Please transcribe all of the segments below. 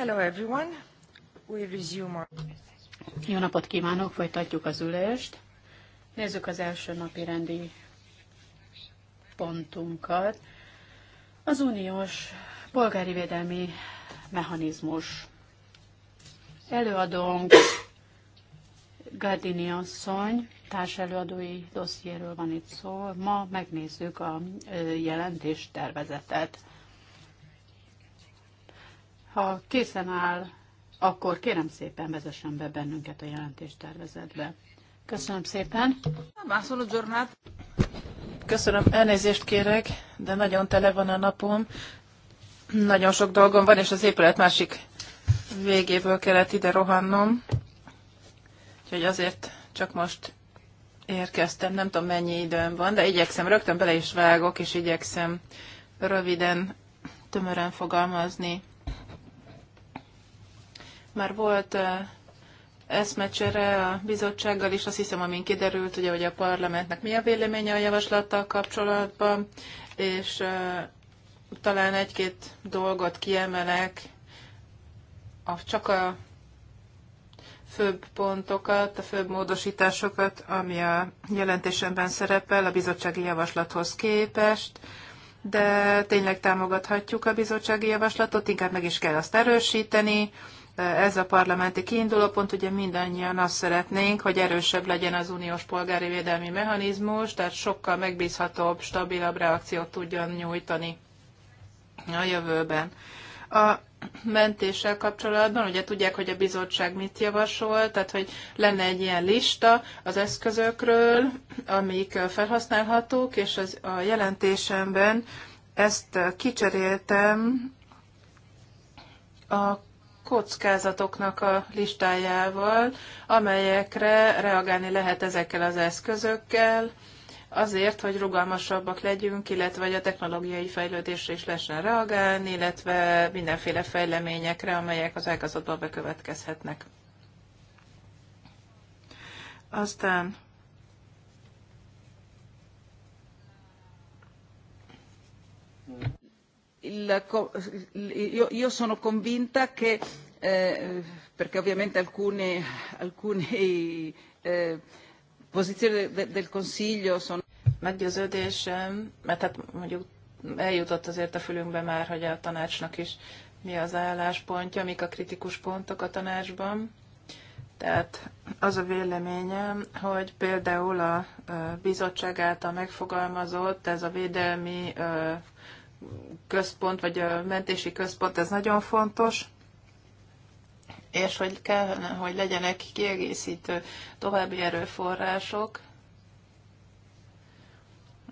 Hello everyone. We resume our... Jó napot kívánok, folytatjuk az ülést. Nézzük az első napi rendi pontunkat. Az uniós polgári védelmi mechanizmus. Előadónk Gardini asszony, társelőadói dossziéről van itt szó. Ma megnézzük a jelentés tervezetet. Ha készen áll, akkor kérem szépen vezessen be bennünket a jelentéstervezetbe. Köszönöm szépen. Mászoló Zsornát. Köszönöm, elnézést kérek, de nagyon tele van a napom. Nagyon sok dolgom van, és az épület másik végéből kellett ide rohannom. Úgyhogy azért csak most érkeztem, nem tudom mennyi időm van, de igyekszem, rögtön bele is vágok, és igyekszem röviden, tömören fogalmazni. Már volt eszmecsere a bizottsággal is, azt hiszem, amin kiderült, ugye, hogy a parlamentnek mi a véleménye a javaslattal kapcsolatban, és talán egy-két dolgot kiemelek, a, csak a főbb pontokat, a főbb módosításokat, ami a jelentésemben szerepel a bizottsági javaslathoz képest, de tényleg támogathatjuk a bizottsági javaslatot, inkább meg is kell azt erősíteni, ez a parlamenti kiindulópont, ugye mindannyian azt szeretnénk, hogy erősebb legyen az uniós polgári védelmi mechanizmus, tehát sokkal megbízhatóbb, stabilabb reakciót tudjon nyújtani a jövőben. A mentéssel kapcsolatban, ugye tudják, hogy a bizottság mit javasol, tehát hogy lenne egy ilyen lista az eszközökről, amik felhasználhatók, és az, a jelentésemben ezt kicseréltem a kockázatoknak a listájával, amelyekre reagálni lehet ezekkel az eszközökkel, azért, hogy rugalmasabbak legyünk, illetve hogy a technológiai fejlődésre is lehessen reagálni, illetve mindenféle fejleményekre, amelyek az ágazatban bekövetkezhetnek. Aztán io, sono convinta che, eh, perché ovviamente alcune, eh, posizioni del Consiglio sono. Meggyőződésem, mert hát mondjuk eljutott azért a fülünkbe már, hogy a tanácsnak is mi az álláspontja, mik a kritikus pontok a tanácsban. Tehát az a véleményem, hogy például a bizottság által megfogalmazott ez a védelmi központ, vagy a mentési központ, ez nagyon fontos, és hogy kellene, hogy legyenek kiegészítő további erőforrások,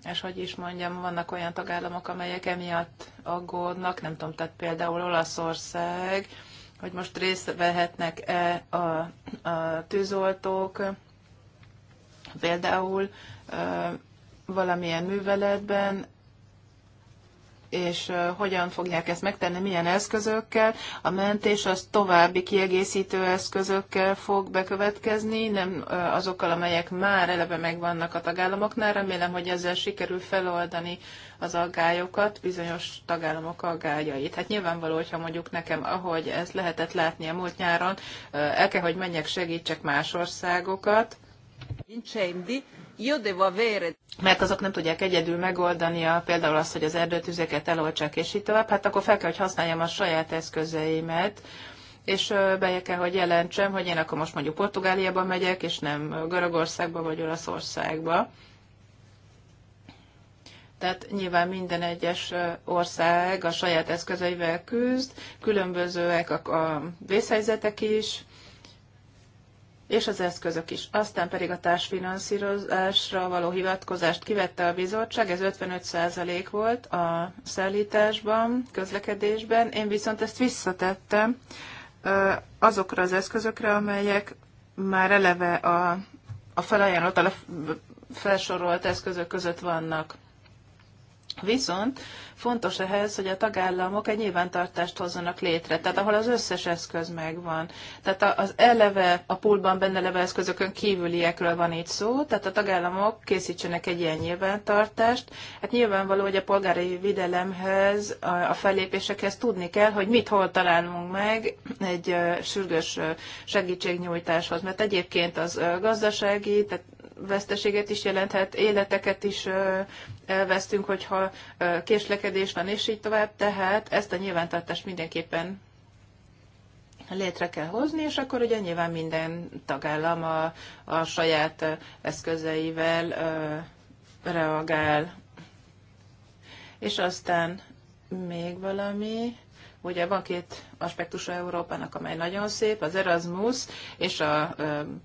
és hogy is mondjam, vannak olyan tagállamok, amelyek emiatt aggódnak, nem tudom, tehát például Olaszország, hogy most részt vehetnek-e a, a tűzoltók, például valamilyen műveletben, és hogyan fogják ezt megtenni, milyen eszközökkel. A mentés az további kiegészítő eszközökkel fog bekövetkezni, nem azokkal, amelyek már eleve megvannak a tagállamoknál. Remélem, hogy ezzel sikerül feloldani az aggályokat, bizonyos tagállamok aggályait. Hát nyilvánvaló, hogyha mondjuk nekem, ahogy ezt lehetett látni a múlt nyáron, el kell, hogy menjek, segítsek más országokat. Incendi, mert azok nem tudják egyedül megoldani a, például azt, hogy az erdőtüzeket eloltsák, és így tovább, hát akkor fel kell, hogy használjam a saját eszközeimet, és beje kell, hogy jelentsem, hogy én akkor most mondjuk Portugáliába megyek, és nem Görögországba vagy Olaszországba. Tehát nyilván minden egyes ország a saját eszközeivel küzd, különbözőek a, a vészhelyzetek is, és az eszközök is. Aztán pedig a társfinanszírozásra való hivatkozást kivette a bizottság, ez 55% volt a szállításban, közlekedésben, én viszont ezt visszatettem azokra az eszközökre, amelyek már eleve a, a felajánlott, a felsorolt eszközök között vannak. Viszont fontos ehhez, hogy a tagállamok egy nyilvántartást hozzanak létre, tehát ahol az összes eszköz megvan. Tehát az eleve, a pultban benne leve eszközökön kívüliekről van itt szó, tehát a tagállamok készítsenek egy ilyen nyilvántartást. Hát nyilvánvaló, hogy a polgári videlemhez, a fellépésekhez tudni kell, hogy mit hol találunk meg egy sürgős segítségnyújtáshoz, mert egyébként az gazdasági, tehát veszteséget is jelenthet, életeket is elvesztünk, hogyha késlekedés van, és így tovább. Tehát ezt a nyilvántartást mindenképpen létre kell hozni, és akkor ugye nyilván minden tagállam a, a saját eszközeivel reagál. És aztán még valami. Ugye van két aspektusa Európának, amely nagyon szép, az Erasmus és a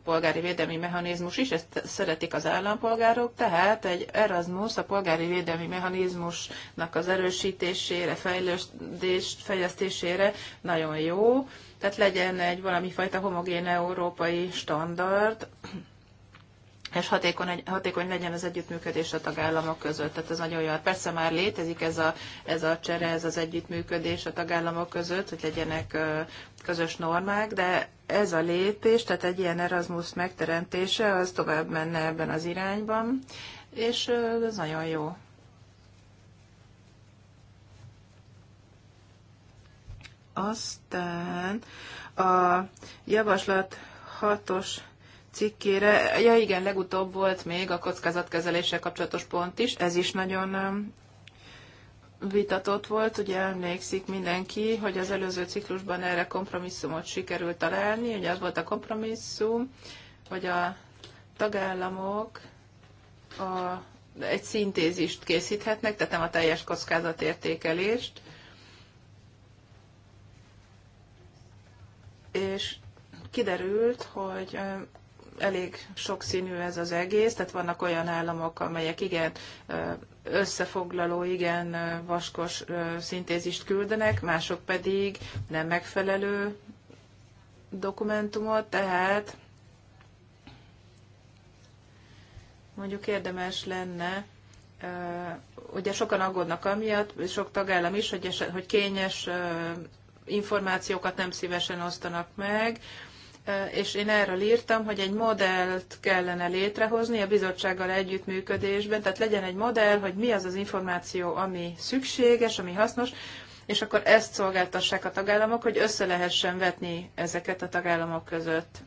polgári védelmi mechanizmus is, ezt szeretik az állampolgárok, tehát egy Erasmus a polgári védelmi mechanizmusnak az erősítésére, fejlesztésére nagyon jó, tehát legyen egy valami fajta homogén európai standard, és hatékony, hatékony legyen az együttműködés a tagállamok között. Tehát ez nagyon jó. Hát persze már létezik ez a, ez a csere, ez az együttműködés a tagállamok között, hogy legyenek közös normák, de ez a lépés, tehát egy ilyen Erasmus megteremtése, az tovább menne ebben az irányban, és ez nagyon jó. Aztán a javaslat hatos cikkére. Ja igen, legutóbb volt még a kockázatkezeléssel kapcsolatos pont is, ez is nagyon um, vitatott volt, ugye emlékszik mindenki, hogy az előző ciklusban erre kompromisszumot sikerült találni, ugye az volt a kompromisszum, hogy a tagállamok a, egy szintézist készíthetnek, tehát nem a teljes kockázatértékelést, és kiderült, hogy um, elég sokszínű ez az egész, tehát vannak olyan államok, amelyek igen összefoglaló, igen vaskos szintézist küldenek, mások pedig nem megfelelő dokumentumot, tehát mondjuk érdemes lenne ugye sokan aggódnak amiatt, sok tagállam is, hogy, eset, hogy kényes információkat nem szívesen osztanak meg, Eh, és én erről írtam, hogy egy modellt kellene létrehozni a bizottsággal együttműködésben, tehát legyen egy modell, hogy mi az az információ, ami szükséges, ami hasznos, és akkor ezt szolgáltassák a tagállamok, hogy össze lehessen vetni ezeket a tagállamok között.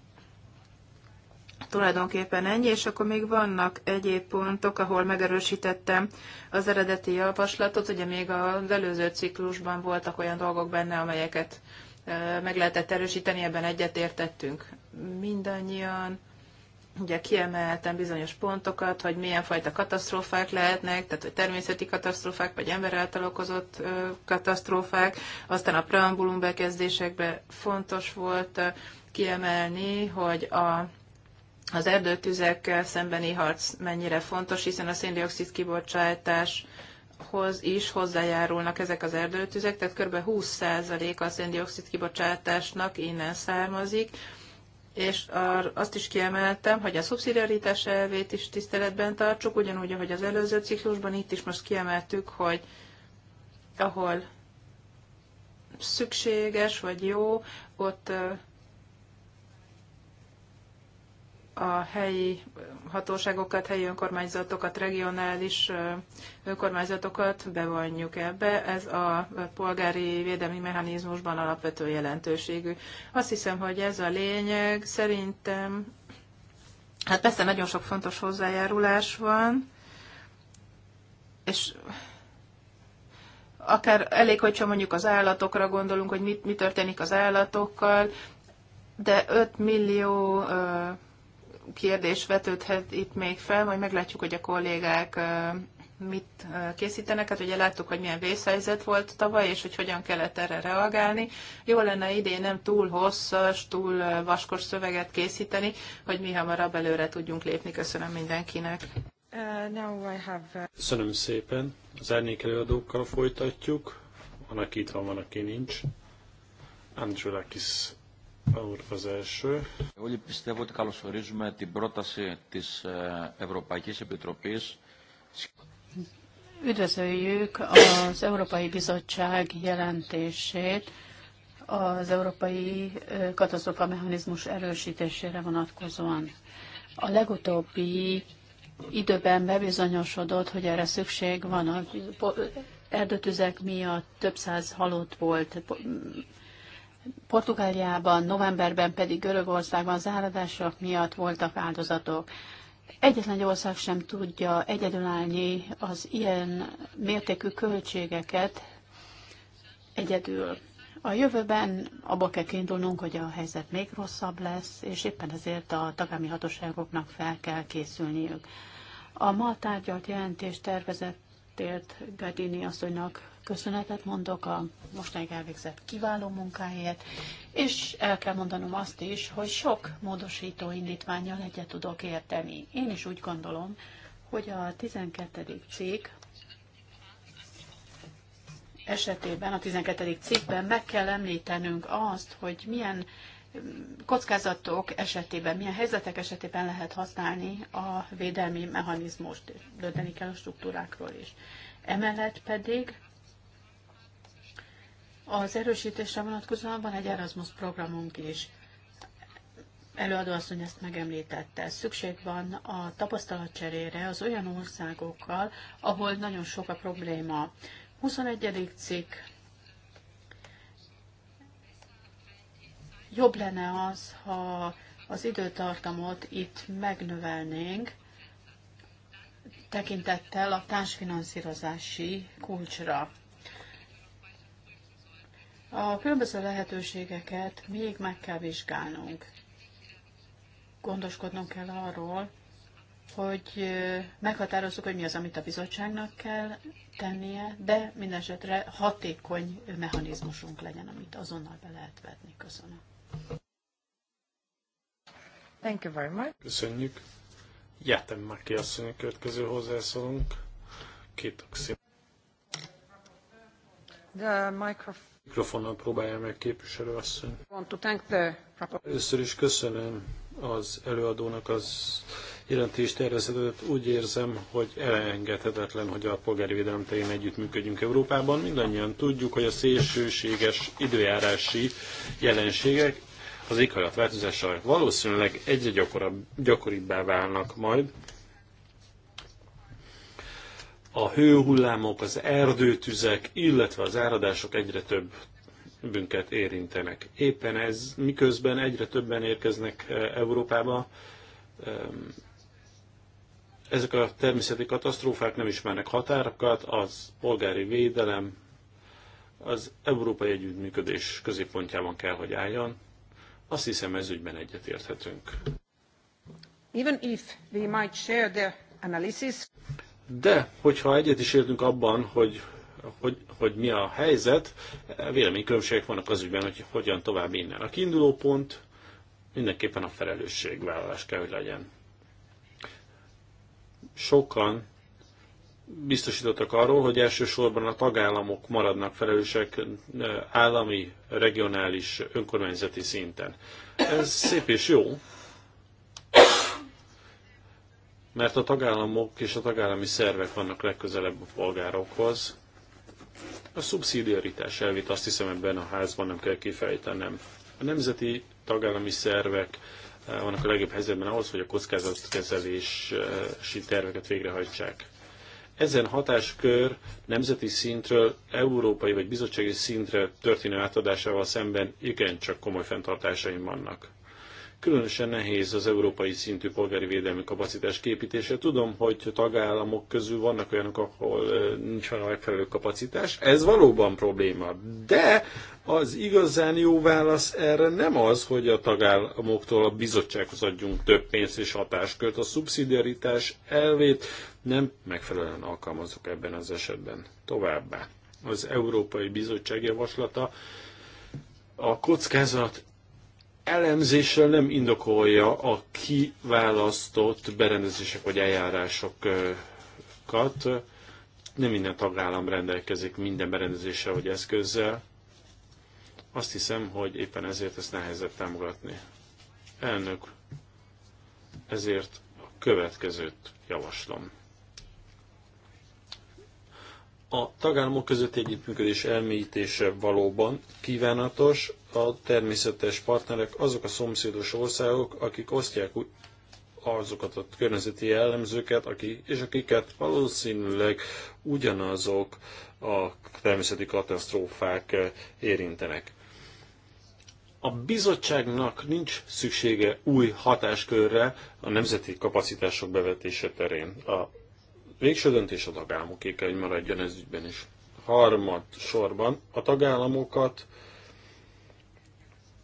Tulajdonképpen ennyi, és akkor még vannak egyéb pontok, ahol megerősítettem az eredeti javaslatot. Ugye még az előző ciklusban voltak olyan dolgok benne, amelyeket meg lehetett erősíteni, ebben egyetértettünk mindannyian. Ugye kiemeltem bizonyos pontokat, hogy milyen fajta katasztrófák lehetnek, tehát hogy természeti katasztrófák, vagy ember által okozott katasztrófák. Aztán a preambulum bekezdésekben fontos volt kiemelni, hogy a az erdőtüzekkel szembeni harc mennyire fontos, hiszen a széndiokszid kibocsátás hoz is hozzájárulnak ezek az erdőtüzek, tehát kb. 20% a széndiokszid kibocsátásnak innen származik, és azt is kiemeltem, hogy a szubszidiaritás elvét is tiszteletben tartsuk, ugyanúgy, ahogy az előző ciklusban, itt is most kiemeltük, hogy ahol szükséges vagy jó, ott a helyi hatóságokat, helyi önkormányzatokat, regionális önkormányzatokat bevonjuk ebbe. Ez a polgári védelmi mechanizmusban alapvető jelentőségű. Azt hiszem, hogy ez a lényeg. Szerintem, hát persze nagyon sok fontos hozzájárulás van, és akár elég, hogyha mondjuk az állatokra gondolunk, hogy mit, mi történik az állatokkal, de 5 millió kérdés vetődhet itt még fel, majd meglátjuk, hogy a kollégák mit készítenek. Hát ugye láttuk, hogy milyen vészhelyzet volt tavaly, és hogy hogyan kellett erre reagálni. Jó lenne idén nem túl hosszas, túl vaskos szöveget készíteni, hogy mi hamarabb előre tudjunk lépni. Köszönöm mindenkinek. Uh, uh, Köszönöm szépen. Az árnyék előadókkal folytatjuk. Van, aki itt van, van, aki nincs. Andrew Lakis Όλοι πιστεύω ότι καλωσορίζουμε την πρόταση της Ευρωπαϊκής Επιτροπής. Üdvözöljük az Európai Bizottság jelentését az Európai Katasztrofa Mechanizmus erősítésére vonatkozóan. A legutóbbi időben bebizonyosodott, hogy erre szükség van. A erdőtüzek miatt több száz halott volt, Portugáliában, novemberben pedig Görögországban záradások miatt voltak áldozatok. Egyetlen egy ország sem tudja egyedülállni az ilyen mértékű költségeket egyedül. A jövőben abba kell kiindulnunk, hogy a helyzet még rosszabb lesz, és éppen ezért a tagállami hatóságoknak fel kell készülniük. A ma tárgyalt jelentés tervezettért Gadini asszonynak köszönetet mondok a mostanáig elvégzett kiváló munkáért, és el kell mondanom azt is, hogy sok módosító indítványjal egyet tudok érteni. Én is úgy gondolom, hogy a 12. cég esetében, a 12. cikkben meg kell említenünk azt, hogy milyen mm, kockázatok esetében, milyen helyzetek esetében lehet használni a védelmi mechanizmust, dönteni kell a struktúrákról is. Emellett pedig az erősítésre vonatkozóan van egy Erasmus programunk is. Előadó asszony ezt megemlítette. Szükség van a tapasztalatcserére az olyan országokkal, ahol nagyon sok a probléma. 21. cikk. Jobb lenne az, ha az időtartamot itt megnövelnénk, tekintettel a társfinanszírozási kulcsra. A különböző lehetőségeket még meg kell vizsgálnunk. Gondoskodnunk kell arról, hogy meghatározzuk, hogy mi az, amit a bizottságnak kell tennie, de mindesetre hatékony mechanizmusunk legyen, amit azonnal be lehet vetni. Köszönöm. Thank you very much. Köszönjük. Jettem már ki hogy a következő hozzászólunk. Két okszín. The microphone. Mikrofonnal próbálja meg képviselő asszony. Először is köszönöm az előadónak az tervezetet. Úgy érzem, hogy elengedhetetlen, hogy a polgári védelem terén együttműködjünk Európában. Mindannyian tudjuk, hogy a szélsőséges időjárási jelenségek az éghajlatváltozással valószínűleg egyre gyakoribbá válnak majd, a hőhullámok, az erdőtüzek, illetve az áradások egyre több bünket érintenek. Éppen ez miközben egyre többen érkeznek eh, Európába, ezek a természeti katasztrófák nem ismernek határokat, az polgári védelem az európai együttműködés középpontjában kell, hogy álljon. Azt hiszem, ez ügyben egyetérthetünk. Even if we might share the analysis. De, hogyha egyet is értünk abban, hogy, hogy, hogy mi a helyzet, véleménykülönbségek vannak az ügyben, hogy hogyan tovább innen. A kiinduló pont mindenképpen a felelősségvállalás kell, hogy legyen. Sokan biztosítottak arról, hogy elsősorban a tagállamok maradnak felelősek eh, állami, regionális, önkormányzati szinten. Ez szép és jó, mert a tagállamok és a tagállami szervek vannak legközelebb a polgárokhoz. A szubszidiaritás elvét azt hiszem ebben a házban nem kell kifejtenem. A nemzeti tagállami szervek eh, vannak a legjobb helyzetben ahhoz, hogy a kockázatkezelési terveket végrehajtsák. Ezen hatáskör nemzeti szintről, európai vagy bizottsági szintre történő átadásával szemben igencsak komoly fenntartásaim vannak. Különösen nehéz az európai szintű polgári védelmi kapacitás képítése. Tudom, hogy tagállamok közül vannak olyanok, ahol nincs olyan megfelelő kapacitás. Ez valóban probléma. De az igazán jó válasz erre nem az, hogy a tagállamoktól a bizottsághoz adjunk több pénzt és hatáskört. A szubszidiaritás elvét nem megfelelően alkalmazok ebben az esetben. Továbbá az Európai Bizottság javaslata a kockázat elemzéssel nem indokolja a kiválasztott berendezések vagy eljárásokat. Nem minden tagállam rendelkezik minden berendezéssel vagy eszközzel. Azt hiszem, hogy éppen ezért ezt nehezebb támogatni. Elnök, ezért a következőt javaslom. A tagállamok között együttműködés elmélyítése valóban kívánatos, a természetes partnerek azok a szomszédos országok, akik osztják azokat a környezeti jellemzőket, akik, és akiket valószínűleg ugyanazok a természeti katasztrófák eh, érintenek. A bizottságnak nincs szüksége új hatáskörre a nemzeti kapacitások bevetése terén. A végső döntés a tagállamoké kell, hogy maradjon ez ügyben is. Harmad sorban a tagállamokat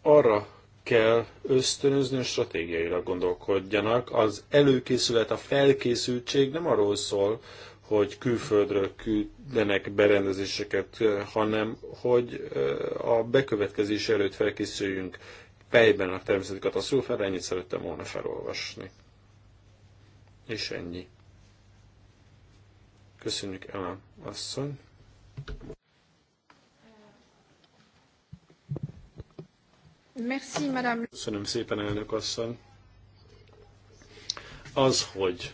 arra kell ösztönözni, hogy stratégiaira gondolkodjanak. Az előkészület, a felkészültség nem arról szól, hogy külföldről küldenek berendezéseket, hanem hogy a bekövetkezés előtt felkészüljünk fejben a természeti katasztrófára, ennyit szerettem volna felolvasni. És ennyi. Köszönjük, Ela asszony. Merci, madame. Köszönöm szépen, elnök asszony. Az, hogy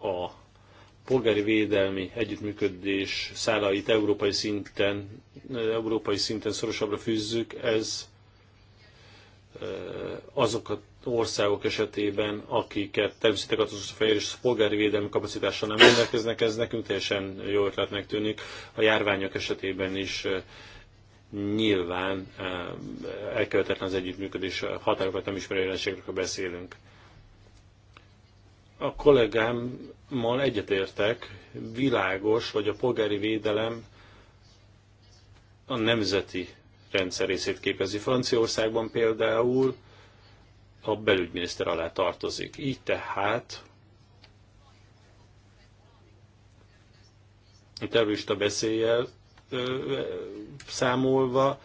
a polgári védelmi együttműködés szálait európai szinten, európai szinten szorosabbra fűzzük, ez azokat országok esetében, akiket természeti a és polgári védelmi kapacitással nem rendelkeznek, ez nekünk teljesen jó ötletnek tűnik. A járványok esetében is nyilván elkövetetlen az együttműködés, határokat nem ismerő jelenségekről beszélünk. A kollégámmal egyetértek, világos, hogy a polgári védelem a nemzeti rendszer részét képezi. Franciaországban például a belügyminiszter alá tartozik. Így tehát a terrorista beszéllyel számolva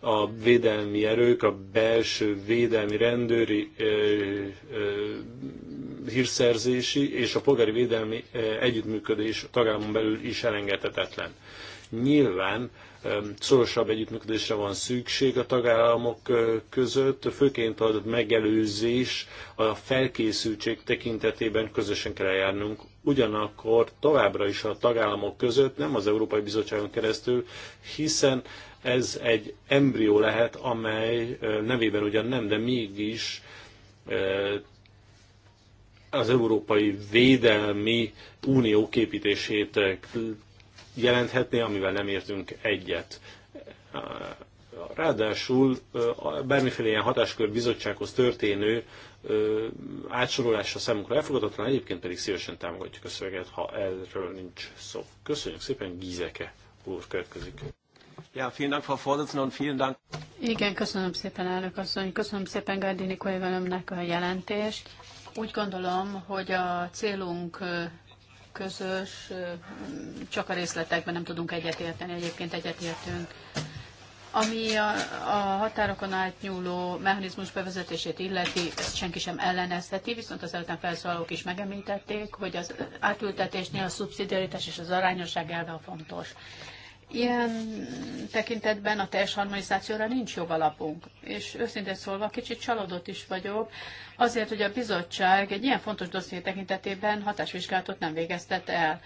a védelmi erők, a belső védelmi rendőri ö, ö, hírszerzési és a polgári védelmi együttműködés tagállamon belül is elengedhetetlen. Nyilván szorosabb együttműködésre van szükség a tagállamok között, főként a megelőzés, a felkészültség tekintetében közösen kell eljárnunk. Ugyanakkor továbbra is a tagállamok között, nem az Európai Bizottságon keresztül, hiszen ez egy embrió lehet, amely nevében ugyan nem, de mégis az Európai Védelmi Unió képítését jelenthetné, amivel nem értünk egyet. Ráadásul bármiféle ilyen hatáskör bizottsághoz történő átsorolása számunkra elfogadatlan, egyébként pedig szívesen támogatjuk a szöveget, ha erről nincs szó. Köszönjük szépen, Gízeke úr következik. Ja, vielen Dank, Frau Vorsitzende, und vielen Dank. Igen, köszönöm szépen, elnök asszony. Köszönöm szépen Gardini kolléganőmnek a jelentést. Úgy gondolom, hogy a célunk közös, csak a részletekben nem tudunk egyetérteni, egyébként egyetértünk. Ami a, a határokon átnyúló mechanizmus bevezetését illeti, ezt senki sem ellenezheti, viszont az előttem felszólalók is megemlítették, hogy az átültetésnél a szubszidiaritás és az arányosság elve a fontos. Ilyen tekintetben a teljes harmonizációra nincs jogalapunk, és őszintén szólva kicsit csalódott is vagyok, azért, hogy a bizottság egy ilyen fontos dosszié tekintetében hatásvizsgálatot nem végeztet el.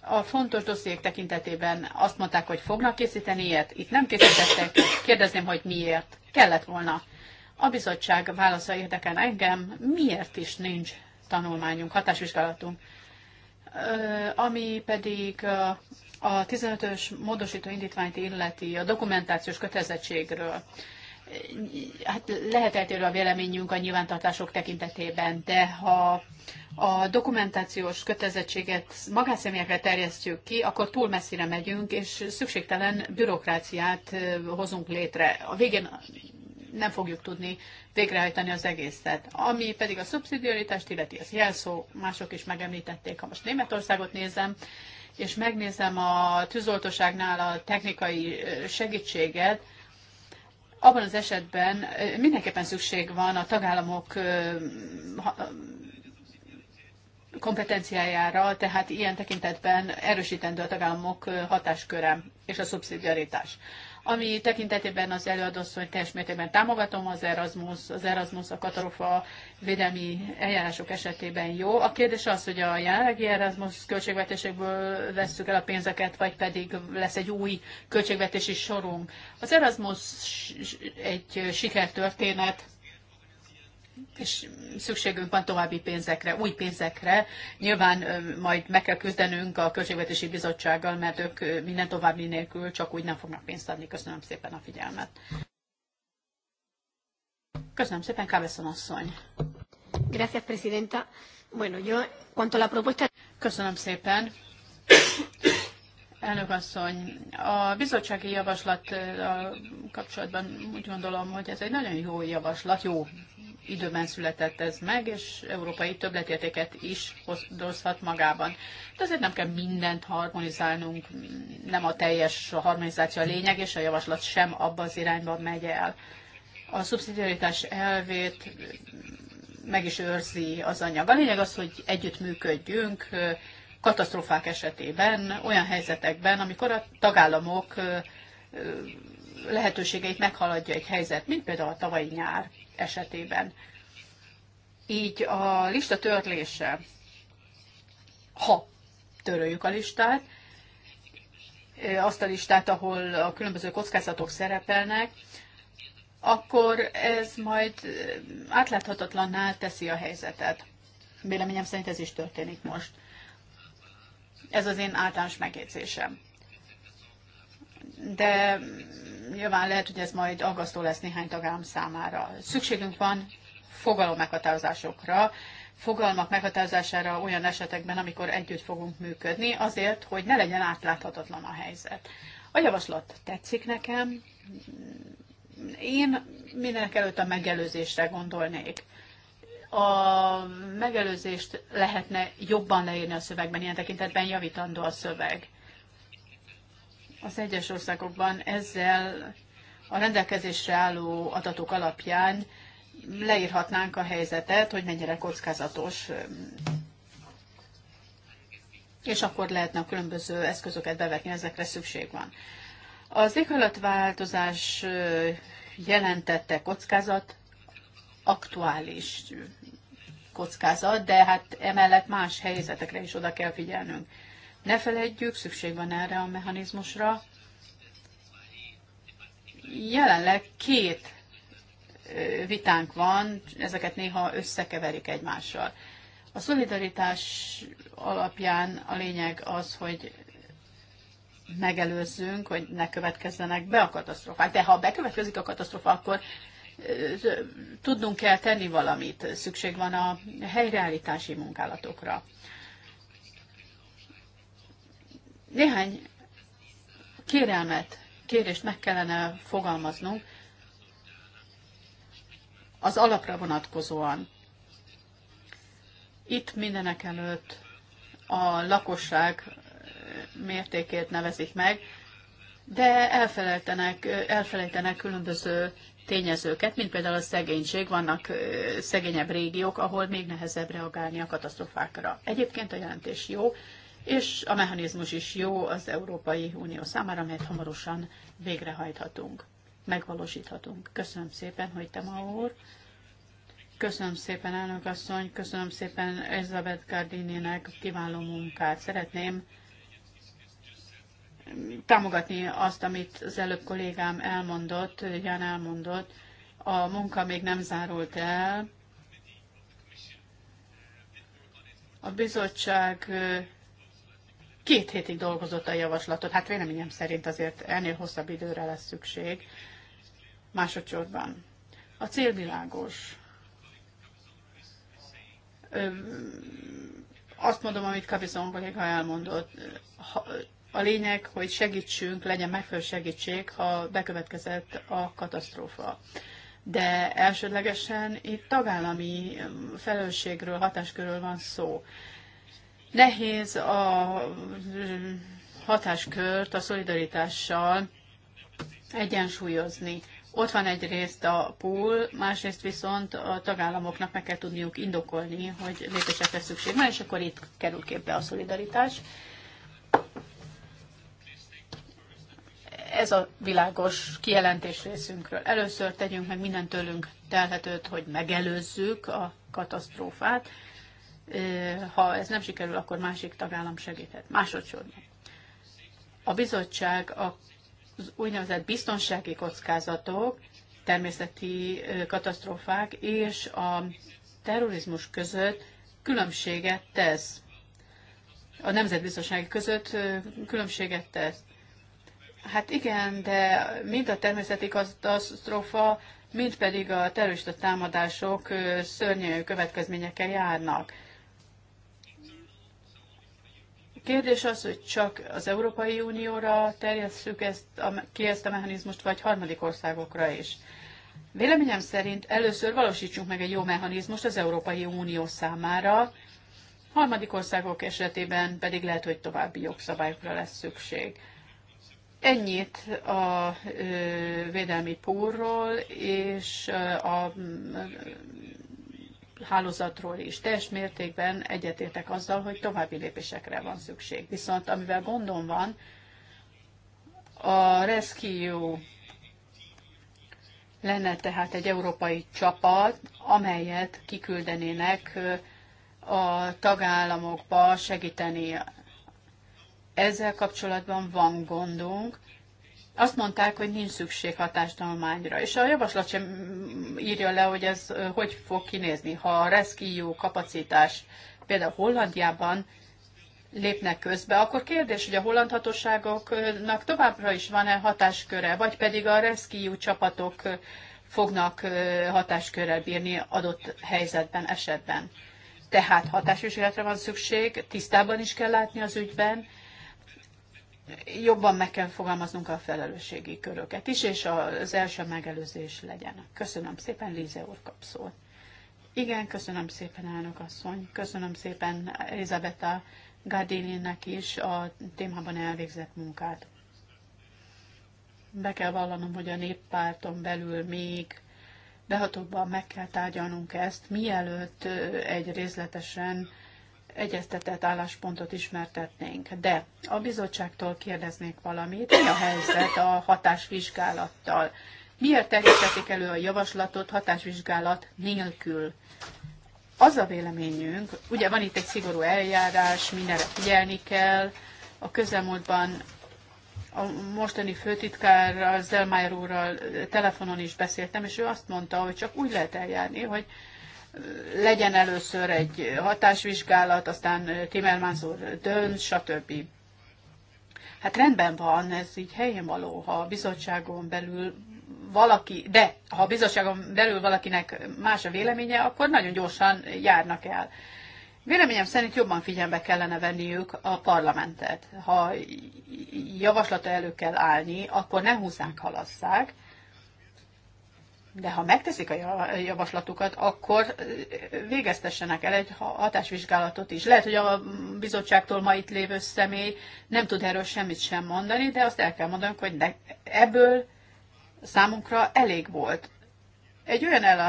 A fontos dossziék tekintetében azt mondták, hogy fognak készíteni ilyet, itt nem készítettek, kérdezném, hogy miért. Kellett volna. A bizottság válasza érdekel engem, miért is nincs tanulmányunk, hatásvizsgálatunk. Ami pedig a 15-ös módosító indítványt illeti a dokumentációs kötelezettségről. Hát lehet eltérő a véleményünk a nyilvántartások tekintetében, de ha a dokumentációs kötelezettséget magánszemélyekre terjesztjük ki, akkor túl messzire megyünk, és szükségtelen bürokráciát hozunk létre. A végén nem fogjuk tudni végrehajtani az egészet. Ami pedig a szubszidiaritást illeti, az jelszó, mások is megemlítették, ha most Németországot nézem, és megnézem a tűzoltóságnál a technikai segítséget, abban az esetben mindenképpen szükség van a tagállamok kompetenciájára, tehát ilyen tekintetben erősítendő a tagállamok hatásköre és a szubszidiaritás ami tekintetében az előadószony teljes mértékben támogatom, az Erasmus, az Erasmus a katarofa védelmi eljárások esetében jó. A kérdés az, hogy a jelenlegi Erasmus költségvetésekből vesszük el a pénzeket, vagy pedig lesz egy új költségvetési sorunk. Az Erasmus egy sikertörténet, és szükségünk van további pénzekre, új pénzekre. Nyilván majd meg kell küzdenünk a Költségvetési Bizottsággal, mert ők minden további nélkül csak úgy nem fognak pénzt adni. Köszönöm szépen a figyelmet. Köszönöm szépen, Kábeszon asszony. Gracias, presidenta. Bueno, yo, cuanto la propuesta... Köszönöm szépen. Elnök asszony, a bizottsági javaslat kapcsolatban úgy gondolom, hogy ez egy nagyon jó javaslat, jó időben született ez meg, és európai többletértéket is hozhat magában. De azért nem kell mindent harmonizálnunk, nem a teljes harmonizáció a lényeg, és a javaslat sem abba az irányba megy el. A szubszidiaritás elvét meg is őrzi az anyag. A lényeg az, hogy együttműködjünk, működjünk, katasztrófák esetében, olyan helyzetekben, amikor a tagállamok lehetőségeit meghaladja egy helyzet, mint például a tavalyi nyár esetében. Így a lista törlése, ha töröljük a listát, azt a listát, ahol a különböző kockázatok szerepelnek, akkor ez majd átláthatatlanná teszi a helyzetet. Véleményem szerint ez is történik most. Ez az én általános megjegyzésem. De nyilván lehet, hogy ez majd aggasztó lesz néhány tagállam számára. Szükségünk van fogalom meghatározásokra, fogalmak meghatározására olyan esetekben, amikor együtt fogunk működni, azért, hogy ne legyen átláthatatlan a helyzet. A javaslat tetszik nekem. Én mindenek előtt a megelőzésre gondolnék a megelőzést lehetne jobban leírni a szövegben, ilyen tekintetben javítandó a szöveg. Az egyes országokban ezzel a rendelkezésre álló adatok alapján leírhatnánk a helyzetet, hogy mennyire kockázatos, és akkor lehetne a különböző eszközöket bevetni, ezekre szükség van. Az éghajlatváltozás jelentette kockázat aktuális kockázat, de hát emellett más helyzetekre is oda kell figyelnünk. Ne felejtjük, szükség van erre a mechanizmusra. Jelenleg két vitánk van, ezeket néha összekeverik egymással. A szolidaritás alapján a lényeg az, hogy megelőzzünk, hogy ne következzenek be a katasztrofák. De ha bekövetkezik a katasztrofa, akkor tudnunk kell tenni valamit, szükség van a helyreállítási munkálatokra. Néhány kérelmet, kérést meg kellene fogalmaznunk az alapra vonatkozóan. Itt mindenek előtt a lakosság mértékét nevezik meg, de elfelejtenek, elfelejtenek különböző tényezőket, mint például a szegénység, vannak szegényebb régiók, ahol még nehezebb reagálni a katasztrofákra. Egyébként a jelentés jó, és a mechanizmus is jó az Európai Unió számára, mert hamarosan végrehajthatunk, megvalósíthatunk. Köszönöm szépen, hogy te ma úr. Köszönöm szépen, elnök asszony, köszönöm szépen Elizabeth Gardininek kiváló munkát. Szeretném támogatni azt, amit az előbb kollégám elmondott, Ján elmondott. A munka még nem zárult el. A bizottság két hétig dolgozott a javaslatot. Hát véleményem szerint azért ennél hosszabb időre lesz szükség. Másodszorban. A célvilágos. Azt mondom, amit Cabizon kolléga elmondott. Ha, a lényeg, hogy segítsünk, legyen megfelelő segítség, ha bekövetkezett a katasztrófa. De elsődlegesen itt tagállami felelősségről, hatáskörről van szó. Nehéz a hatáskört a szolidaritással egyensúlyozni. Ott van egyrészt a pool, másrészt viszont a tagállamoknak meg kell tudniuk indokolni, hogy lépésekre szükség van, és akkor itt kerül képbe a szolidaritás ez a világos kijelentés részünkről. Először tegyünk meg minden tőlünk telhetőt, hogy megelőzzük a katasztrófát. Ha ez nem sikerül, akkor másik tagállam segíthet. Másodszorban. A bizottság az úgynevezett biztonsági kockázatok, természeti katasztrófák és a terrorizmus között különbséget tesz. A nemzetbiztonsági között különbséget tesz Hát igen, de mind a természeti katasztrófa, mind pedig a terrorista támadások szörnyű következményekkel járnak. Kérdés az, hogy csak az Európai Unióra terjesszük ezt a, ki ezt a mechanizmust, vagy harmadik országokra is. Véleményem szerint először valósítsunk meg egy jó mechanizmust az Európai Unió számára, harmadik országok esetében pedig lehet, hogy további jogszabályokra lesz szükség. Ennyit a védelmi pórról és a hálózatról is. Teljes mértékben egyetértek azzal, hogy további lépésekre van szükség. Viszont amivel gondom van, a Rescue lenne tehát egy európai csapat, amelyet kiküldenének a tagállamokba segíteni ezzel kapcsolatban van gondunk. Azt mondták, hogy nincs szükség hatástanulmányra, és a javaslat sem írja le, hogy ez hogy fog kinézni. Ha a reszkíjó kapacitás például Hollandiában lépnek közbe, akkor kérdés, hogy a holland hatóságoknak továbbra is van-e hatásköre, vagy pedig a rescue csapatok fognak hatáskörrel bírni adott helyzetben, esetben. Tehát hatásvizsgálatra van szükség, tisztában is kell látni az ügyben, jobban meg kell fogalmaznunk a felelősségi köröket is, és az első megelőzés legyen. Köszönöm szépen, Líze úr kap Igen, köszönöm szépen, elnök asszony. Köszönöm szépen Elizabeta Gardininek is a témában elvégzett munkát. Be kell vallanom, hogy a néppárton belül még behatóbban meg kell tárgyalnunk ezt, mielőtt egy részletesen egyeztetett álláspontot ismertetnénk. De a bizottságtól kérdeznék valamit, mi a helyzet a hatásvizsgálattal? Miért terjesztetik elő a javaslatot hatásvizsgálat nélkül? Az a véleményünk, ugye van itt egy szigorú eljárás, mindenre figyelni kell, a közelmúltban a mostani főtitkárral, Zelmájer úrral telefonon is beszéltem, és ő azt mondta, hogy csak úgy lehet eljárni, hogy legyen először egy hatásvizsgálat, aztán Timmermans úr dönt, stb. Hát rendben van, ez így helyén való, ha a bizottságon belül valaki, de ha a bizottságon belül valakinek más a véleménye, akkor nagyon gyorsan járnak el. Véleményem szerint jobban figyelme kellene venniük a parlamentet. Ha javaslata elő kell állni, akkor ne húzzák, halasszák, de ha megteszik a javaslatukat, akkor végeztessenek el egy hatásvizsgálatot is. Lehet, hogy a bizottságtól ma itt lévő személy nem tud erről semmit sem mondani, de azt el kell mondanunk, hogy ne, ebből számunkra elég volt. Egy olyan el,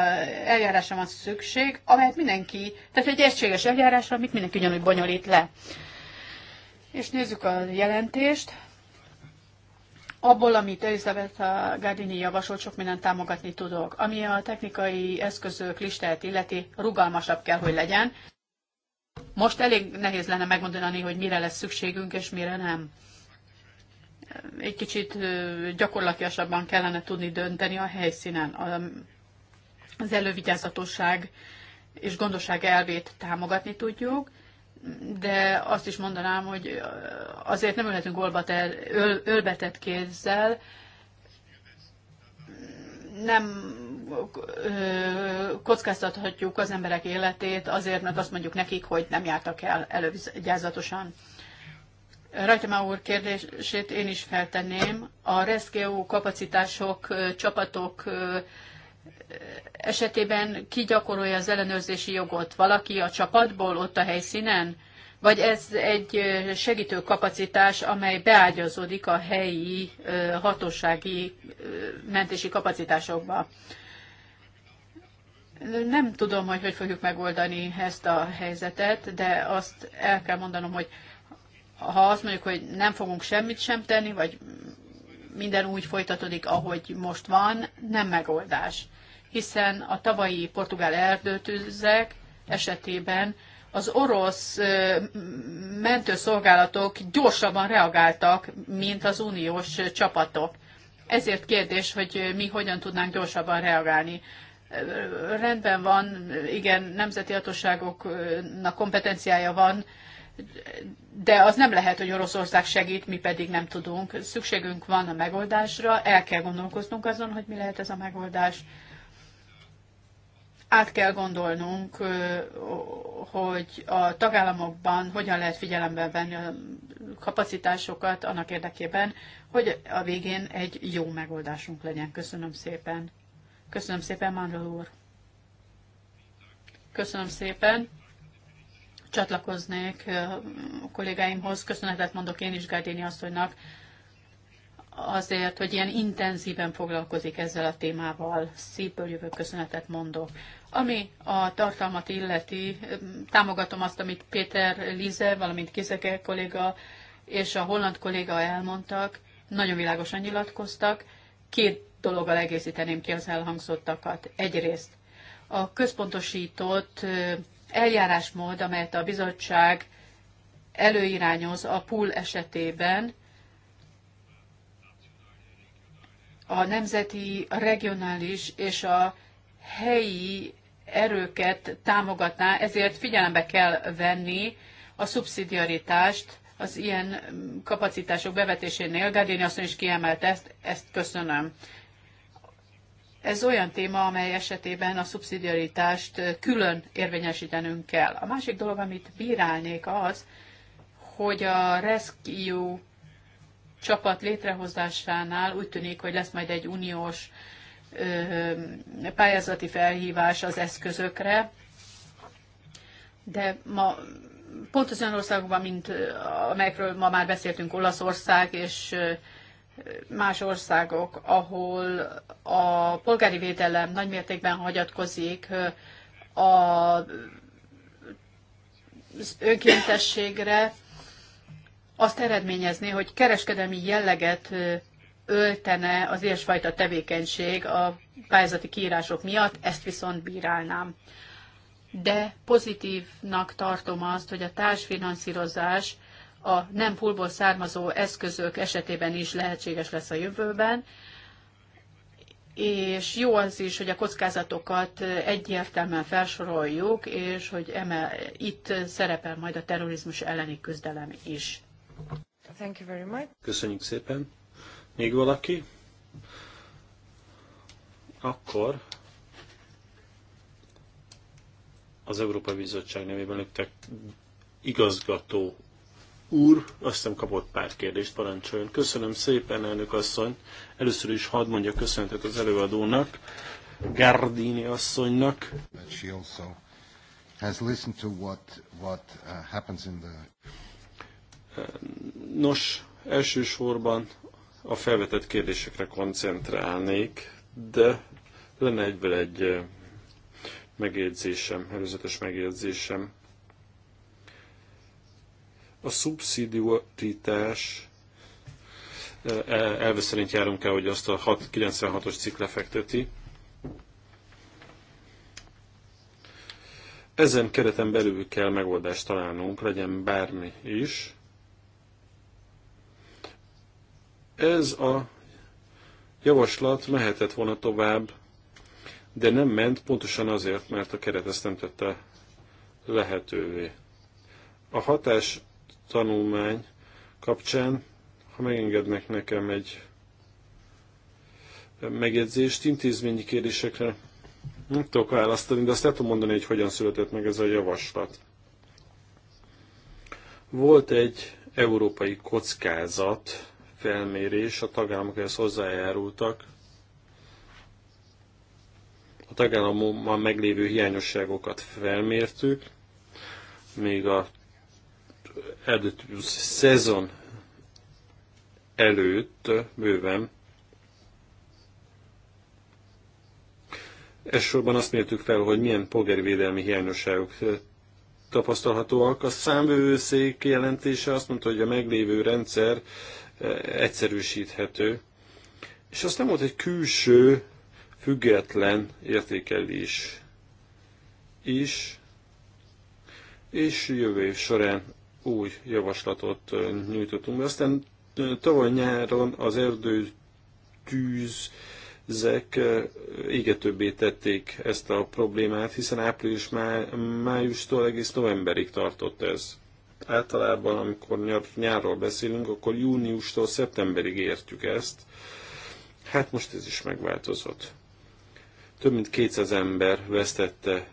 eljárásra van szükség, amelyet mindenki, tehát egy egységes eljárásra, amit mindenki ugyanúgy bonyolít le. És nézzük a jelentést abból, amit Elizabeth Gardini javasolt, sok mindent támogatni tudok. Ami a technikai eszközök listáját illeti, rugalmasabb kell, hogy legyen. Most elég nehéz lenne megmondani, hogy mire lesz szükségünk, és mire nem. Egy kicsit gyakorlatilasabban kellene tudni dönteni a helyszínen. Az elővigyázatosság és gondosság elvét támogatni tudjuk, de azt is mondanám, hogy azért nem ülhetünk olbater, öl, ölbetett kézzel, nem kockáztathatjuk az emberek életét azért, mert azt mondjuk nekik, hogy nem jártak el elővigyázatosan. Rajtama úr kérdését én is feltenném. A rescue kapacitások, csapatok esetében ki gyakorolja az ellenőrzési jogot? Valaki a csapatból ott a helyszínen? Vagy ez egy segítő kapacitás, amely beágyazódik a helyi hatósági mentési kapacitásokba? Nem tudom, hogy hogy fogjuk megoldani ezt a helyzetet, de azt el kell mondanom, hogy ha azt mondjuk, hogy nem fogunk semmit sem tenni, vagy minden úgy folytatódik, ahogy most van, nem megoldás hiszen a tavalyi portugál erdőtűzek esetében az orosz mentőszolgálatok gyorsabban reagáltak, mint az uniós csapatok. Ezért kérdés, hogy mi hogyan tudnánk gyorsabban reagálni. Rendben van, igen, nemzeti hatóságoknak kompetenciája van, de az nem lehet, hogy Oroszország segít, mi pedig nem tudunk. Szükségünk van a megoldásra, el kell gondolkoznunk azon, hogy mi lehet ez a megoldás át kell gondolnunk, hogy a tagállamokban hogyan lehet figyelembe venni a kapacitásokat annak érdekében, hogy a végén egy jó megoldásunk legyen. Köszönöm szépen. Köszönöm szépen, Mandel úr. Köszönöm szépen. Csatlakoznék a kollégáimhoz. Köszönetet mondok én is Gárdéni asszonynak azért, hogy ilyen intenzíven foglalkozik ezzel a témával. Szívből jövő köszönetet mondok. Ami a tartalmat illeti, támogatom azt, amit Péter Lize, valamint Kizeke kolléga és a holland kolléga elmondtak, nagyon világosan nyilatkoztak. Két dologgal egészíteném ki az elhangzottakat. Egyrészt a központosított eljárásmód, amelyet a bizottság előirányoz a pool esetében, a nemzeti, a regionális és a helyi erőket támogatná, ezért figyelembe kell venni a szubszidiaritást az ilyen kapacitások bevetésénél. Gardini azt is kiemelt ezt, ezt köszönöm. Ez olyan téma, amely esetében a szubszidiaritást külön érvényesítenünk kell. A másik dolog, amit bírálnék az, hogy a Rescue csapat létrehozásánál úgy tűnik, hogy lesz majd egy uniós pályázati felhívás az eszközökre, de ma pont az olyan országokban, mint amelyekről ma már beszéltünk, Olaszország és más országok, ahol a polgári védelem nagymértékben hagyatkozik a az önkéntességre azt eredményezné, hogy kereskedelmi jelleget öltene az ilyesfajta tevékenység a pályázati kiírások miatt, ezt viszont bírálnám. De pozitívnak tartom azt, hogy a társfinanszírozás a nem pulból származó eszközök esetében is lehetséges lesz a jövőben, és jó az is, hogy a kockázatokat egyértelműen felsoroljuk, és hogy emel, itt szerepel majd a terrorizmus elleni küzdelem is. Thank you very much. Köszönjük szépen. Még valaki? Akkor az Európai Bizottság nevében nektek igazgató úr, azt nem kapott pár kérdést, parancsoljon. Köszönöm szépen, elnök asszony. Először is hadd mondja köszönetet az előadónak, Gardini asszonynak. Uh, Nos, elsősorban a felvetett kérdésekre koncentrálnék, de lenne egyből egy megjegyzésem, előzetes megjegyzésem. A szubszidiotítás e, elve szerint járunk el, hogy azt a 96-os cikk lefekteti. Ezen kereten belül kell megoldást találnunk, legyen bármi is. Ez a javaslat mehetett volna tovább, de nem ment pontosan azért, mert a keret ezt nem tette lehetővé. A hatás tanulmány kapcsán, ha megengednek nekem egy megjegyzést, intézményi kérdésekre nem tudok választani, de azt el tudom mondani, hogy hogyan született meg ez a javaslat. Volt egy európai kockázat felmérés, a tagállamok ehhez hozzájárultak. A tagállamokban meglévő hiányosságokat felmértük, még a szezon előtt bőven. Elsősorban azt mértük fel, hogy milyen védelmi hiányosságok tapasztalhatóak. A számvevőszék jelentése azt mondta, hogy a meglévő rendszer egyszerűsíthető, és azt nem volt egy külső, független értékelés is, és jövő év során új javaslatot nyújtottunk be. Aztán tavaly nyáron az erdő erdőtűzek égetőbbé tették ezt a problémát, hiszen április má, májustól egész novemberig tartott ez. Általában, amikor nyar, nyárról beszélünk, akkor júniustól szeptemberig értjük ezt. Hát most ez is megváltozott. Több mint 200 ember vesztette e,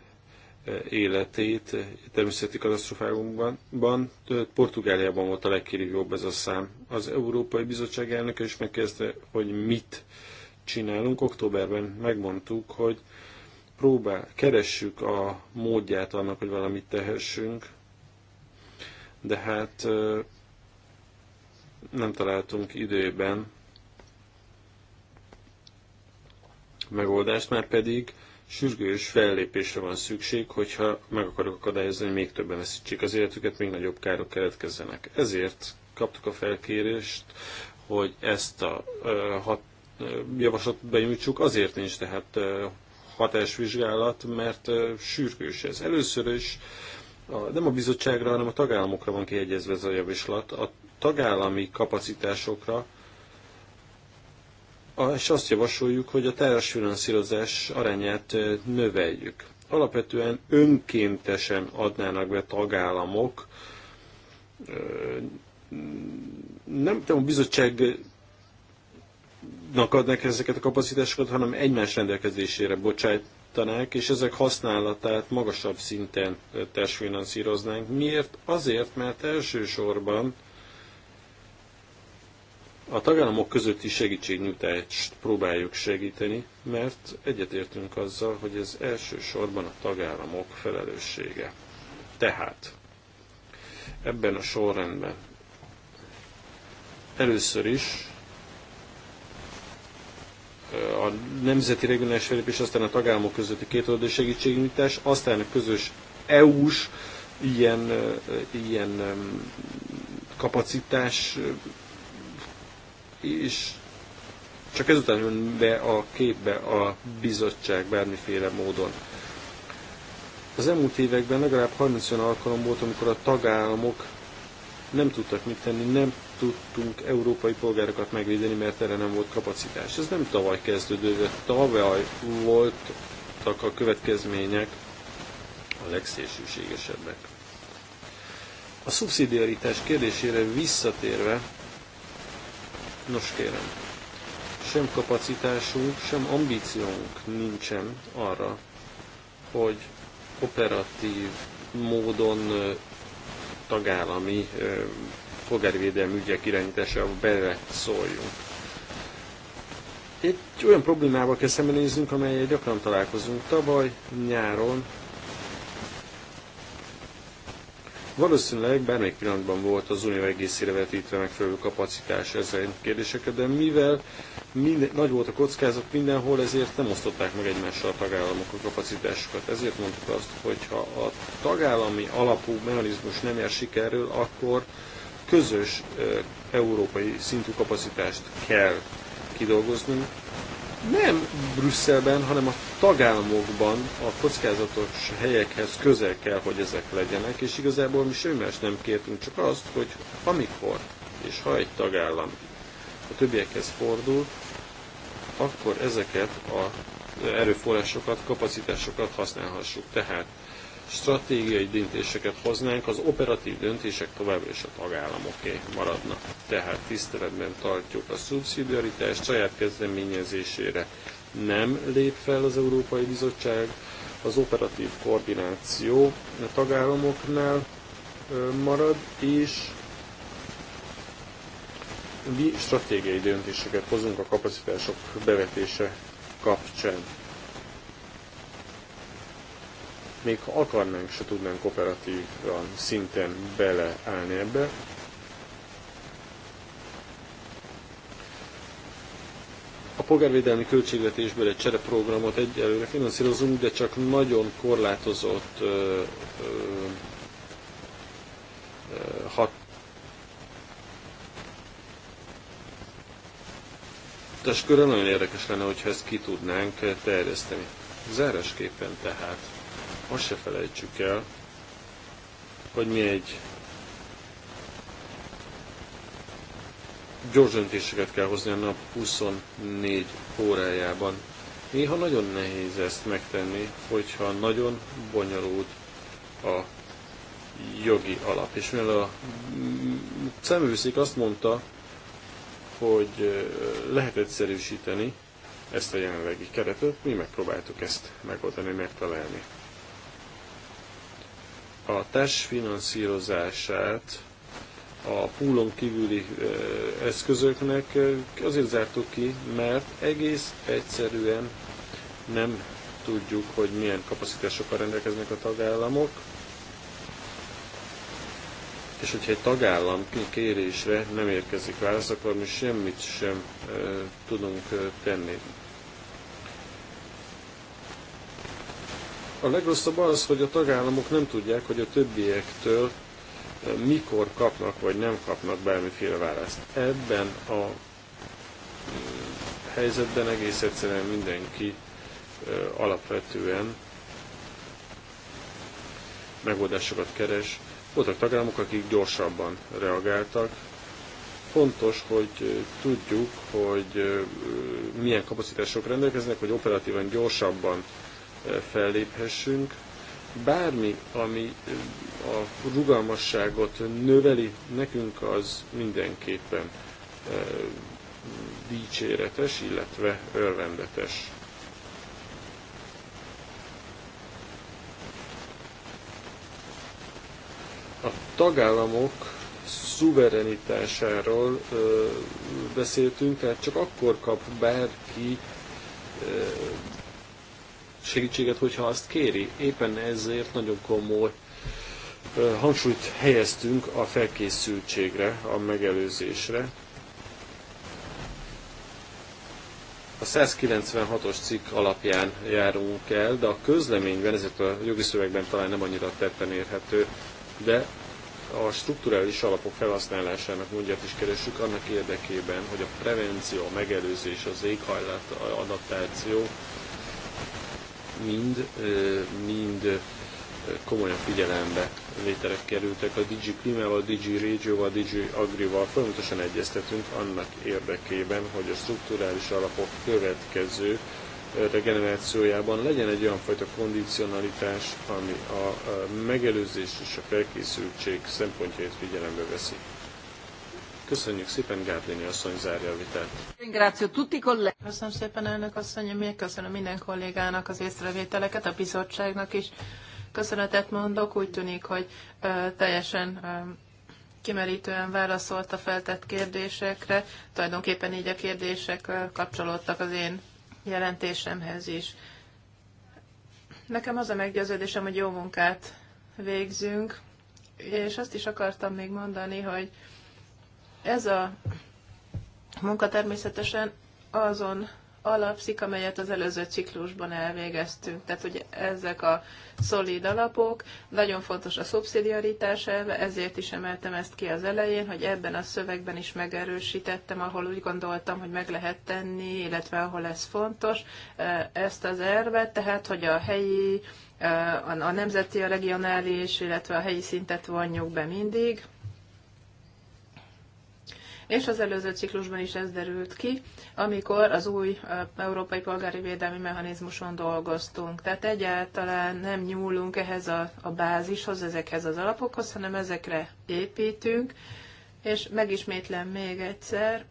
életét e, természeti katasztrofákban. E, Portugáliában volt a legkirívóbb ez a szám. Az Európai Bizottság elnöke is megkezdte, hogy mit csinálunk. Októberben megmondtuk, hogy próbál, keressük a módját annak, hogy valamit tehessünk de hát nem találtunk időben megoldást, már pedig sürgős fellépésre van szükség, hogyha meg akarjuk akadályozni, hogy még többen veszítsék az életüket, még nagyobb károk keletkezzenek. Ezért kaptuk a felkérést, hogy ezt a hat, javaslatot benyújtsuk, azért nincs tehát hatásvizsgálat, mert sürgős ez. Először is nem a bizottságra, hanem a tagállamokra van kiegyezve ez a javaslat. A tagállami kapacitásokra és azt javasoljuk, hogy a társfinanszírozás arányát növeljük. Alapvetően önkéntesen adnának be tagállamok, nem tudom, a bizottságnak adnak ezeket a kapacitásokat, hanem egymás rendelkezésére bocsát, javítanák, és ezek használatát magasabb szinten testfinanszíroznánk. Miért? Azért, mert elsősorban a tagállamok közötti segítségnyújtást próbáljuk segíteni, mert egyetértünk azzal, hogy ez elsősorban a tagállamok felelőssége. Tehát ebben a sorrendben először is a nemzeti regionális felépés, aztán a tagállamok közötti kétoldalú segítségnyújtás, aztán a közös EU-s ilyen, ilyen kapacitás, és csak ezután jön be a képbe a bizottság bármiféle módon. Az elmúlt években legalább 30 olyan alkalom volt, amikor a tagállamok nem tudtak mit tenni, nem tudtunk európai polgárokat megvédeni, mert erre nem volt kapacitás. Ez nem tavaly kezdődött, tavaly voltak a következmények a legszélsőségesebbek. A szubszidiaritás kérdésére visszatérve, nos kérem, sem kapacitásunk, sem ambíciónk nincsen arra, hogy operatív módon tagállami polgári védelmi ügyek bele szóljunk. Egy olyan problémával kell szembenéznünk, amelyet gyakran találkozunk. Tavaly nyáron Valószínűleg bármelyik pillanatban volt az unió egészére vetítve megfelelő kapacitás ezzel kérdéseket, de mivel minden, nagy volt a kockázat mindenhol, ezért nem osztották meg egymással a tagállamok a kapacitásukat. Ezért mondtuk azt, hogy ha a tagállami alapú mechanizmus nem ér sikerül, akkor közös európai szintű kapacitást kell kidolgoznunk, nem Brüsszelben, hanem a tagállamokban a kockázatos helyekhez közel kell, hogy ezek legyenek, és igazából mi semmi más nem kértünk, csak azt, hogy amikor és ha egy tagállam a többiekhez fordul, akkor ezeket a erőforrásokat, kapacitásokat használhassuk. Tehát stratégiai döntéseket hoznánk, az operatív döntések továbbra is a tagállamoké maradnak. Tehát tiszteletben tartjuk a szubszidiaritást, saját kezdeményezésére nem lép fel az Európai Bizottság, az operatív koordináció a tagállamoknál marad, és mi stratégiai döntéseket hozunk a kapacitások bevetése kapcsán még ha akarnánk, se tudnánk operatívan szinten beleállni ebbe. A polgárvédelmi költségvetésből egy csereprogramot egyelőre finanszírozunk, de csak nagyon korlátozott ö, ö, ö, hat Testkörön nagyon érdekes lenne, hogyha ezt ki tudnánk terjeszteni. Zárásképpen tehát most se felejtsük el, hogy mi egy gyors döntéseket kell hozni a nap 24 órájában. Néha nagyon nehéz ezt megtenni, hogyha nagyon bonyolult a jogi alap. És mivel a szemőszék azt mondta, hogy lehet egyszerűsíteni ezt a jelenlegi keretet, mi megpróbáltuk ezt megoldani, megtalálni a társfinanszírozását a púlon kívüli eszközöknek azért zártuk ki, mert egész egyszerűen nem tudjuk, hogy milyen kapacitásokkal rendelkeznek a tagállamok, és hogyha egy tagállam kérésre nem érkezik válasz, akkor mi semmit sem tudunk tenni. A legrosszabb az, hogy a tagállamok nem tudják, hogy a többiektől eh, mikor kapnak vagy nem kapnak bármiféle választ. Ebben a mm, helyzetben egész egyszerűen mindenki eh, alapvetően megoldásokat keres. Voltak tagállamok, akik gyorsabban reagáltak. Fontos, hogy eh, tudjuk, hogy milyen kapacitások rendelkeznek, hogy operatívan gyorsabban felléphessünk. Bármi, ami a rugalmasságot növeli, nekünk az mindenképpen dicséretes, illetve örvendetes. A tagállamok szuverenitásáról ö, beszéltünk, tehát csak akkor kap bárki ö, segítséget, hogyha azt kéri. Éppen ezért nagyon komoly hangsúlyt helyeztünk a felkészültségre, a megelőzésre. A 196-os cikk alapján járunk el, de a közleményben, ezért a jogi szövegben talán nem annyira tetten érhető, de a strukturális alapok felhasználásának módját is keresünk annak érdekében, hogy a prevenció, a megelőzés, az éghajlat, adaptáció, mind, mind komolyan figyelembe vételek kerültek. A Digi Klimával, a Digi Régióval, a Digi Agrival folyamatosan egyeztetünk annak érdekében, hogy a strukturális alapok következő regenerációjában legyen egy olyan fajta kondicionalitás, ami a megelőzés és a felkészültség szempontjait figyelembe veszi. Köszönjük szépen, Gárdini asszony zárja a vitát. Köszönöm szépen, elnök asszony, még köszönöm minden kollégának az észrevételeket, a bizottságnak is. Köszönetet mondok, úgy tűnik, hogy ö, teljesen ö, kimerítően válaszolt a feltett kérdésekre. Tulajdonképpen így a kérdések ö, kapcsolódtak az én jelentésemhez is. Nekem az a meggyőződésem, hogy jó munkát végzünk, és azt is akartam még mondani, hogy ez a munka természetesen azon alapszik, amelyet az előző ciklusban elvégeztünk. Tehát ugye ezek a szolid alapok, nagyon fontos a szubszidiaritás elve, ezért is emeltem ezt ki az elején, hogy ebben a szövegben is megerősítettem, ahol úgy gondoltam, hogy meg lehet tenni, illetve ahol ez fontos, e, ezt az elvet, tehát hogy a helyi, e, a nemzeti, a regionális, illetve a helyi szintet vonjuk be mindig, és az előző ciklusban is ez derült ki, amikor az új európai polgári védelmi mechanizmuson dolgoztunk. Tehát egyáltalán nem nyúlunk ehhez a, a bázishoz, ezekhez az alapokhoz, hanem ezekre építünk, és megismétlem még egyszer,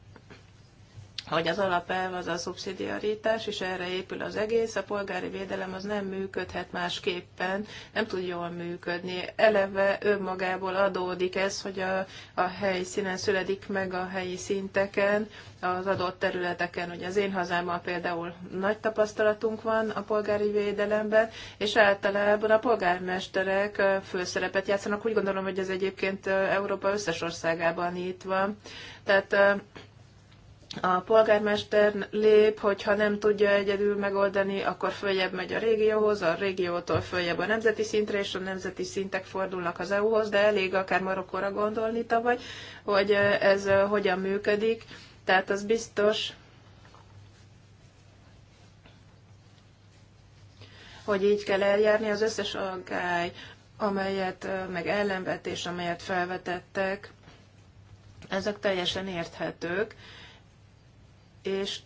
hogy az alapelv az a szubszidiaritás, és erre épül az egész, a polgári védelem az nem működhet másképpen, nem tud jól működni. Eleve önmagából adódik ez, hogy a, a helyszínen születik meg a helyi szinteken, az adott területeken. hogy az én hazámban például nagy tapasztalatunk van a polgári védelemben, és általában a polgármesterek főszerepet játszanak. Úgy gondolom, hogy ez egyébként Európa összes országában itt van. Tehát a polgármester lép, hogyha nem tudja egyedül megoldani, akkor följebb megy a régióhoz, a régiótól följebb a nemzeti szintre, és a nemzeti szintek fordulnak az EU-hoz, de elég akár Marokkóra gondolni tavaly, hogy eh, ez eh, hogyan működik. Tehát az biztos, hogy így kell eljárni. Az összes aggály, amelyet, eh, meg ellenvetés, amelyet felvetettek, ezek teljesen érthetők és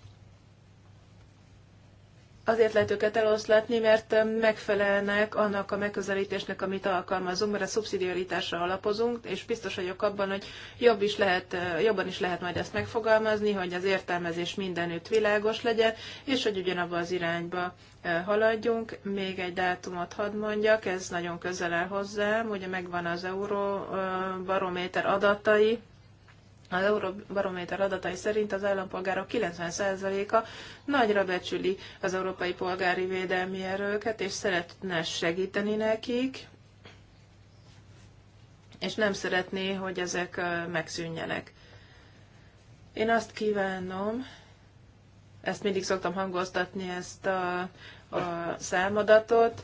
azért lehet őket eloszlatni, mert megfelelnek annak a megközelítésnek, amit alkalmazunk, mert a szubszidiaritásra alapozunk, és biztos vagyok abban, hogy jobb is lehet, jobban is lehet majd ezt megfogalmazni, hogy az értelmezés mindenütt világos legyen, és hogy ugyanabba az irányba eh, haladjunk. Még egy dátumot hadd mondjak, ez nagyon közel áll hozzám, ugye megvan az Euróbarométer adatai, az Euróbarométer adatai szerint az állampolgárok 90%-a nagyra becsüli az európai polgári védelmi erőket, és szeretne segíteni nekik, és nem szeretné, hogy ezek megszűnjenek. Én azt kívánom, ezt mindig szoktam hangoztatni, ezt a, a számadatot,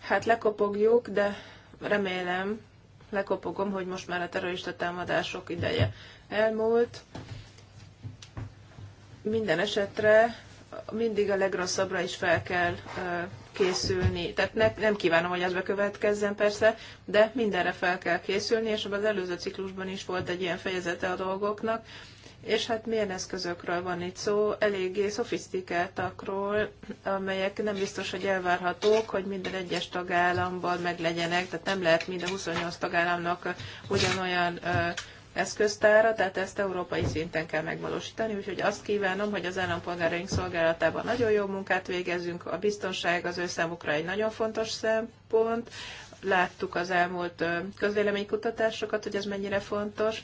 hát lekopogjuk, de remélem, lekopogom, hogy most már a terrorista támadások ideje elmúlt. Minden esetre mindig a legrosszabbra is fel kell készülni. Tehát ne, nem kívánom, hogy az bekövetkezzen persze, de mindenre fel kell készülni, és az előző ciklusban is volt egy ilyen fejezete a dolgoknak. És hát milyen eszközökről van itt szó? Eléggé szofisztikáltakról, amelyek nem biztos, hogy elvárhatók, hogy minden egyes tagállamban meglegyenek, tehát nem lehet mind a 28 tagállamnak ugyanolyan eszköztára, tehát ezt európai szinten kell megvalósítani, úgyhogy azt kívánom, hogy az állampolgáraink szolgálatában nagyon jó munkát végezzünk, a biztonság az ő számukra egy nagyon fontos szempont, láttuk az elmúlt közvéleménykutatásokat, hogy ez mennyire fontos,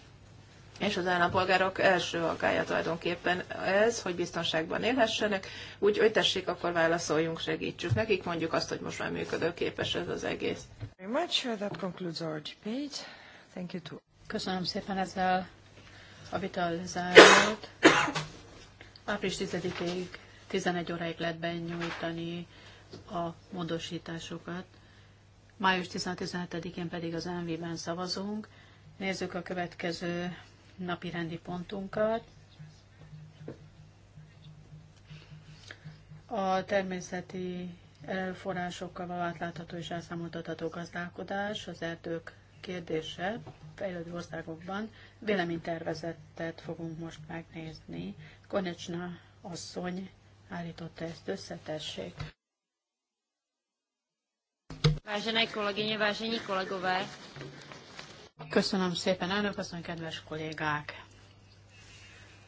és az állampolgárok első aggája tulajdonképpen ez, hogy biztonságban élhessenek, úgy, hogy tessék, akkor válaszoljunk, segítsük nekik, mondjuk azt, hogy most már működőképes ez az egész. Thank you too. Köszönöm szépen ezzel a vital zárult. Április 10-ig 11 óráig lehet benyújtani a módosításokat. Május 17-én pedig az MV-ben szavazunk. Nézzük a következő napi rendi pontunkat. A természeti erőforrásokkal való átlátható és elszámoltatható gazdálkodás, az erdők kérdése fejlődő országokban véleménytervezettet fogunk most megnézni. Konecsna asszony állította ezt összetessék. Vážené kolegyne, vážení kolegové. Köszönöm szépen, elnök asszony, kedves kollégák!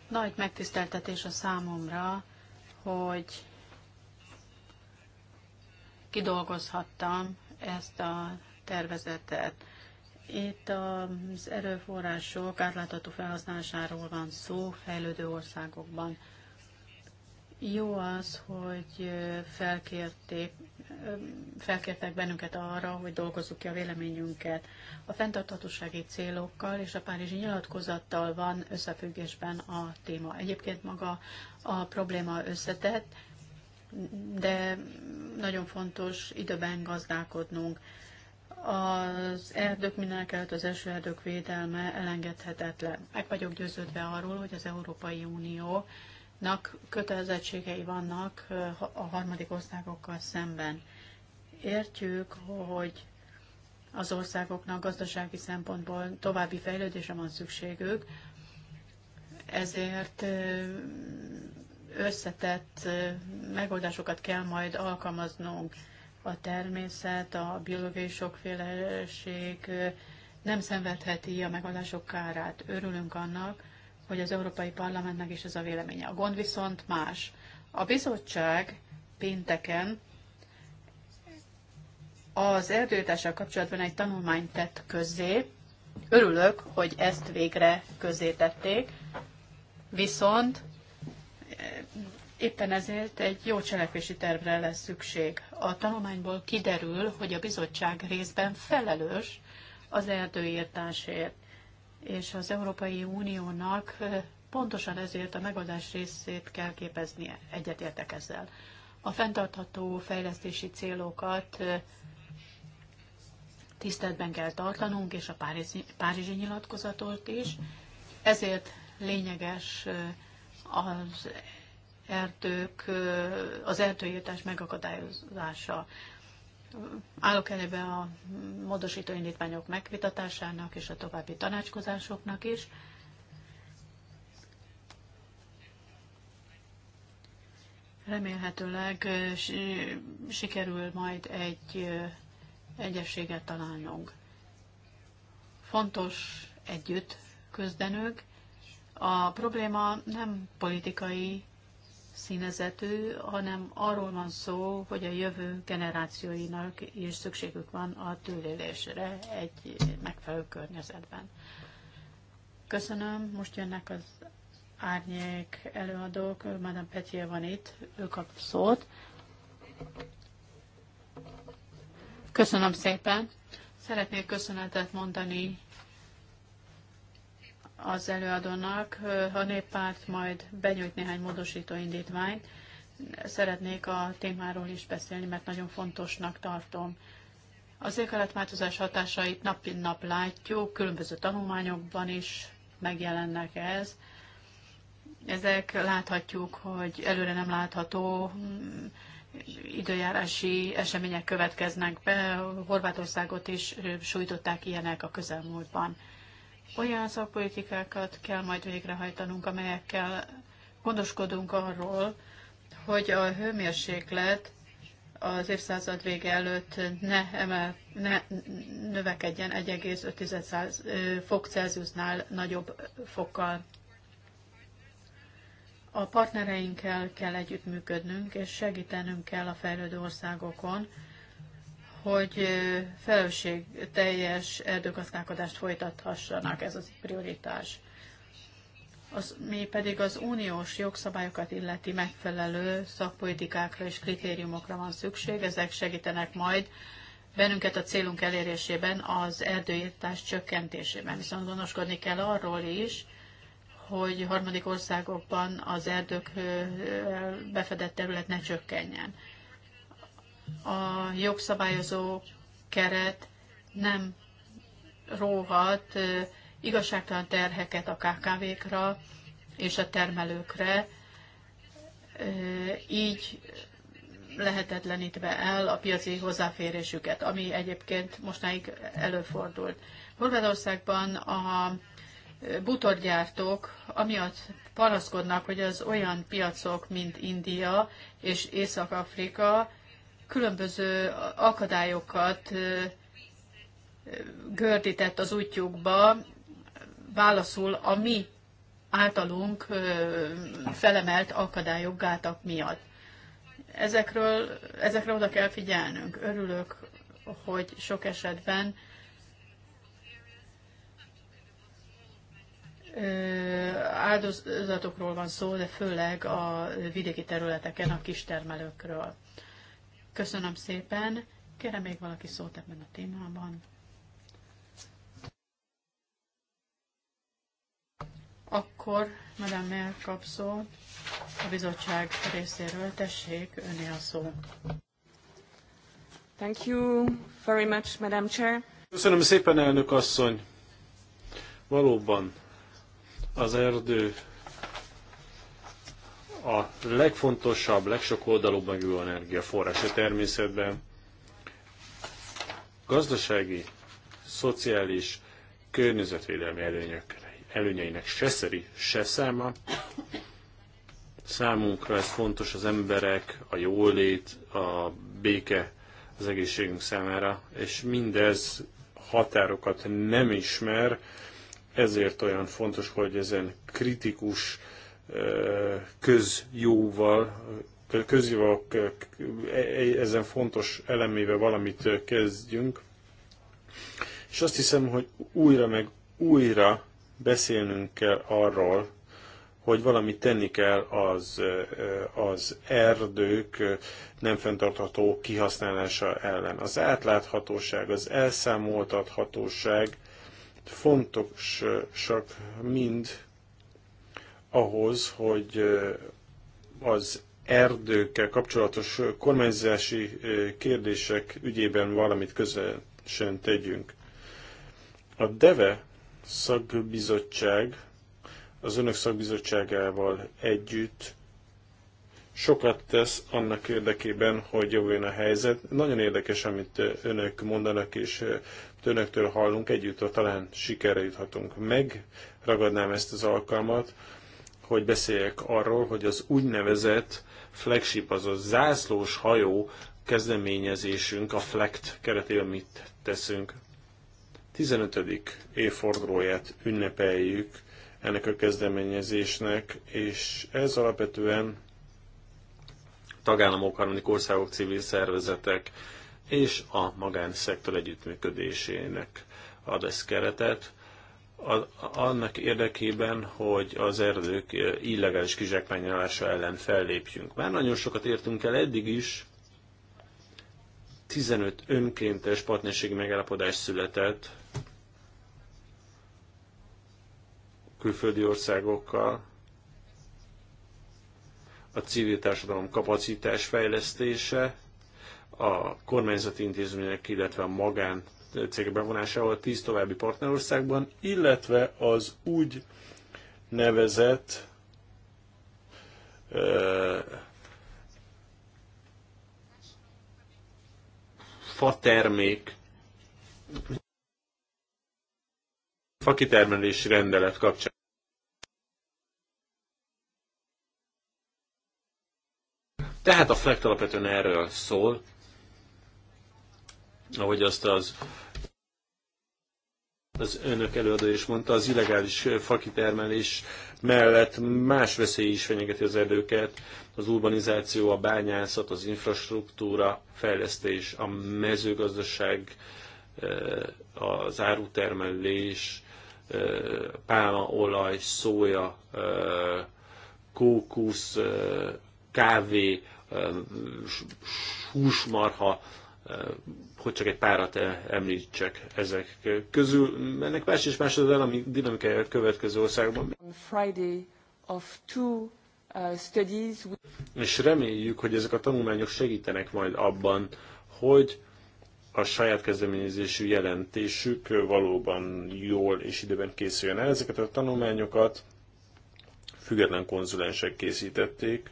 Nagy megtiszteltetés a számomra, hogy kidolgozhattam ezt a tervezetet. Itt az erőforrások átlátható felhasználásáról van szó fejlődő országokban. Jó az, hogy felkérték, felkértek bennünket arra, hogy dolgozzuk ki a véleményünket. A fenntarthatósági célokkal és a Párizsi nyilatkozattal van összefüggésben a téma. Egyébként maga a probléma összetett, de nagyon fontos időben gazdálkodnunk. Az erdők mindenek előtt az esőerdők védelme elengedhetetlen. Meg vagyok győződve arról, hogy az Európai Uniónak kötelezettségei vannak a harmadik országokkal szemben. Értjük, hogy az országoknak gazdasági szempontból további fejlődésre van szükségük, ezért összetett megoldásokat kell majd alkalmaznunk a természet, a biológiai sokféleség nem szenvedheti a megoldások kárát. Örülünk annak, hogy az Európai Parlamentnek is ez a véleménye. A gond viszont más. A bizottság pénteken az erdőtással kapcsolatban egy tanulmányt tett közzé. Örülök, hogy ezt végre közzé tették, viszont Éppen ezért egy jó cselekvési tervre lesz szükség. A tanulmányból kiderül, hogy a bizottság részben felelős az erdőírtásért, és az Európai Uniónak pontosan ezért a megoldás részét kell képezni, egyetértek ezzel. A fenntartható fejlesztési célokat tiszteletben kell tartanunk, és a Párizsi, Párizsi nyilatkozatot is. Ezért lényeges az erdők, az erdőírtás megakadályozása. Állok elébe a módosító indítványok megvitatásának és a további tanácskozásoknak is. Remélhetőleg sikerül majd egy egyességet találnunk. Fontos együtt küzdenünk. A probléma nem politikai, színezetű, hanem arról van szó, hogy a jövő generációinak is szükségük van a túlélésre egy megfelelő környezetben. Köszönöm, most jönnek az árnyék előadók, Madame Petyé van itt, ő kap szót. Köszönöm szépen. Szeretnék köszönetet mondani az előadónak, ha a néppárt majd benyújt néhány módosító indítványt, szeretnék a témáról is beszélni, mert nagyon fontosnak tartom. Az éghajlatváltozás hatásait nap mint nap látjuk, különböző tanulmányokban is megjelennek ez. Ezek láthatjuk, hogy előre nem látható mm, időjárási események következnek be, Horvátországot is sújtották ilyenek a közelmúltban olyan szakpolitikákat kell majd végrehajtanunk, amelyekkel gondoskodunk arról, hogy a hőmérséklet az évszázad vége előtt ne, emel, ne növekedjen 1,5 fok Celsiusnál nagyobb fokkal. A partnereinkkel kell együttműködnünk, és segítenünk kell a fejlődő országokon, hogy teljes erdőgazdálkodást folytathassanak, ez az prioritás. Az, mi pedig az uniós jogszabályokat illeti megfelelő szakpolitikákra és kritériumokra van szükség, ezek segítenek majd bennünket a célunk elérésében, az erdőírtás csökkentésében. Viszont gondoskodni kell arról is, hogy harmadik országokban az erdők befedett terület ne csökkenjen a jogszabályozó keret nem róhat igazságtalan terheket a KKV-kra és a termelőkre, így lehetetlenítve el a piaci hozzáférésüket, ami egyébként mostanáig előfordult. Horvátországban a butorgyártók amiatt panaszkodnak, hogy az olyan piacok, mint India és Észak-Afrika különböző akadályokat gördített az útjukba, válaszul a mi általunk felemelt akadályok, gátak miatt. Ezekről, ezekre oda kell figyelnünk. Örülök, hogy sok esetben áldozatokról van szó, de főleg a vidéki területeken a kistermelőkről. Köszönöm szépen. Kérem még valaki szót ebben a témában. Akkor Madame Mer kap szó a bizottság részéről. Tessék, öné a szó. Thank you very much, Madame Chair. Köszönöm szépen, elnök asszony. Valóban az erdő a legfontosabb, legsok oldalúbb megülő energiaforrás a természetben. Gazdasági, szociális, környezetvédelmi előnyök, előnyeinek se szeri, se száma. Számunkra ez fontos az emberek, a jólét, a béke az egészségünk számára, és mindez határokat nem ismer, ezért olyan fontos, hogy ezen kritikus közjóval, közjóval ezen fontos elemével valamit kezdjünk. És azt hiszem, hogy újra meg újra beszélnünk kell arról, hogy valamit tenni kell az, az erdők nem fenntartható kihasználása ellen. Az átláthatóság, az elszámoltathatóság fontosak mind ahhoz, hogy az erdőkkel kapcsolatos kormányzási kérdések ügyében valamit közösen tegyünk. A DEVE szakbizottság az önök szakbizottságával együtt sokat tesz annak érdekében, hogy javuljon a helyzet. Nagyon érdekes, amit önök mondanak, és önöktől hallunk, együttől talán sikerre juthatunk. Ragadnám ezt az alkalmat, hogy beszéljek arról, hogy az úgynevezett flagship, azaz zászlós hajó kezdeményezésünk, a FLECT keretében mit teszünk. 15. évfordulóját ünnepeljük ennek a kezdeményezésnek, és ez alapvetően tagállamok, harmadik országok, civil szervezetek és a magánszektor együttműködésének ad ezt keretet annak érdekében, hogy az erdők illegális kizsákmányolása ellen fellépjünk. Már nagyon sokat értünk el eddig is, 15 önkéntes partnerségi megállapodás született külföldi országokkal, a civil társadalom kapacitás fejlesztése, a kormányzati intézmények, illetve a magán cégek bevonásával 10 további partnerországban, illetve az úgy nevezett uh, termék fakitermelési rendelet kapcsán. Tehát a FLECT alapvetően erről szól, ahogy azt az az önök előadó is mondta, az illegális fakitermelés mellett más veszély is fenyegeti az erdőket, az urbanizáció, a bányászat, az infrastruktúra fejlesztés, a mezőgazdaság, eh, az árutermelés, eh, pálmaolaj, szója, eh, kókusz, kávé, húsmarha, Eh, hogy csak egy párat eh, említsek ezek közül. Ennek más és más az állami dinamikája a következő országban. Friday of two eh, studies. És reméljük, hogy ezek a tanulmányok segítenek majd abban, hogy a saját kezdeményezésű jelentésük valóban jól és időben készüljön el. Ezeket a tanulmányokat független konzulensek készítették,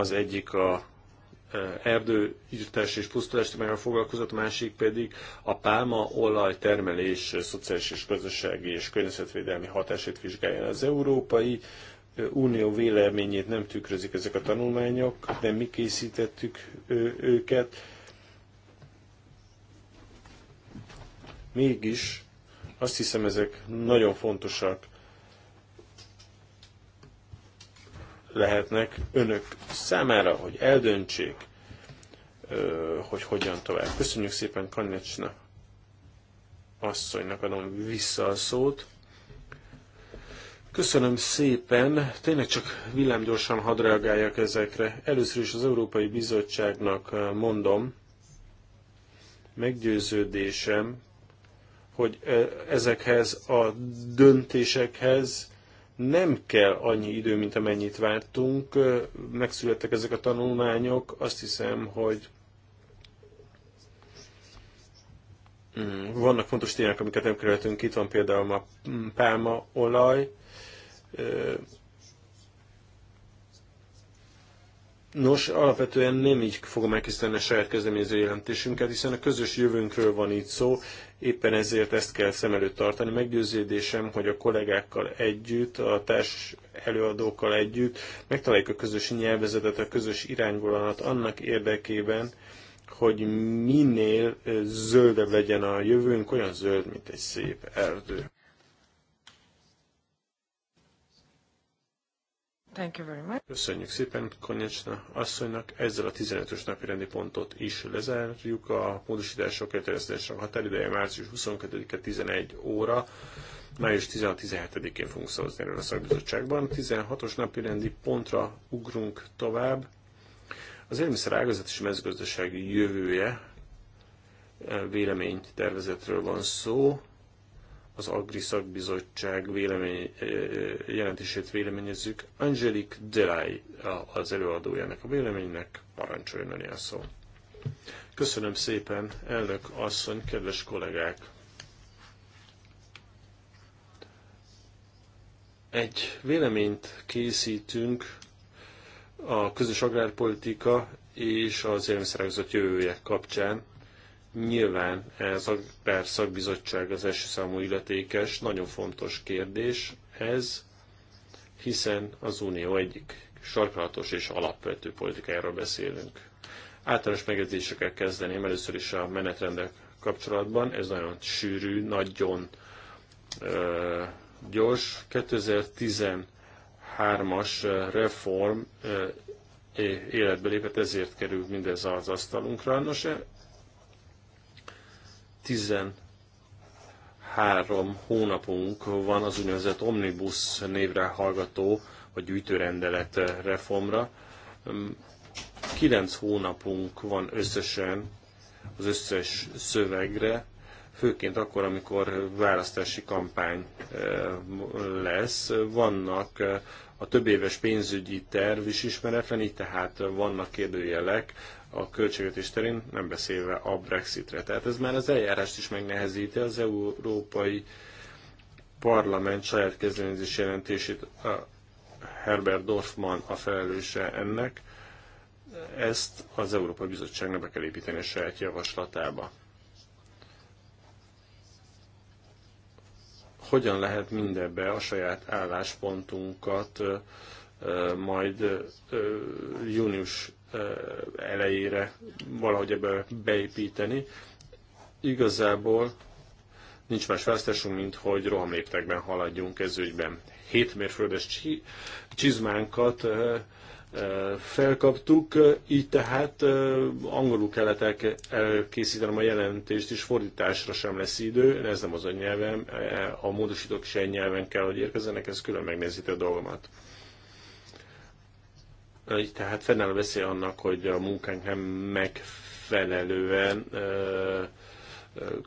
Az egyik a e, erdőírtás és pusztulástimával foglalkozott, másik pedig a pálma olaj termelés szociális és közösségi és környezetvédelmi hatását vizsgálja. Az Európai Unió véleményét nem tükrözik ezek a tanulmányok, de mi készítettük őket. Mégis azt hiszem ezek nagyon fontosak lehetnek önök számára, hogy eldöntsék, hogy hogyan tovább. Köszönjük szépen Kanyecsna asszonynak adom vissza a szót. Köszönöm szépen. Tényleg csak villámgyorsan hadd reagáljak ezekre. Először is az Európai Bizottságnak mondom, meggyőződésem, hogy ezekhez a döntésekhez nem kell annyi idő, mint amennyit vártunk. Megszülettek ezek a tanulmányok. Azt hiszem, hogy mm, vannak fontos tények, amiket nem kerültünk. Itt van például a mm, pálmaolaj. Nos, alapvetően nem így fogom elkészíteni a saját kezdeményező jelentésünket, hiszen a közös jövőnkről van itt szó, Éppen ezért ezt kell szem előtt tartani. Meggyőződésem, hogy a kollégákkal együtt, a társ előadókkal együtt megtaláljuk a közös nyelvezetet, a közös irányvonalat annak érdekében, hogy minél zöldebb legyen a jövőnk, olyan zöld, mint egy szép erdő. Thank you very much. Köszönjük szépen Konyecsna asszonynak. Ezzel a 15-ös napi rendi pontot is lezárjuk. A módosítások elterjesztésre határideje március 22-e 11 óra. Május 16-17-én fogunk szavazni erről a szakbizottságban. 16-os napi rendi pontra ugrunk tovább. Az élmiszer ágazat és mezőgazdasági jövője eh, véleménytervezetről van szó az Agri Szakbizottság vélemény, jelentését véleményezzük. Angelique Delay az előadójának a véleménynek, parancsoljon önél szó. Köszönöm szépen, elnök asszony, kedves kollégák! Egy véleményt készítünk a közös agrárpolitika és az élelmiszerágazat jövője kapcsán, Nyilván ez a per szakbizottság az első számú illetékes, nagyon fontos kérdés ez, hiszen az Unió egyik sarkalatos és alapvető politikájáról beszélünk. Általános megjegyzésekkel kezdeném, először is a menetrendek kapcsolatban, ez nagyon sűrű, nagyon ö, gyors. 2013-as reform ö, életbe lépett, ezért kerül mindez az asztalunkra. Nos, e- 13 hónapunk van az úgynevezett Omnibus névre hallgató, vagy gyűjtőrendelet reformra. 9 hónapunk van összesen az összes szövegre, főként akkor, amikor választási kampány e, lesz. Vannak e, a több éves pénzügyi terv is ismeretlen, így tehát vannak kérdőjelek a költségvetés terén, nem beszélve a Brexitre. Tehát ez már az eljárást is megnehezíti, az Európai Parlament saját kezdeményezés jelentését Herbert Dorfman a felelőse ennek, ezt az Európai Bizottságnak be kell építeni a saját javaslatába. Hogyan lehet mindebbe a saját álláspontunkat majd június elejére valahogy ebbe beépíteni. Igazából nincs más választásunk, mint hogy rohamléptekben haladjunk ez ügyben. Hét mérföldes csizmánkat felkaptuk, így tehát angolul kellett elkészítenem a jelentést, és fordításra sem lesz idő, ez nem az nyelvem, a módosítók se nyelven kell, hogy érkezzenek, ez külön megnézíti a dolgomat tehát fennáll a veszély annak, hogy a munkánk nem megfelelően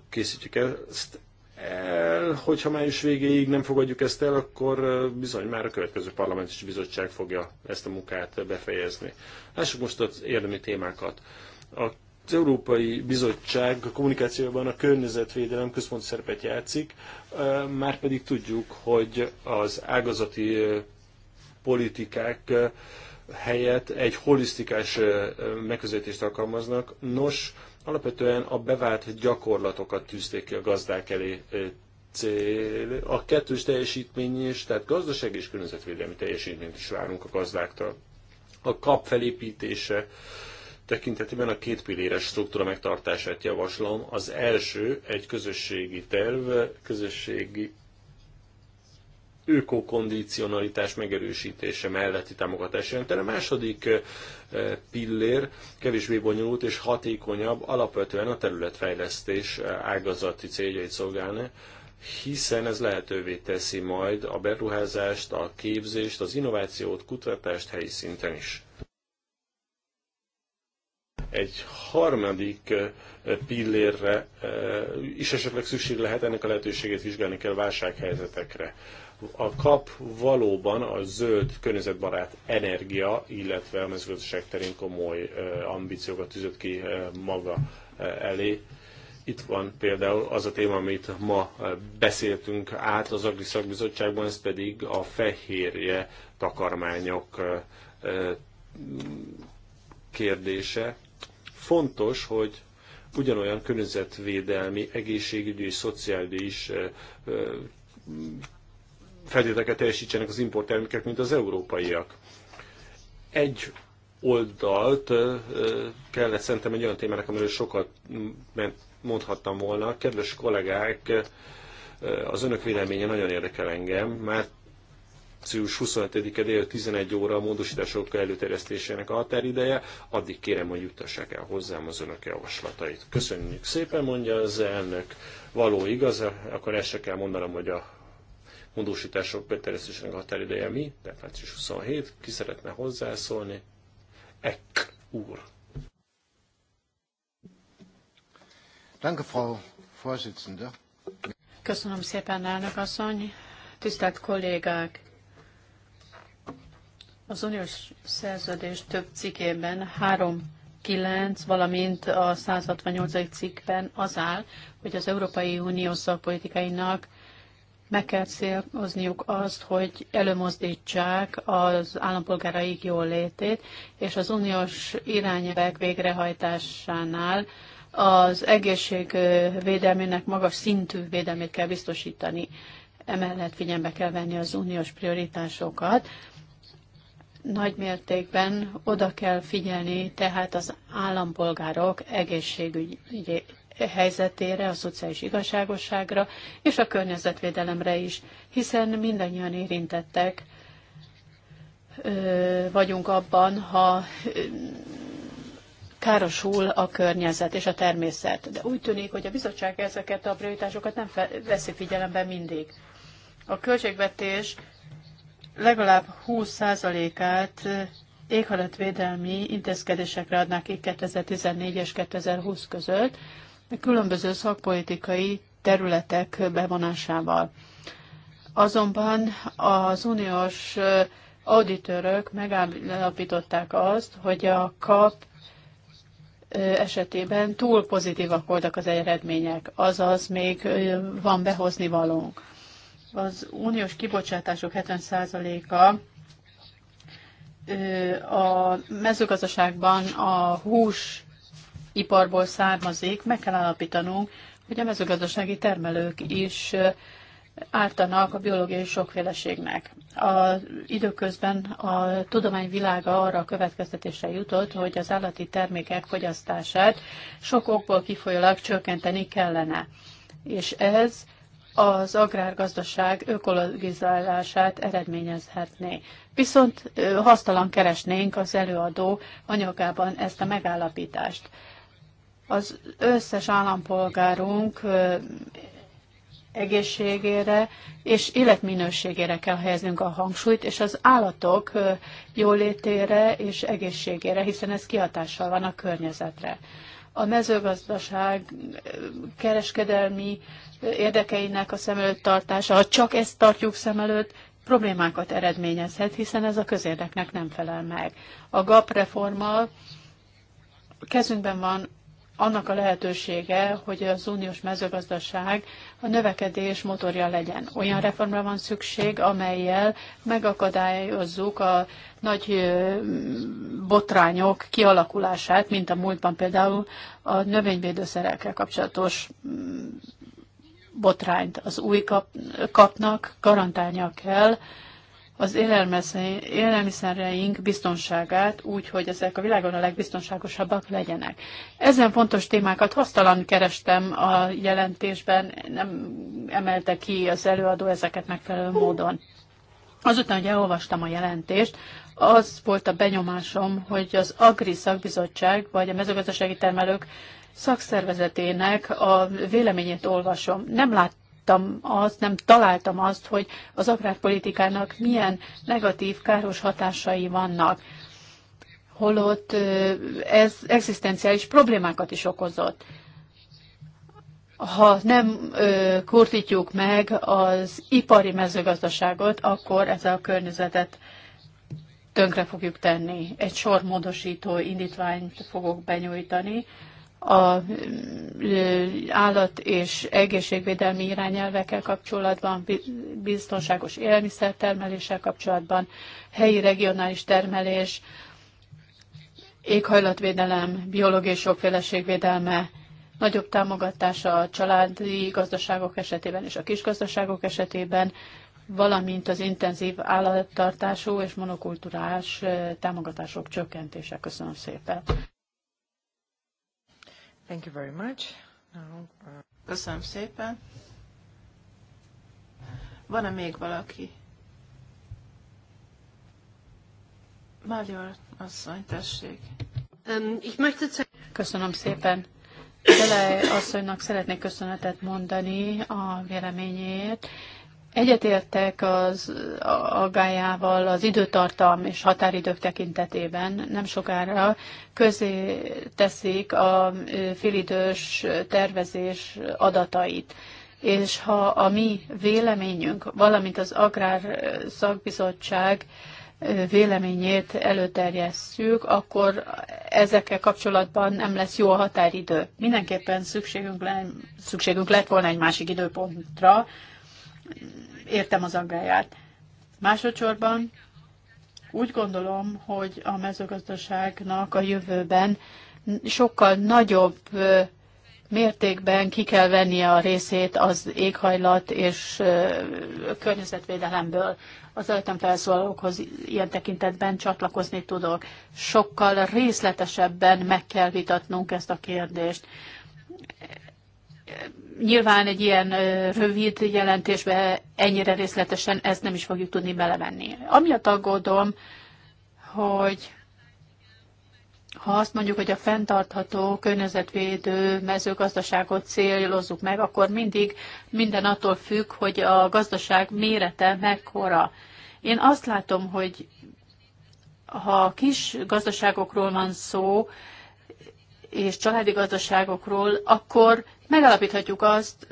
készítjük el. Ezt el, hogyha május végéig nem fogadjuk ezt el, akkor bizony már a következő parlament és bizottság fogja ezt a munkát befejezni. Lássuk most az érdemi témákat. Az Európai Bizottság a kommunikációban a környezetvédelem központi szerepet játszik, már pedig tudjuk, hogy az ágazati politikák helyett egy holisztikás megközelítést alkalmaznak. Nos, alapvetően a bevált gyakorlatokat tűzték ki a gazdák elé cél. A kettős teljesítmény is, tehát gazdaság és környezetvédelmi teljesítményt is várunk a gazdáktól. A kap felépítése tekintetében a két pilléres struktúra megtartását javaslom. Az első egy közösségi terv, közösségi ökokondicionalitás megerősítése melletti támogatás jelentene. A második eh, pillér kevésbé bonyolult és hatékonyabb, alapvetően a területfejlesztés eh, ágazati céljait szolgálna, hiszen ez lehetővé teszi majd a beruházást, a képzést, az innovációt, kutatást helyi szinten is. Egy harmadik eh, pillérre is esetleg szükség lehet, ennek a lehetőségét vizsgálni kell válsághelyzetekre a kap valóban a zöld környezetbarát energia, illetve a mezőgazdaság terén komoly ambíciókat tűzött ki maga elé. Itt van például az a téma, amit ma beszéltünk át az Agri Szakbizottságban, ez pedig a fehérje takarmányok kérdése. Fontos, hogy ugyanolyan környezetvédelmi, egészségügyi és szociális feltételeket teljesítsenek az importtermékek, mint az európaiak. Egy oldalt kellett szerintem egy olyan témának, amiről sokat mondhattam volna. Kedves kollégák, az önök véleménye nagyon érdekel engem, mert március 25-e dél 11 óra a módosítások előterjesztésének a határideje, addig kérem, hogy juttassák el hozzám az önök javaslatait. Köszönjük szépen, mondja az elnök. Való igaz, akkor ezt se kell mondanom, hogy a módosítások beterjesztésének határideje mi, tehát március 27, ki szeretne hozzászólni? Ek úr. Danke, Frau Vorsitzende. Köszönöm szépen, elnök asszony. Tisztelt kollégák! Az uniós szerződés több cikkében 3.9, valamint a 168. cikkben az áll, hogy az Európai Unió szakpolitikainak meg kell célozniuk azt, hogy előmozdítsák az állampolgáraik jól létét, és az uniós irányelvek végrehajtásánál az egészségvédelmének védelmének magas szintű védelmét kell biztosítani. Emellett figyelembe kell venni az uniós prioritásokat. Nagy mértékben oda kell figyelni tehát az állampolgárok egészségügyét helyzetére, a szociális igazságosságra és a környezetvédelemre is, hiszen mindannyian érintettek vagyunk abban, ha károsul a környezet és a természet. De úgy tűnik, hogy a bizottság ezeket a prioritásokat nem veszi figyelembe mindig. A költségvetés legalább 20%-át éghajlatvédelmi intézkedésekre adnák ki 2014 és 2020 között, különböző szakpolitikai területek bevonásával. Azonban az uniós auditőrök megállapították azt, hogy a kap esetében túl pozitívak voltak az eredmények, azaz még van behozni valónk. Az uniós kibocsátások 70%-a a mezőgazdaságban a hús iparból származik, meg kell állapítanunk, hogy a mezőgazdasági termelők is ártanak a biológiai sokféleségnek. A, időközben a tudomány világa arra a következtetésre jutott, hogy az állati termékek fogyasztását sok okból kifolyólag csökkenteni kellene. És ez az agrárgazdaság ökologizálását eredményezhetné. Viszont hasztalan keresnénk az előadó anyagában ezt a megállapítást az összes állampolgárunk egészségére és életminőségére kell helyeznünk a hangsúlyt, és az állatok jólétére és egészségére, hiszen ez kihatással van a környezetre. A mezőgazdaság kereskedelmi érdekeinek a szem előtt tartása, ha csak ezt tartjuk szem előtt, problémákat eredményezhet, hiszen ez a közérdeknek nem felel meg. A GAP reforma kezünkben van annak a lehetősége, hogy az uniós mezőgazdaság a növekedés motorja legyen. Olyan reformra van szükség, amelyel megakadályozzuk a nagy botrányok kialakulását, mint a múltban például a növényvédőszerekkel kapcsolatos mm, botrányt az új kapnak, garantálnia kell, az élelmiszereink biztonságát úgy, hogy ezek a világon a legbiztonságosabbak legyenek. Ezen fontos témákat hasztalan kerestem a jelentésben, nem emelte ki az előadó ezeket megfelelő módon. Azután, hogy elolvastam a jelentést, az volt a benyomásom, hogy az Agri Szakbizottság vagy a mezőgazdasági termelők szakszervezetének a véleményét olvasom. Nem lát, láttam azt, nem találtam azt, hogy az agrárpolitikának milyen negatív, káros hatásai vannak holott ez egzisztenciális problémákat is okozott. Ha nem kurtítjuk meg az ipari mezőgazdaságot, akkor ez a környezetet tönkre fogjuk tenni. Egy sor módosító indítványt fogok benyújtani, a állat és egészségvédelmi irányelvekkel kapcsolatban, biztonságos élelmiszertermeléssel kapcsolatban, helyi regionális termelés, éghajlatvédelem, biológiai sokféleségvédelme, nagyobb támogatása a családi gazdaságok esetében és a kisgazdaságok esetében, valamint az intenzív állattartású és monokulturális támogatások csökkentése. Köszönöm szépen. Thank you very much. Now, uh, Köszönöm szépen. Van-e még valaki? Magyar asszony, tessék. Um, Köszönöm szépen. Bele asszonynak szeretnék köszönetet mondani a véleményét, Egyetértek az aggájával az időtartam és határidők tekintetében. Nem sokára közé teszik a félidős tervezés adatait. És ha a mi véleményünk, valamint az Agrár Szakbizottság véleményét előterjesszük, akkor ezekkel kapcsolatban nem lesz jó a határidő. Mindenképpen szükségünk, le, szükségünk lett volna egy másik időpontra, értem az aggályát. Másodszorban úgy gondolom, hogy a mezőgazdaságnak a jövőben sokkal nagyobb mértékben ki kell vennie a részét az éghajlat és környezetvédelemből. Az előttem felszólalókhoz ilyen tekintetben csatlakozni tudok. Sokkal részletesebben meg kell vitatnunk ezt a kérdést. Nyilván egy ilyen rövid jelentésbe ennyire részletesen ezt nem is fogjuk tudni belevenni. Amiatt aggódom, hogy ha azt mondjuk, hogy a fenntartható környezetvédő mezőgazdaságot célozzuk meg, akkor mindig minden attól függ, hogy a gazdaság mérete mekkora. Én azt látom, hogy ha kis gazdaságokról van szó, és családi gazdaságokról, akkor megalapíthatjuk azt,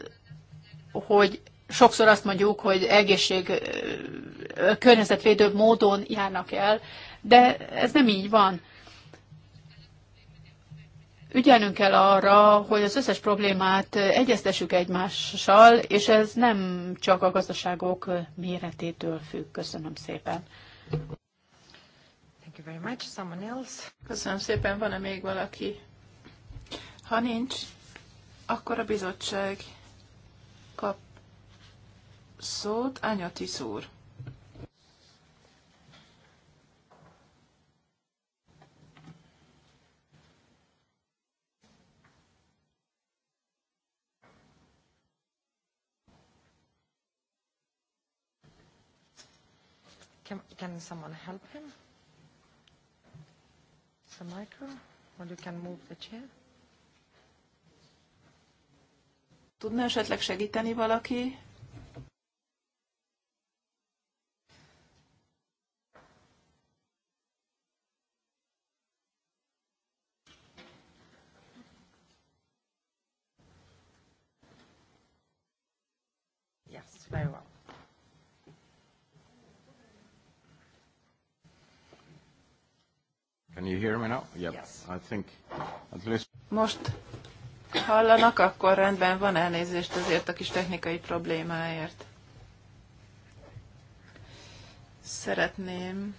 hogy sokszor azt mondjuk, hogy egészség környezetvédőbb módon járnak el, de ez nem így van. Ügyelnünk kell arra, hogy az összes problémát egyeztessük egymással, és ez nem csak a gazdaságok méretétől függ. Köszönöm szépen. Thank you very much. Someone else? Köszönöm szépen. Van-e még valaki? Ha nincs, akkor a bizottság kap szót. Anya Tiszúr. Can, can someone help him? The micro? Or you can move the chair? Tudna esetleg segíteni valaki? Yes, very well. Can you hear me now? Yep. Yes. I think at least Most hallanak, akkor rendben van elnézést azért a kis technikai problémáért. Szeretném,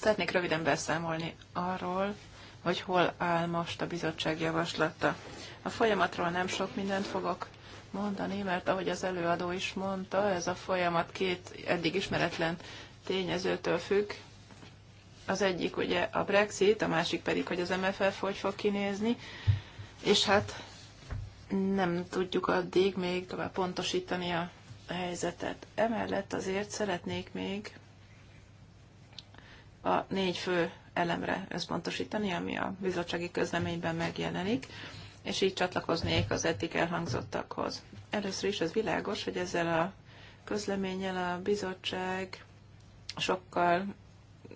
szeretnék röviden beszámolni arról, hogy hol áll most a bizottság javaslata. A folyamatról nem sok mindent fogok mondani, mert ahogy az előadó is mondta, ez a folyamat két eddig ismeretlen tényezőtől függ. Az egyik ugye a Brexit, a másik pedig, hogy az MFF hogy fog kinézni és hát nem tudjuk addig még tovább pontosítani a helyzetet. Emellett azért szeretnék még a négy fő elemre összpontosítani, ami a bizottsági közleményben megjelenik, és így csatlakoznék az eddig elhangzottakhoz. Először is az világos, hogy ezzel a közleménnyel a bizottság sokkal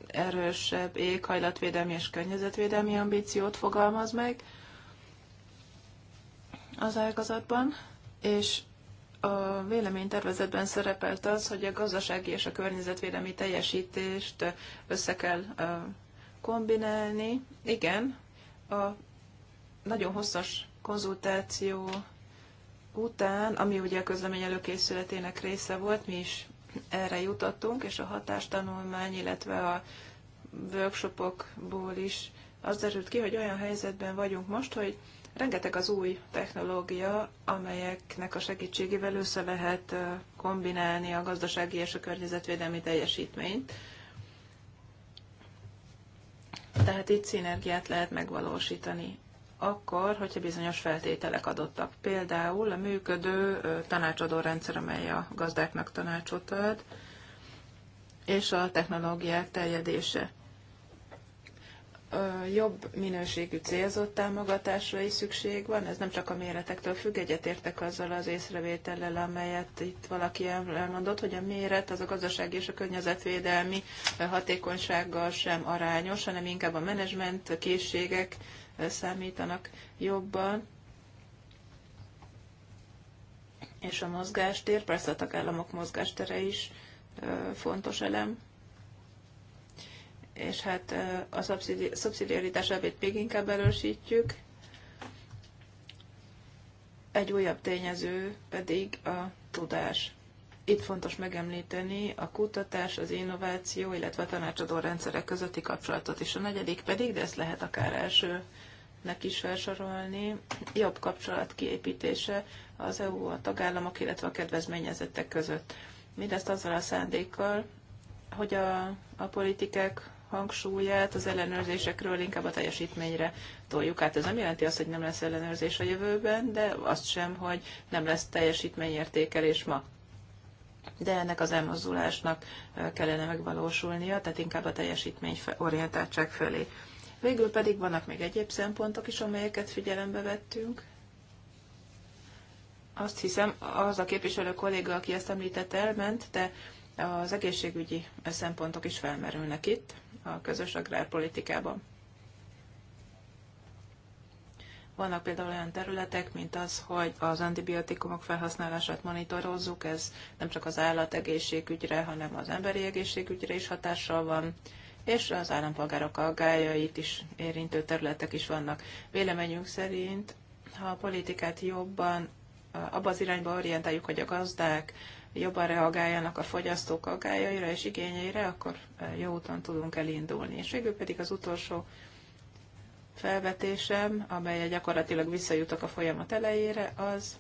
erősebb éghajlatvédelmi és környezetvédelmi ambíciót fogalmaz meg, az ágazatban, és a véleménytervezetben szerepelt az, hogy a gazdasági és a környezetvédelmi teljesítést össze kell kombinálni. Igen, a nagyon hosszas konzultáció után, ami ugye a közlemény előkészületének része volt, mi is erre jutottunk, és a hatástanulmány, illetve a workshopokból is az derült ki, hogy olyan helyzetben vagyunk most, hogy Rengeteg az új technológia, amelyeknek a segítségével össze lehet kombinálni a gazdasági és a környezetvédelmi teljesítményt. Tehát itt szinergiát lehet megvalósítani akkor, hogyha bizonyos feltételek adottak. Például a működő tanácsadó rendszer, amely a gazdáknak tanácsot ad, és a technológiák terjedése jobb minőségű célzott támogatásra is szükség van. Ez nem csak a méretektől függ, egyetértek azzal az észrevétellel, amelyet itt valaki elmondott, hogy a méret az a gazdasági és a környezetvédelmi hatékonysággal sem arányos, hanem inkább a menedzsment készségek számítanak jobban. És a mozgástér, persze a tagállamok mozgástere is fontos elem és hát a szubszidiaritás elvét még inkább erősítjük. Egy újabb tényező pedig a tudás. Itt fontos megemlíteni a kutatás, az innováció, illetve a tanácsadó rendszerek közötti kapcsolatot is. A negyedik pedig, de ezt lehet akár elsőnek is felsorolni, jobb kapcsolat kiépítése az EU, a tagállamok, illetve a kedvezményezettek között. Mindezt azzal a szándékkal, hogy a, a politikák hangsúlyát az ellenőrzésekről inkább a teljesítményre toljuk át. Ez nem jelenti azt, hogy nem lesz ellenőrzés a jövőben, de azt sem, hogy nem lesz teljesítményértékelés ma. De ennek az elmozdulásnak kellene megvalósulnia, tehát inkább a teljesítmény orientáltság fölé. Végül pedig vannak még egyéb szempontok is, amelyeket figyelembe vettünk. Azt hiszem, az a képviselő kolléga, aki ezt említett, elment, de az egészségügyi szempontok is felmerülnek itt a közös agrárpolitikában. Vannak például olyan területek, mint az, hogy az antibiotikumok felhasználását monitorozzuk, ez nem csak az állategészségügyre, hanem az emberi egészségügyre is hatással van, és az állampolgárok aggájait is érintő területek is vannak. Véleményünk szerint, ha a politikát jobban abba az irányba orientáljuk, hogy a gazdák jobban reagáljanak a fogyasztók aggájaira és igényeire, akkor eh, jó úton tudunk elindulni. És végül pedig az utolsó felvetésem, amely gyakorlatilag visszajutok a folyamat elejére, az,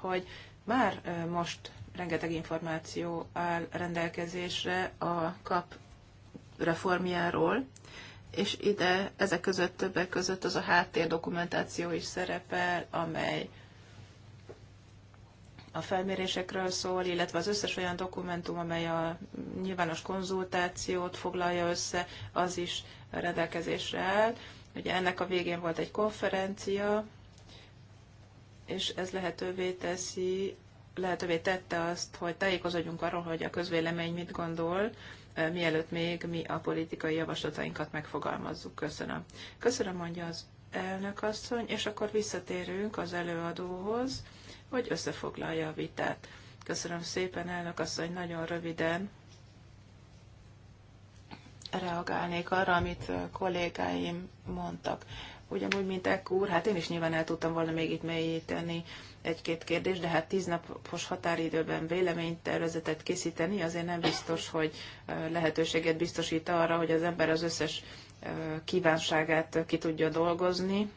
hogy már eh, most rengeteg információ áll rendelkezésre a kap reformjáról, és ide ezek között többek között az a háttérdokumentáció is szerepel, amely a felmérésekről szól, illetve az összes olyan dokumentum, amely a nyilvános konzultációt foglalja össze, az is rendelkezésre áll. Ugye ennek a végén volt egy konferencia, és ez lehetővé teszi, lehetővé tette azt, hogy tájékozódjunk arról, hogy a közvélemény mit gondol, eh, mielőtt még mi a politikai javaslatainkat megfogalmazzuk. Köszönöm. Köszönöm, mondja az elnök asszony, és akkor visszatérünk az előadóhoz hogy összefoglalja a vitát. Köszönöm szépen, elnök asszony, nagyon röviden reagálnék arra, amit kollégáim mondtak. Ugyanúgy, mint Ekkúr, hát én is nyilván el tudtam volna még itt mélyíteni egy-két kérdést, de hát tíznapos határidőben véleménytervezetet készíteni azért nem biztos, hogy lehetőséget biztosít arra, hogy az ember az összes kívánságát ki tudja dolgozni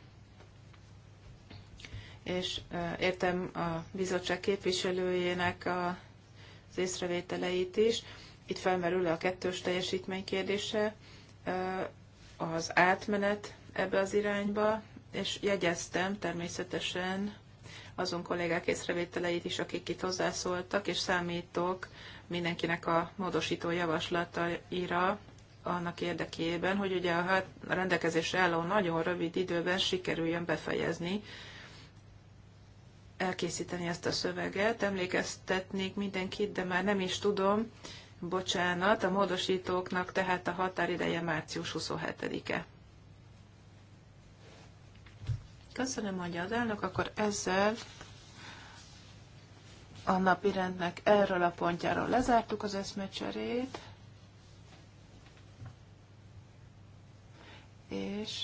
és értem a bizottság képviselőjének az észrevételeit is. Itt felmerül a kettős teljesítmény kérdése, az átmenet ebbe az irányba, és jegyeztem természetesen azon kollégák észrevételeit is, akik itt hozzászóltak, és számítok mindenkinek a módosító javaslataira annak érdekében, hogy ugye a hát, rendelkezésre álló nagyon rövid időben sikerüljön befejezni elkészíteni ezt a szöveget. Emlékeztetnék mindenkit, de már nem is tudom, bocsánat, a módosítóknak tehát a határideje március 27-e. Köszönöm, hogy az elnök, akkor ezzel a napi rendnek erről a pontjáról lezártuk az eszmecserét, és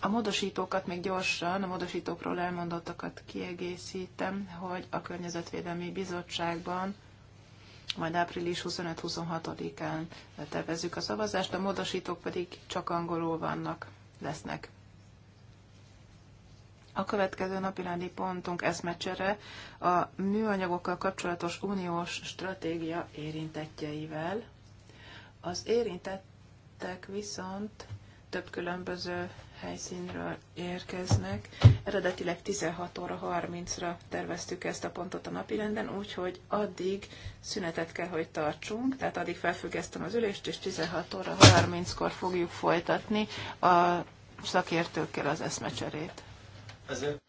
a módosítókat még gyorsan, a módosítókról elmondottakat kiegészítem, hogy a Környezetvédelmi Bizottságban majd április 25-26-án tervezzük a szavazást, a módosítók pedig csak angolul vannak, lesznek. A következő napirendi pontunk eszmecsere a műanyagokkal kapcsolatos uniós stratégia érintettjeivel. Az érintettek viszont több különböző helyszínről érkeznek. Eredetileg 16 óra 30-ra terveztük ezt a pontot a napirenden, úgyhogy addig szünetet kell, hogy tartsunk, tehát addig felfüggesztem az ülést, és 16 óra 30-kor fogjuk folytatni a szakértőkkel az eszmecserét. Ezért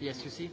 Yes, you see?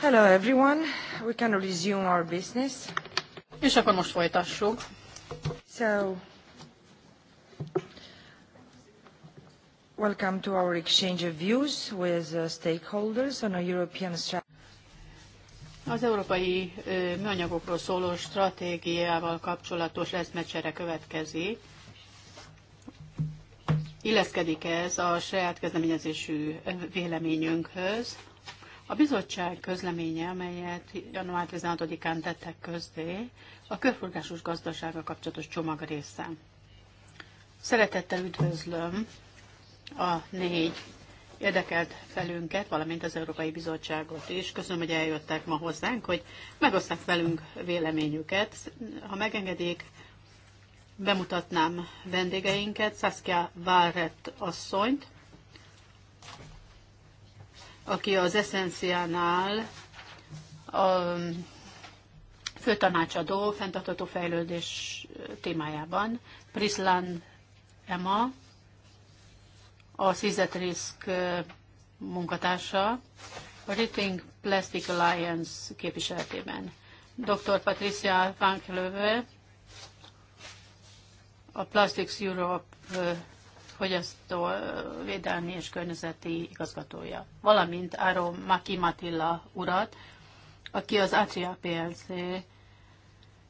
Hello everyone, we can resume our business. És akkor most folytassuk. So, welcome to our exchange of views with uh, stakeholders on a European strategy. Az európai műanyagokról szóló stratégiával kapcsolatos eszmecsere következi. Illeszkedik ez a saját kezdeményezésű véleményünkhöz, a bizottság közleménye, amelyet január 16-án tettek közzé, a körforgásos gazdasága kapcsolatos csomag része. Szeretettel üdvözlöm a négy érdekelt felünket, valamint az Európai Bizottságot is. Köszönöm, hogy eljöttek ma hozzánk, hogy megosztják velünk véleményüket. Ha megengedik, bemutatnám vendégeinket, Saskia Várett asszonyt, aki az eszenciánál a főtanácsadó fenntartható fejlődés témájában, Prislan Emma, a Szizet Risk munkatársa, a Riting Plastic Alliance képviseletében. Dr. Patricia Vankelöve, a Plastics Europe fogyasztó védelmi és környezeti igazgatója, valamint Áró Maki Matilla urat, aki az Atria PLC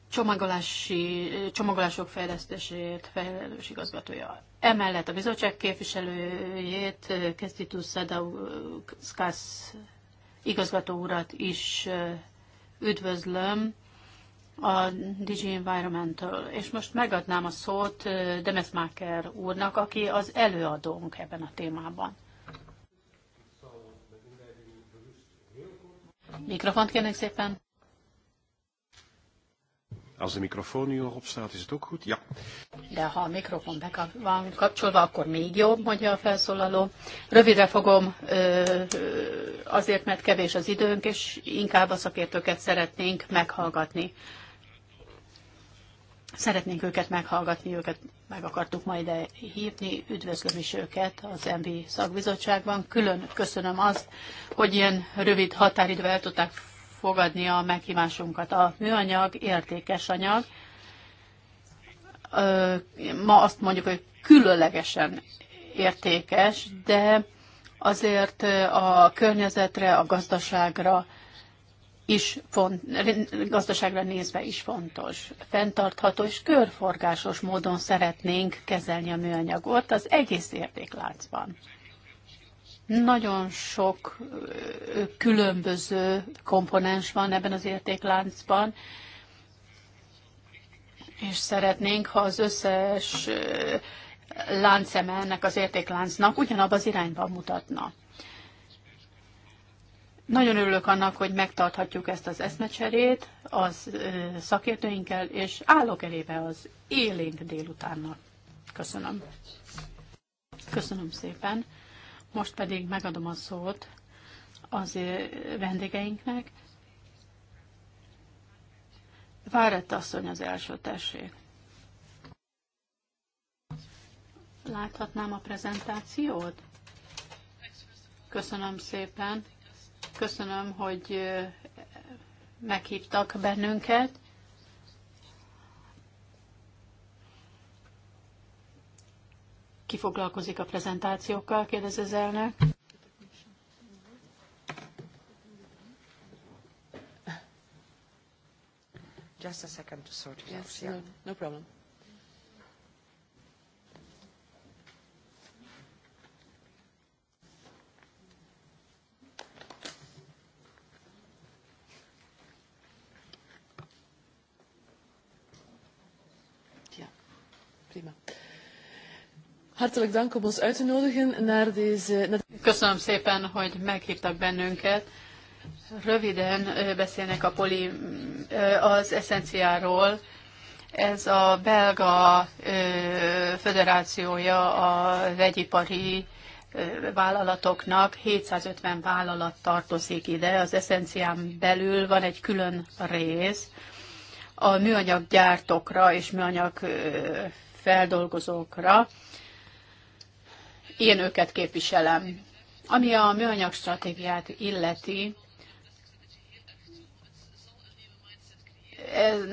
csomagolási, csomagolások fejlesztését felelős igazgatója. Emellett a bizottság képviselőjét, Kestitus Szadauskas igazgató urat is üdvözlöm, a DG Environmental. És most megadnám a szót Demesmaker úrnak, aki az előadónk ebben a témában. Mikrofont kérnék szépen. Az a mikrofon nu nog is het Ja. De ha a mikrofon be van kapcsolva, akkor még jobb, mondja a felszólaló. Rövidre fogom, azért, mert kevés az időnk, és inkább a szakértőket szeretnénk meghallgatni. Szeretnénk őket meghallgatni, őket meg akartuk majd ide hívni, üdvözlöm is őket az MB szakbizottságban. Külön köszönöm azt, hogy ilyen rövid határidővel el tudták fogadni a meghívásunkat. A műanyag értékes anyag. Ma azt mondjuk, hogy különlegesen értékes, de azért a környezetre, a gazdaságra is font, gazdaságra nézve is fontos. Fenntartható és körforgásos módon szeretnénk kezelni a műanyagot az egész értékláncban. Nagyon sok különböző komponens van ebben az értékláncban, és szeretnénk, ha az összes lánceme ennek az értékláncnak ugyanabban az irányban mutatna. Nagyon örülök annak, hogy megtarthatjuk ezt az eszmecserét az szakértőinkkel, és állok elébe az élénk délutánnak. Köszönöm. Köszönöm szépen. Most pedig megadom a szót az vendégeinknek. Várett asszony az első tessék. Láthatnám a prezentációt? Köszönöm szépen. Köszönöm, hogy meghívtak bennünket. Ki foglalkozik a prezentációkkal, kérdez az elnök. Just a second to sort it yes, out. Yeah. No, no problem. Hartelijk dank om ons uit te nodigen naar deze... Köszönöm szépen, hogy meghívtak bennünket. Röviden beszélnek a poli, az eszenciáról. Ez a belga föderációja a vegyipari vállalatoknak, 750 vállalat tartozik ide, az eszencián belül van egy külön rész, a műanyaggyártókra és műanyag feldolgozókra, én őket képviselem. Ami a műanyag stratégiát illeti,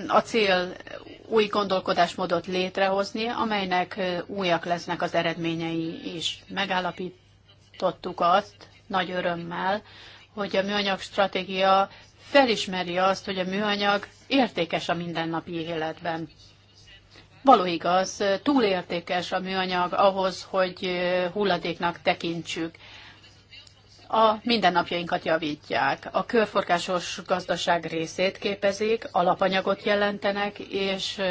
a cél új gondolkodásmódot létrehozni, amelynek újak lesznek az eredményei is. Megállapítottuk azt nagy örömmel, hogy a műanyag stratégia felismeri azt, hogy a műanyag értékes a mindennapi életben. Való igaz, túlértékes a műanyag ahhoz, hogy hulladéknak tekintsük. A mindennapjainkat javítják, a körforgásos gazdaság részét képezik, alapanyagot jelentenek, és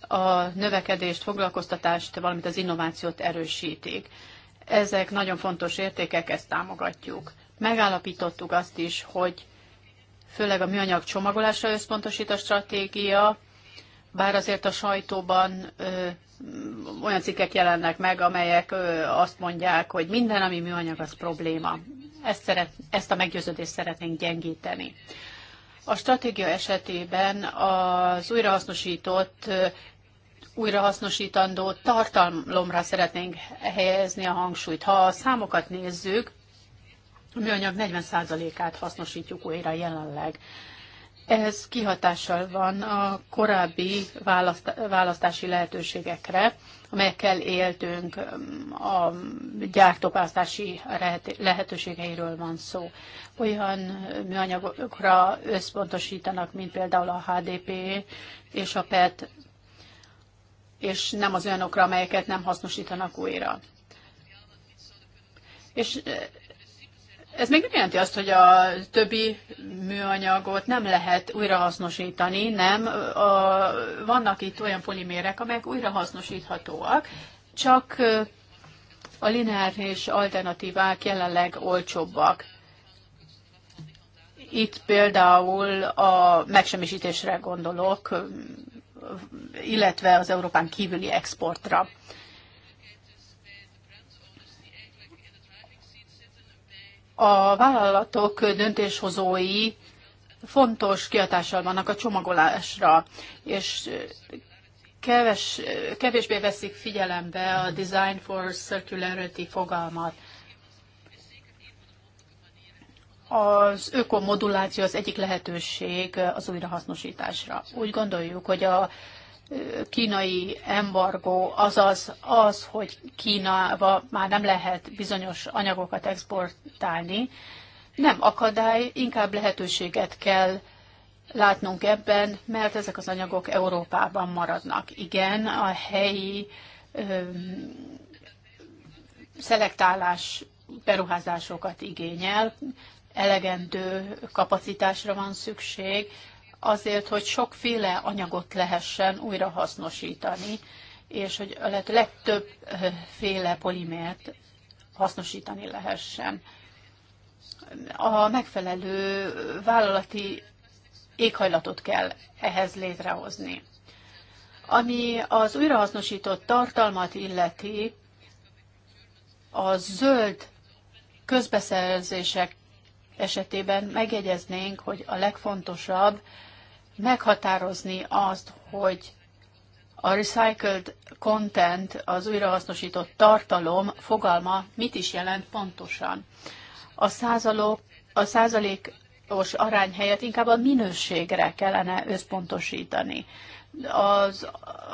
a növekedést, foglalkoztatást, valamint az innovációt erősítik. Ezek nagyon fontos értékek, ezt támogatjuk. Megállapítottuk azt is, hogy főleg a műanyag csomagolásra összpontosít a stratégia, bár azért a sajtóban ö, olyan cikkek jelennek meg, amelyek ö, azt mondják, hogy minden, ami műanyag, az probléma. Ezt, szeret, ezt a meggyőződést szeretnénk gyengíteni. A stratégia esetében az újrahasznosított újrahasznosítandó tartalomra szeretnénk helyezni a hangsúlyt. Ha a számokat nézzük, a műanyag 40%-át hasznosítjuk újra jelenleg. Ez kihatással van a korábbi választási lehetőségekre, amelyekkel éltünk, a gyártópásztási lehetőségeiről van szó. Olyan műanyagokra összpontosítanak, mint például a HDP és a PET, és nem az olyanokra, amelyeket nem hasznosítanak újra. És ez még nem jelenti azt, hogy a többi műanyagot nem lehet újrahasznosítani, nem. A, vannak itt olyan polimérek, amelyek újrahasznosíthatóak, csak a lineáris alternatívák jelenleg olcsóbbak. Itt például a megsemmisítésre gondolok, illetve az Európán kívüli exportra. a vállalatok döntéshozói fontos kiatással vannak a csomagolásra, és keves, kevésbé veszik figyelembe a Design for Circularity fogalmat. Az ökomoduláció az egyik lehetőség az újrahasznosításra. Úgy gondoljuk, hogy a kínai embargó, azaz az, hogy Kínába már nem lehet bizonyos anyagokat exportálni, nem akadály, inkább lehetőséget kell látnunk ebben, mert ezek az anyagok Európában maradnak. Igen, a helyi ö, szelektálás beruházásokat igényel, elegendő kapacitásra van szükség, azért, hogy sokféle anyagot lehessen újrahasznosítani, és hogy a lehető legtöbbféle polimert hasznosítani lehessen. A megfelelő vállalati éghajlatot kell ehhez létrehozni. Ami az újrahasznosított tartalmat illeti, a zöld közbeszerzések esetében megjegyeznénk, hogy a legfontosabb meghatározni azt, hogy a recycled content, az újrahasznosított tartalom fogalma mit is jelent pontosan. A, százalok, a százalékos arány helyett inkább a minőségre kellene összpontosítani. Az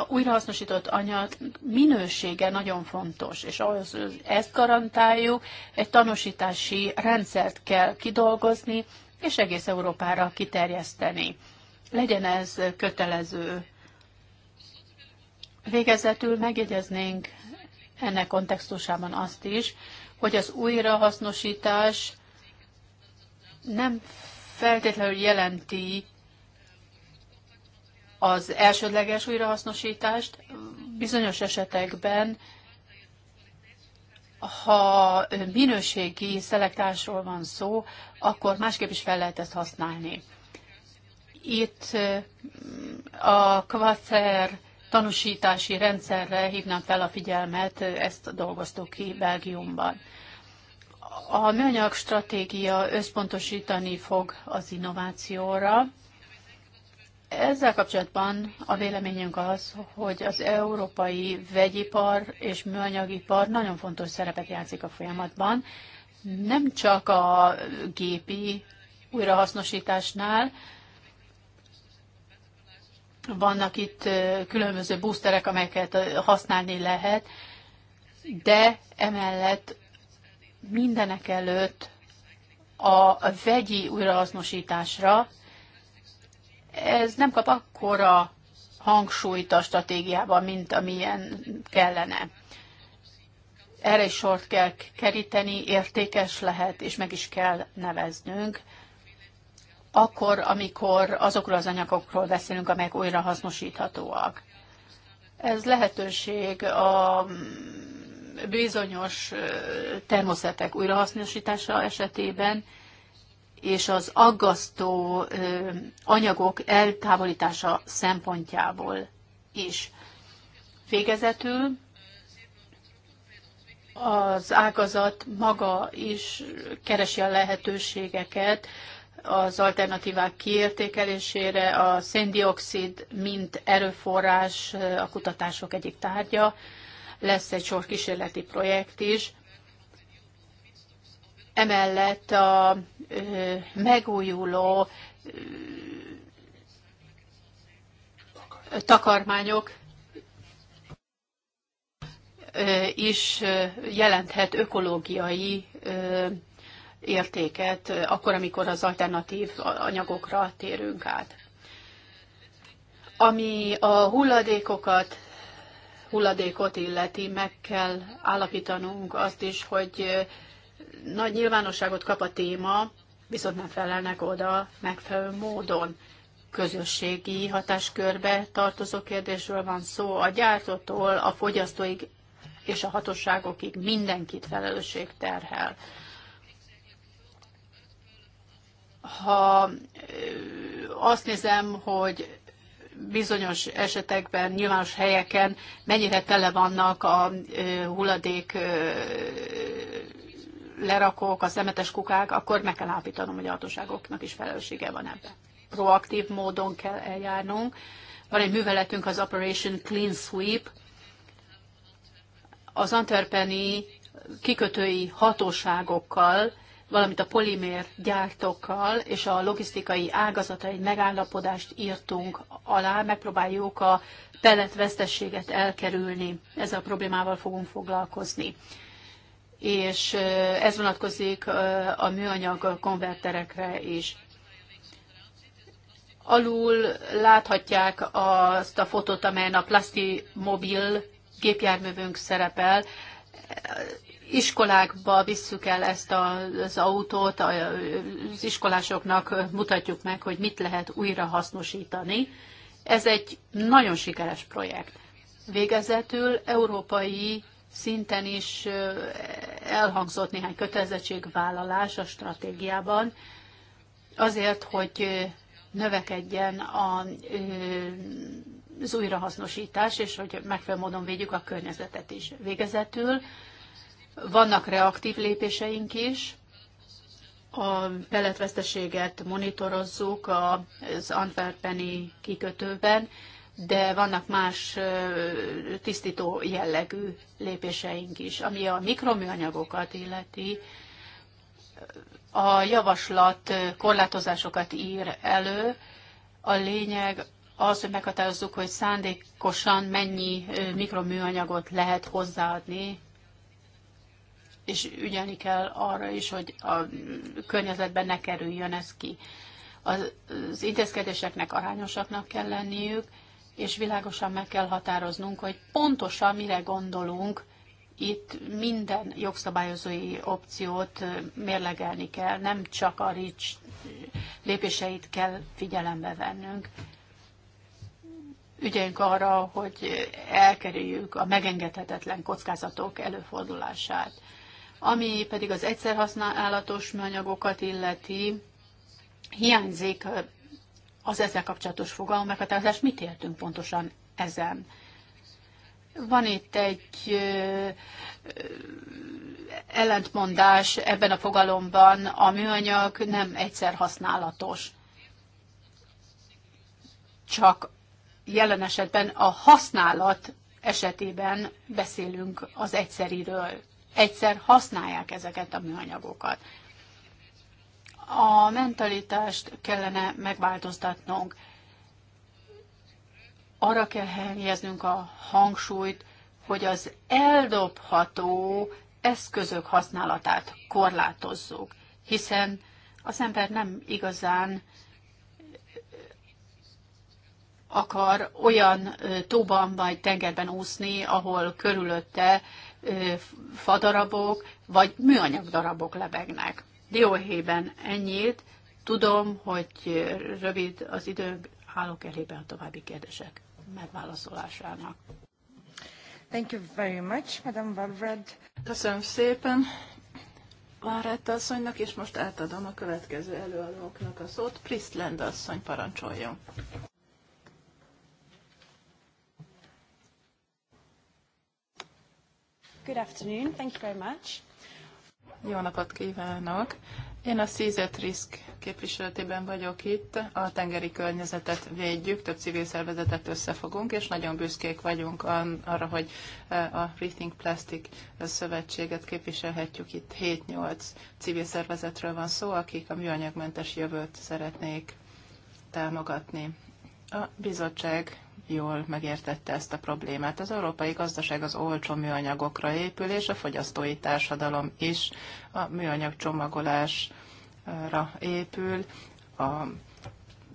újrahasznosított anyag minősége nagyon fontos, és ahhoz ezt garantáljuk, egy tanúsítási rendszert kell kidolgozni, és egész Európára kiterjeszteni legyen ez kötelező. Végezetül megjegyeznénk ennek kontextusában azt is, hogy az újrahasznosítás nem feltétlenül jelenti az elsődleges újrahasznosítást. Bizonyos esetekben, ha minőségi szelektásról van szó, akkor másképp is fel lehet ezt használni. Itt a kvacer tanúsítási rendszerre hívnám fel a figyelmet, ezt dolgoztuk ki Belgiumban. A műanyag stratégia összpontosítani fog az innovációra. Ezzel kapcsolatban a véleményünk az, hogy az európai vegyipar és műanyagipar nagyon fontos szerepet játszik a folyamatban, nem csak a gépi újrahasznosításnál, vannak itt különböző boosterek, amelyeket használni lehet, de emellett mindenek előtt a vegyi újrahasznosításra, ez nem kap akkora hangsúlyt a stratégiában, mint amilyen kellene. Erre is sort kell keríteni, értékes lehet, és meg is kell neveznünk akkor, amikor azokról az anyagokról beszélünk, amelyek újra hasznosíthatóak. Ez lehetőség a bizonyos termoszetek újrahasznosítása esetében, és az aggasztó anyagok eltávolítása szempontjából is. Végezetül az ágazat maga is keresi a lehetőségeket az alternatívák kiértékelésére, a széndiokszid, mint erőforrás a kutatások egyik tárgya, lesz egy sor kísérleti projekt is. Emellett a megújuló takarmányok is jelenthet ökológiai értéket, akkor, amikor az alternatív anyagokra térünk át. Ami a hulladékokat, hulladékot illeti, meg kell állapítanunk azt is, hogy nagy nyilvánosságot kap a téma, viszont nem felelnek oda megfelelő módon. Közösségi hatáskörbe tartozó kérdésről van szó, a gyártótól a fogyasztóig és a hatóságokig mindenkit felelősség terhel ha azt nézem, hogy bizonyos esetekben, nyilvános helyeken mennyire tele vannak a hulladék lerakók, a szemetes kukák, akkor meg kell állapítanom, hogy a hatóságoknak is felelőssége van ebben. Proaktív módon kell eljárnunk. Van egy műveletünk, az Operation Clean Sweep. Az antwerpeni kikötői hatóságokkal valamint a polimér gyártókkal és a logisztikai ágazata egy megállapodást írtunk alá, megpróbáljuk a pelletvesztességet elkerülni. Ezzel a problémával fogunk foglalkozni. És ez vonatkozik a műanyag konverterekre is. Alul láthatják azt a fotót, amelyen a Plasti Mobil gépjárművünk szerepel iskolákba visszük el ezt az autót, az iskolásoknak mutatjuk meg, hogy mit lehet újra hasznosítani. Ez egy nagyon sikeres projekt. Végezetül európai szinten is elhangzott néhány kötelezettségvállalás a stratégiában, azért, hogy növekedjen a, az újrahasznosítás, és hogy megfelelő módon védjük a környezetet is. Végezetül vannak reaktív lépéseink is, a beletveszteséget monitorozzuk az Antwerpeni kikötőben, de vannak más tisztító jellegű lépéseink is. Ami a mikroműanyagokat illeti, a javaslat korlátozásokat ír elő. A lényeg az, hogy meghatározzuk, hogy szándékosan mennyi mikroműanyagot lehet hozzáadni és ügyelni kell arra is, hogy a környezetben ne kerüljön ez ki. Az, az intézkedéseknek arányosaknak kell lenniük, és világosan meg kell határoznunk, hogy pontosan mire gondolunk, itt minden jogszabályozói opciót mérlegelni kell, nem csak a RICS lépéseit kell figyelembe vennünk. Ügyeljünk arra, hogy elkerüljük a megengedhetetlen kockázatok előfordulását. Ami pedig az egyszerhasználatos műanyagokat illeti, hiányzik az ezzel kapcsolatos fogalom meghatározás. Mit értünk pontosan ezen? Van itt egy ellentmondás ebben a fogalomban, a műanyag nem egyszer használatos. Csak jelen esetben a használat esetében beszélünk az egyszeriről egyszer használják ezeket a műanyagokat. A mentalitást kellene megváltoztatnunk. Arra kell helyeznünk a hangsúlyt, hogy az eldobható eszközök használatát korlátozzuk, hiszen az ember nem igazán akar olyan tóban vagy tengerben úszni, ahol körülötte fadarabok vagy műanyag darabok lebegnek. Dióhéjben ennyit. Tudom, hogy rövid az idő. állok elében a további kérdések megválaszolásának. Thank you very much, Madam Valvred. Köszönöm szépen Várett asszonynak, és most átadom a következő előadóknak a szót. Prisztlend asszony, parancsoljon. Good afternoon. Thank you very much. Jó napot kívánok! Én a Szízet Risk képviseletében vagyok itt. A tengeri környezetet védjük, több civil szervezetet összefogunk, és nagyon büszkék vagyunk arra, hogy eh, a Rethink Plastic Szövetséget képviselhetjük itt. 7-8 civil szervezetről van szó, akik a műanyagmentes jövőt szeretnék támogatni. A bizottság jól megértette ezt a problémát. Az európai gazdaság az olcsó műanyagokra épül, és a fogyasztói társadalom is a műanyag csomagolásra épül, a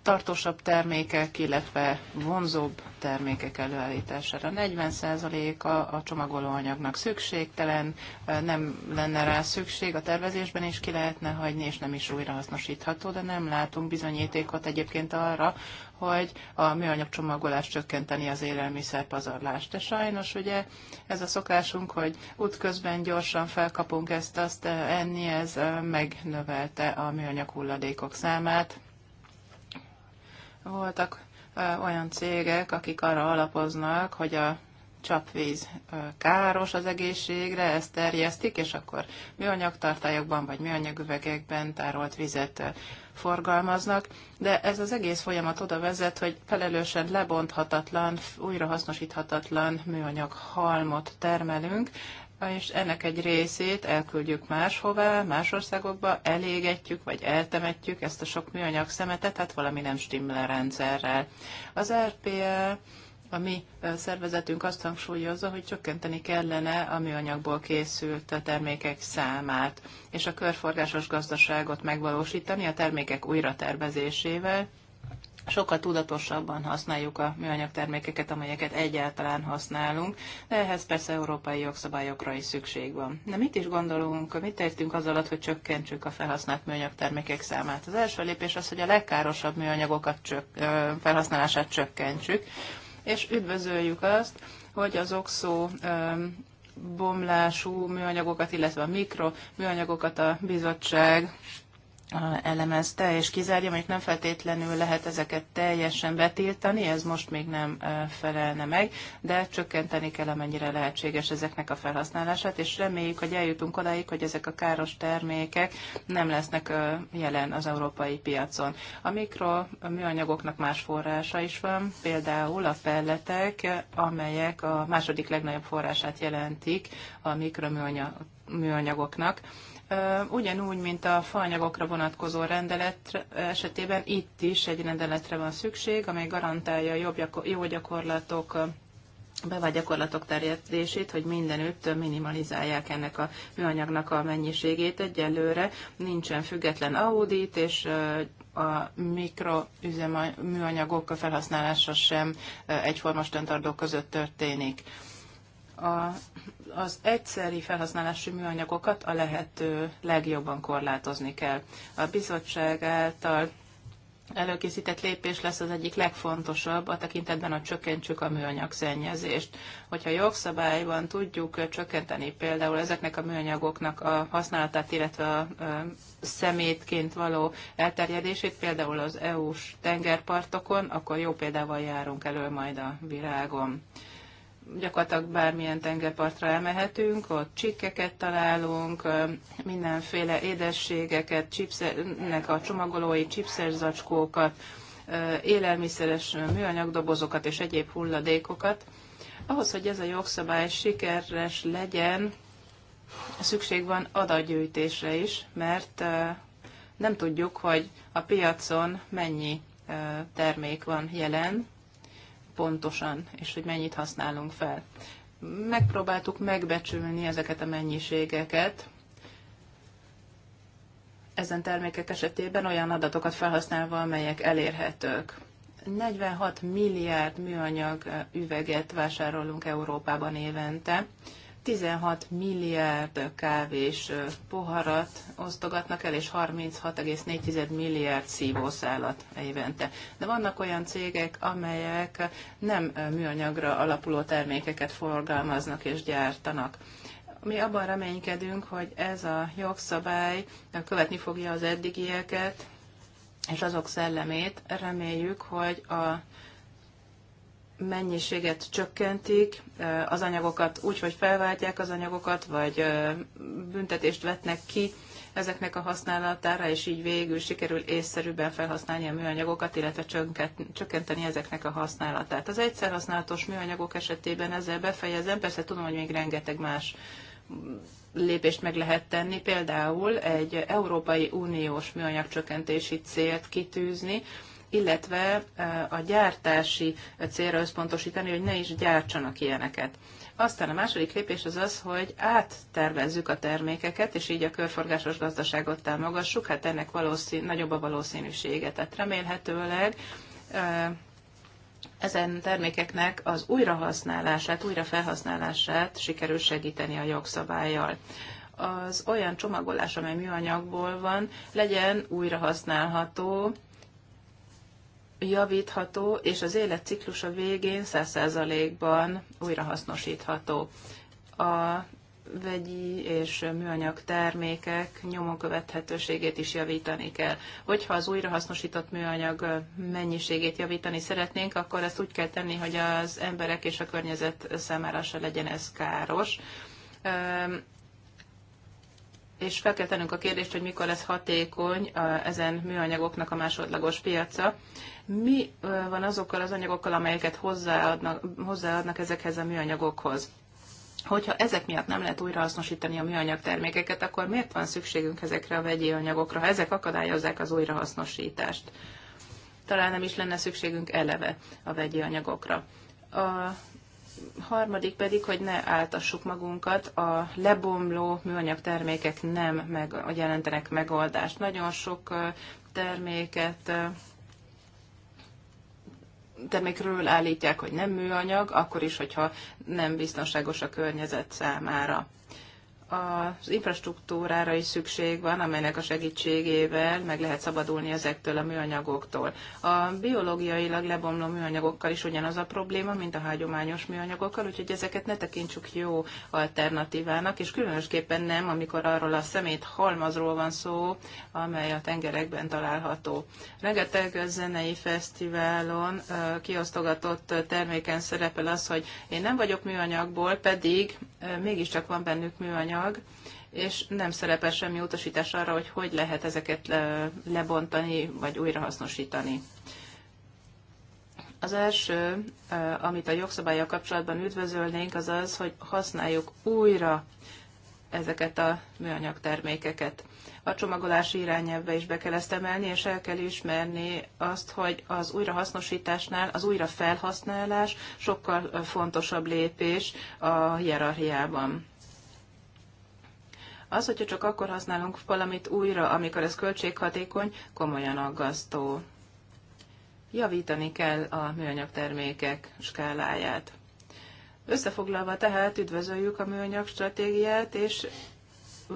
tartósabb termékek, illetve vonzóbb termékek előállítására. 40%-a a csomagolóanyagnak szükségtelen, nem lenne rá szükség, a tervezésben is ki lehetne hagyni, és nem is újrahasznosítható, de nem látunk bizonyítékot egyébként arra, hogy a műanyag csomagolás csökkenteni az élelmiszerpazarlást. De sajnos ugye ez a szokásunk, hogy útközben gyorsan felkapunk ezt, azt enni, ez megnövelte a műanyag hulladékok számát voltak olyan cégek, akik arra alapoznak, hogy a csapvíz káros az egészségre, ezt terjesztik, és akkor műanyag tartályokban vagy műanyag üvegekben tárolt vizet forgalmaznak, de ez az egész folyamat oda vezet, hogy felelősen lebonthatatlan, újrahasznosíthatatlan műanyag halmot termelünk, és ennek egy részét elküldjük máshová, más országokba, elégetjük vagy eltemetjük ezt a sok műanyag szemetet, hát valami nem stimmel a rendszerrel. Az RPA a mi szervezetünk azt hangsúlyozza, hogy csökkenteni kellene a műanyagból készült termékek számát, és a körforgásos gazdaságot megvalósítani a termékek újratervezésével, sokkal tudatosabban használjuk a műanyag termékeket, amelyeket egyáltalán használunk, de ehhez persze európai jogszabályokra is szükség van. De mit is gondolunk, mit értünk az alatt, hogy csökkentsük a felhasznált műanyag termékek számát? Az első lépés az, hogy a legkárosabb műanyagokat csök, felhasználását csökkentsük, és üdvözöljük azt, hogy az oxó bomlású műanyagokat, illetve a mikro műanyagokat a bizottság elemezte és kizárja, mondjuk nem feltétlenül lehet ezeket teljesen betiltani, ez most még nem felelne meg, de csökkenteni kell, amennyire lehetséges ezeknek a felhasználását, és reméljük, hogy eljutunk odáig, hogy ezek a káros termékek nem lesznek jelen az európai piacon. A mikro műanyagoknak más forrása is van, például a pelletek, amelyek a második legnagyobb forrását jelentik a mikroműanyagoknak. Műanyagoknak Ugyanúgy, mint a faanyagokra vonatkozó rendelet esetében, itt is egy rendeletre van szükség, amely garantálja jobb, jó gyakorlatok bevált gyakorlatok terjedését, hogy mindenütt minimalizálják ennek a műanyagnak a mennyiségét. Egyelőre nincsen független audit, és a műanyagok felhasználása sem egyforma standardok között történik. A az egyszeri felhasználású műanyagokat a lehető legjobban korlátozni kell. A bizottság által előkészített lépés lesz az egyik legfontosabb a tekintetben, hogy csökkentsük a műanyag szennyezést. Hogyha jogszabályban tudjuk csökkenteni például ezeknek a műanyagoknak a használatát, illetve a szemétként való elterjedését, például az EU-s tengerpartokon, akkor jó példával járunk elő majd a világon gyakorlatilag bármilyen tengerpartra elmehetünk, ott csikkeket találunk, mindenféle édességeket, chipsnek a csomagolói zacskókat, élelmiszeres műanyagdobozokat és egyéb hulladékokat. Ahhoz, hogy ez a jogszabály sikeres legyen, szükség van adatgyűjtésre is, mert nem tudjuk, hogy a piacon mennyi termék van jelen, pontosan, és hogy mennyit használunk fel. Megpróbáltuk megbecsülni ezeket a mennyiségeket, ezen termékek esetében olyan adatokat felhasználva, amelyek elérhetők. 46 milliárd műanyag üveget vásárolunk Európában évente, 16 milliárd kávés poharat osztogatnak el, és 36,4 milliárd szívószálat évente. De vannak olyan cégek, amelyek nem műanyagra alapuló termékeket forgalmaznak és gyártanak. Mi abban reménykedünk, hogy ez a jogszabály követni fogja az eddigieket, és azok szellemét reméljük, hogy a mennyiséget csökkentik, az anyagokat úgy, hogy felváltják az anyagokat, vagy büntetést vetnek ki ezeknek a használatára, és így végül sikerül észszerűbben felhasználni a műanyagokat, illetve csökkenteni ezeknek a használatát. Az egyszerhasználatos műanyagok esetében ezzel befejezem, persze tudom, hogy még rengeteg más lépést meg lehet tenni, például egy Európai Uniós műanyag csökkentési célt kitűzni, illetve eh, a gyártási célra összpontosítani, hogy ne is gyártsanak ilyeneket. Aztán a második lépés az az, hogy áttervezzük a termékeket, és így a körforgásos gazdaságot támogassuk. Hát ennek valószín, nagyobb a valószínűsége. Tehát remélhetőleg eh, ezen termékeknek az újrahasználását, újrafelhasználását sikerül segíteni a jogszabályjal az olyan csomagolás, amely műanyagból van, legyen újrahasználható, javítható, és az életciklusa végén 100%-ban újrahasznosítható. A vegyi és műanyag termékek nyomon követhetőségét is javítani kell. Hogyha az újrahasznosított műanyag mennyiségét javítani szeretnénk, akkor ezt úgy kell tenni, hogy az emberek és a környezet számára se legyen ez káros és fel kell tennünk a kérdést, hogy mikor lesz hatékony ezen műanyagoknak a másodlagos piaca. Mi van azokkal az anyagokkal, amelyeket hozzáadnak, hozzáadnak ezekhez a műanyagokhoz? Hogyha ezek miatt nem lehet újrahasznosítani a műanyag termékeket, akkor miért van szükségünk ezekre a vegyi anyagokra, ha ezek akadályozzák az újrahasznosítást? Talán nem is lenne szükségünk eleve a vegyi anyagokra. A harmadik pedig, hogy ne áltassuk magunkat, a lebomló műanyag termékek nem meg, jelentenek megoldást. Nagyon sok terméket termékről állítják, hogy nem műanyag, akkor is, hogyha nem biztonságos a környezet számára az infrastruktúrára is szükség van, amelynek a segítségével meg lehet szabadulni ezektől a műanyagoktól. A biológiailag lebomló műanyagokkal is ugyanaz a probléma, mint a hagyományos műanyagokkal, úgyhogy ezeket ne tekintsük jó alternatívának, és különösképpen nem, amikor arról a szemét halmazról van szó, amely a tengerekben található. Rengeteg zenei fesztiválon kiosztogatott terméken szerepel az, hogy én nem vagyok műanyagból, pedig mégiscsak van bennük műanyag, anyag, és nem szerepel semmi utasítás arra, hogy hogy lehet ezeket le, lebontani vagy újrahasznosítani. Az első, amit a jogszabályok kapcsolatban üdvözölnénk, az az, hogy használjuk újra ezeket a műanyag termékeket. A csomagolási irányelvbe is be kell ezt emelni, és el kell ismerni azt, hogy az újrahasznosításnál az újrafelhasználás sokkal fontosabb lépés a hierarchiában. Az, hogyha csak akkor használunk valamit újra, amikor ez költséghatékony, komolyan aggasztó. Javítani kell a műanyag termékek skáláját. Összefoglalva tehát üdvözöljük a műanyag stratégiát, és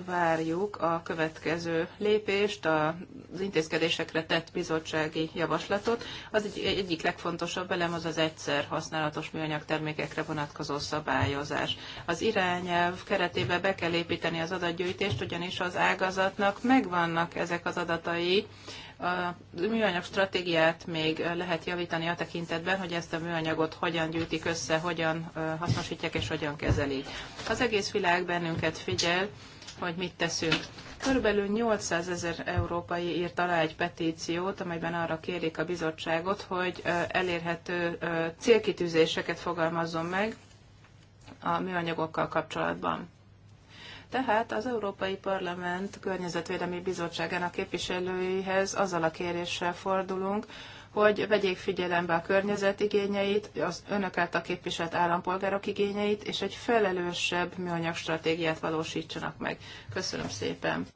várjuk a következő lépést, az intézkedésekre tett bizottsági javaslatot. Az egy, egyik legfontosabb elem az az egyszer használatos műanyag termékekre vonatkozó szabályozás. Az irányelv keretébe be kell építeni az adatgyűjtést, ugyanis az ágazatnak megvannak ezek az adatai, a műanyag stratégiát még lehet javítani a tekintetben, hogy ezt a műanyagot hogyan gyűjtik össze, hogyan hasznosítják és hogyan kezelik. Az egész világ bennünket figyel, hogy mit teszünk. Körülbelül 800 ezer európai írt alá egy petíciót, amelyben arra kérik a bizottságot, hogy elérhető célkitűzéseket fogalmazzon meg a műanyagokkal kapcsolatban. Tehát az Európai Parlament Környezetvédelmi Bizottságának képviselőihez azzal a kéréssel fordulunk, hogy vegyék figyelembe a környezet igényeit, az önök által képviselt állampolgárok igényeit, és egy felelősebb műanyag stratégiát valósítsanak meg. Köszönöm szépen!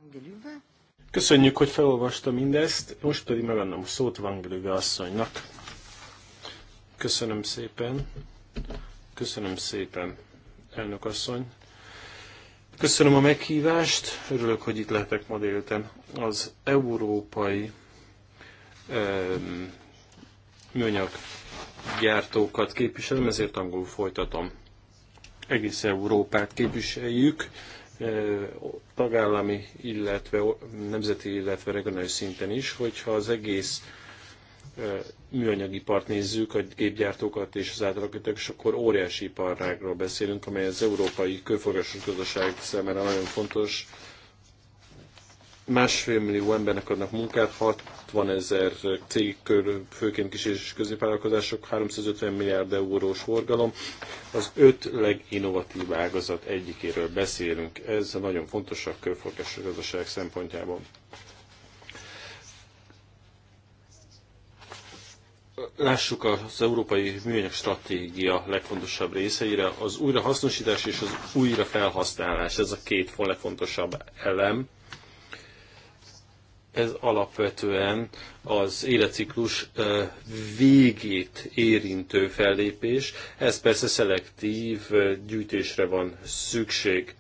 Köszönjük, hogy felolvasta mindezt, most pedig megadom a szót Vangelőve asszonynak. Köszönöm szépen, köszönöm szépen, elnök asszony. Köszönöm a meghívást, örülök, hogy itt lehetek ma délután. Az európai um, műanyag gyártókat képviselem, ezért angolul folytatom. Egész Európát képviseljük, e, tagállami, illetve nemzeti, illetve regionális szinten is, hogyha az egész e, műanyagipart nézzük, a gépgyártókat és az átalakítók, és akkor óriási iparrágról beszélünk, amely az európai körforgásos gazdaság számára nagyon fontos, másfél millió embernek adnak munkát, 60 ezer cég körül, főként kis és középvállalkozások, 350 milliárd eurós forgalom. Az öt leginnovatív ágazat egyikéről beszélünk. Ez nagyon fontos a körforgásos gazdaság szempontjából. Lássuk az európai műanyag stratégia legfontosabb részeire. Az újrahasznosítás és az újrafelhasználás, ez a két legfontosabb elem ez alapvetően az életciklus végét érintő fellépés, ez persze szelektív gyűjtésre van szükség.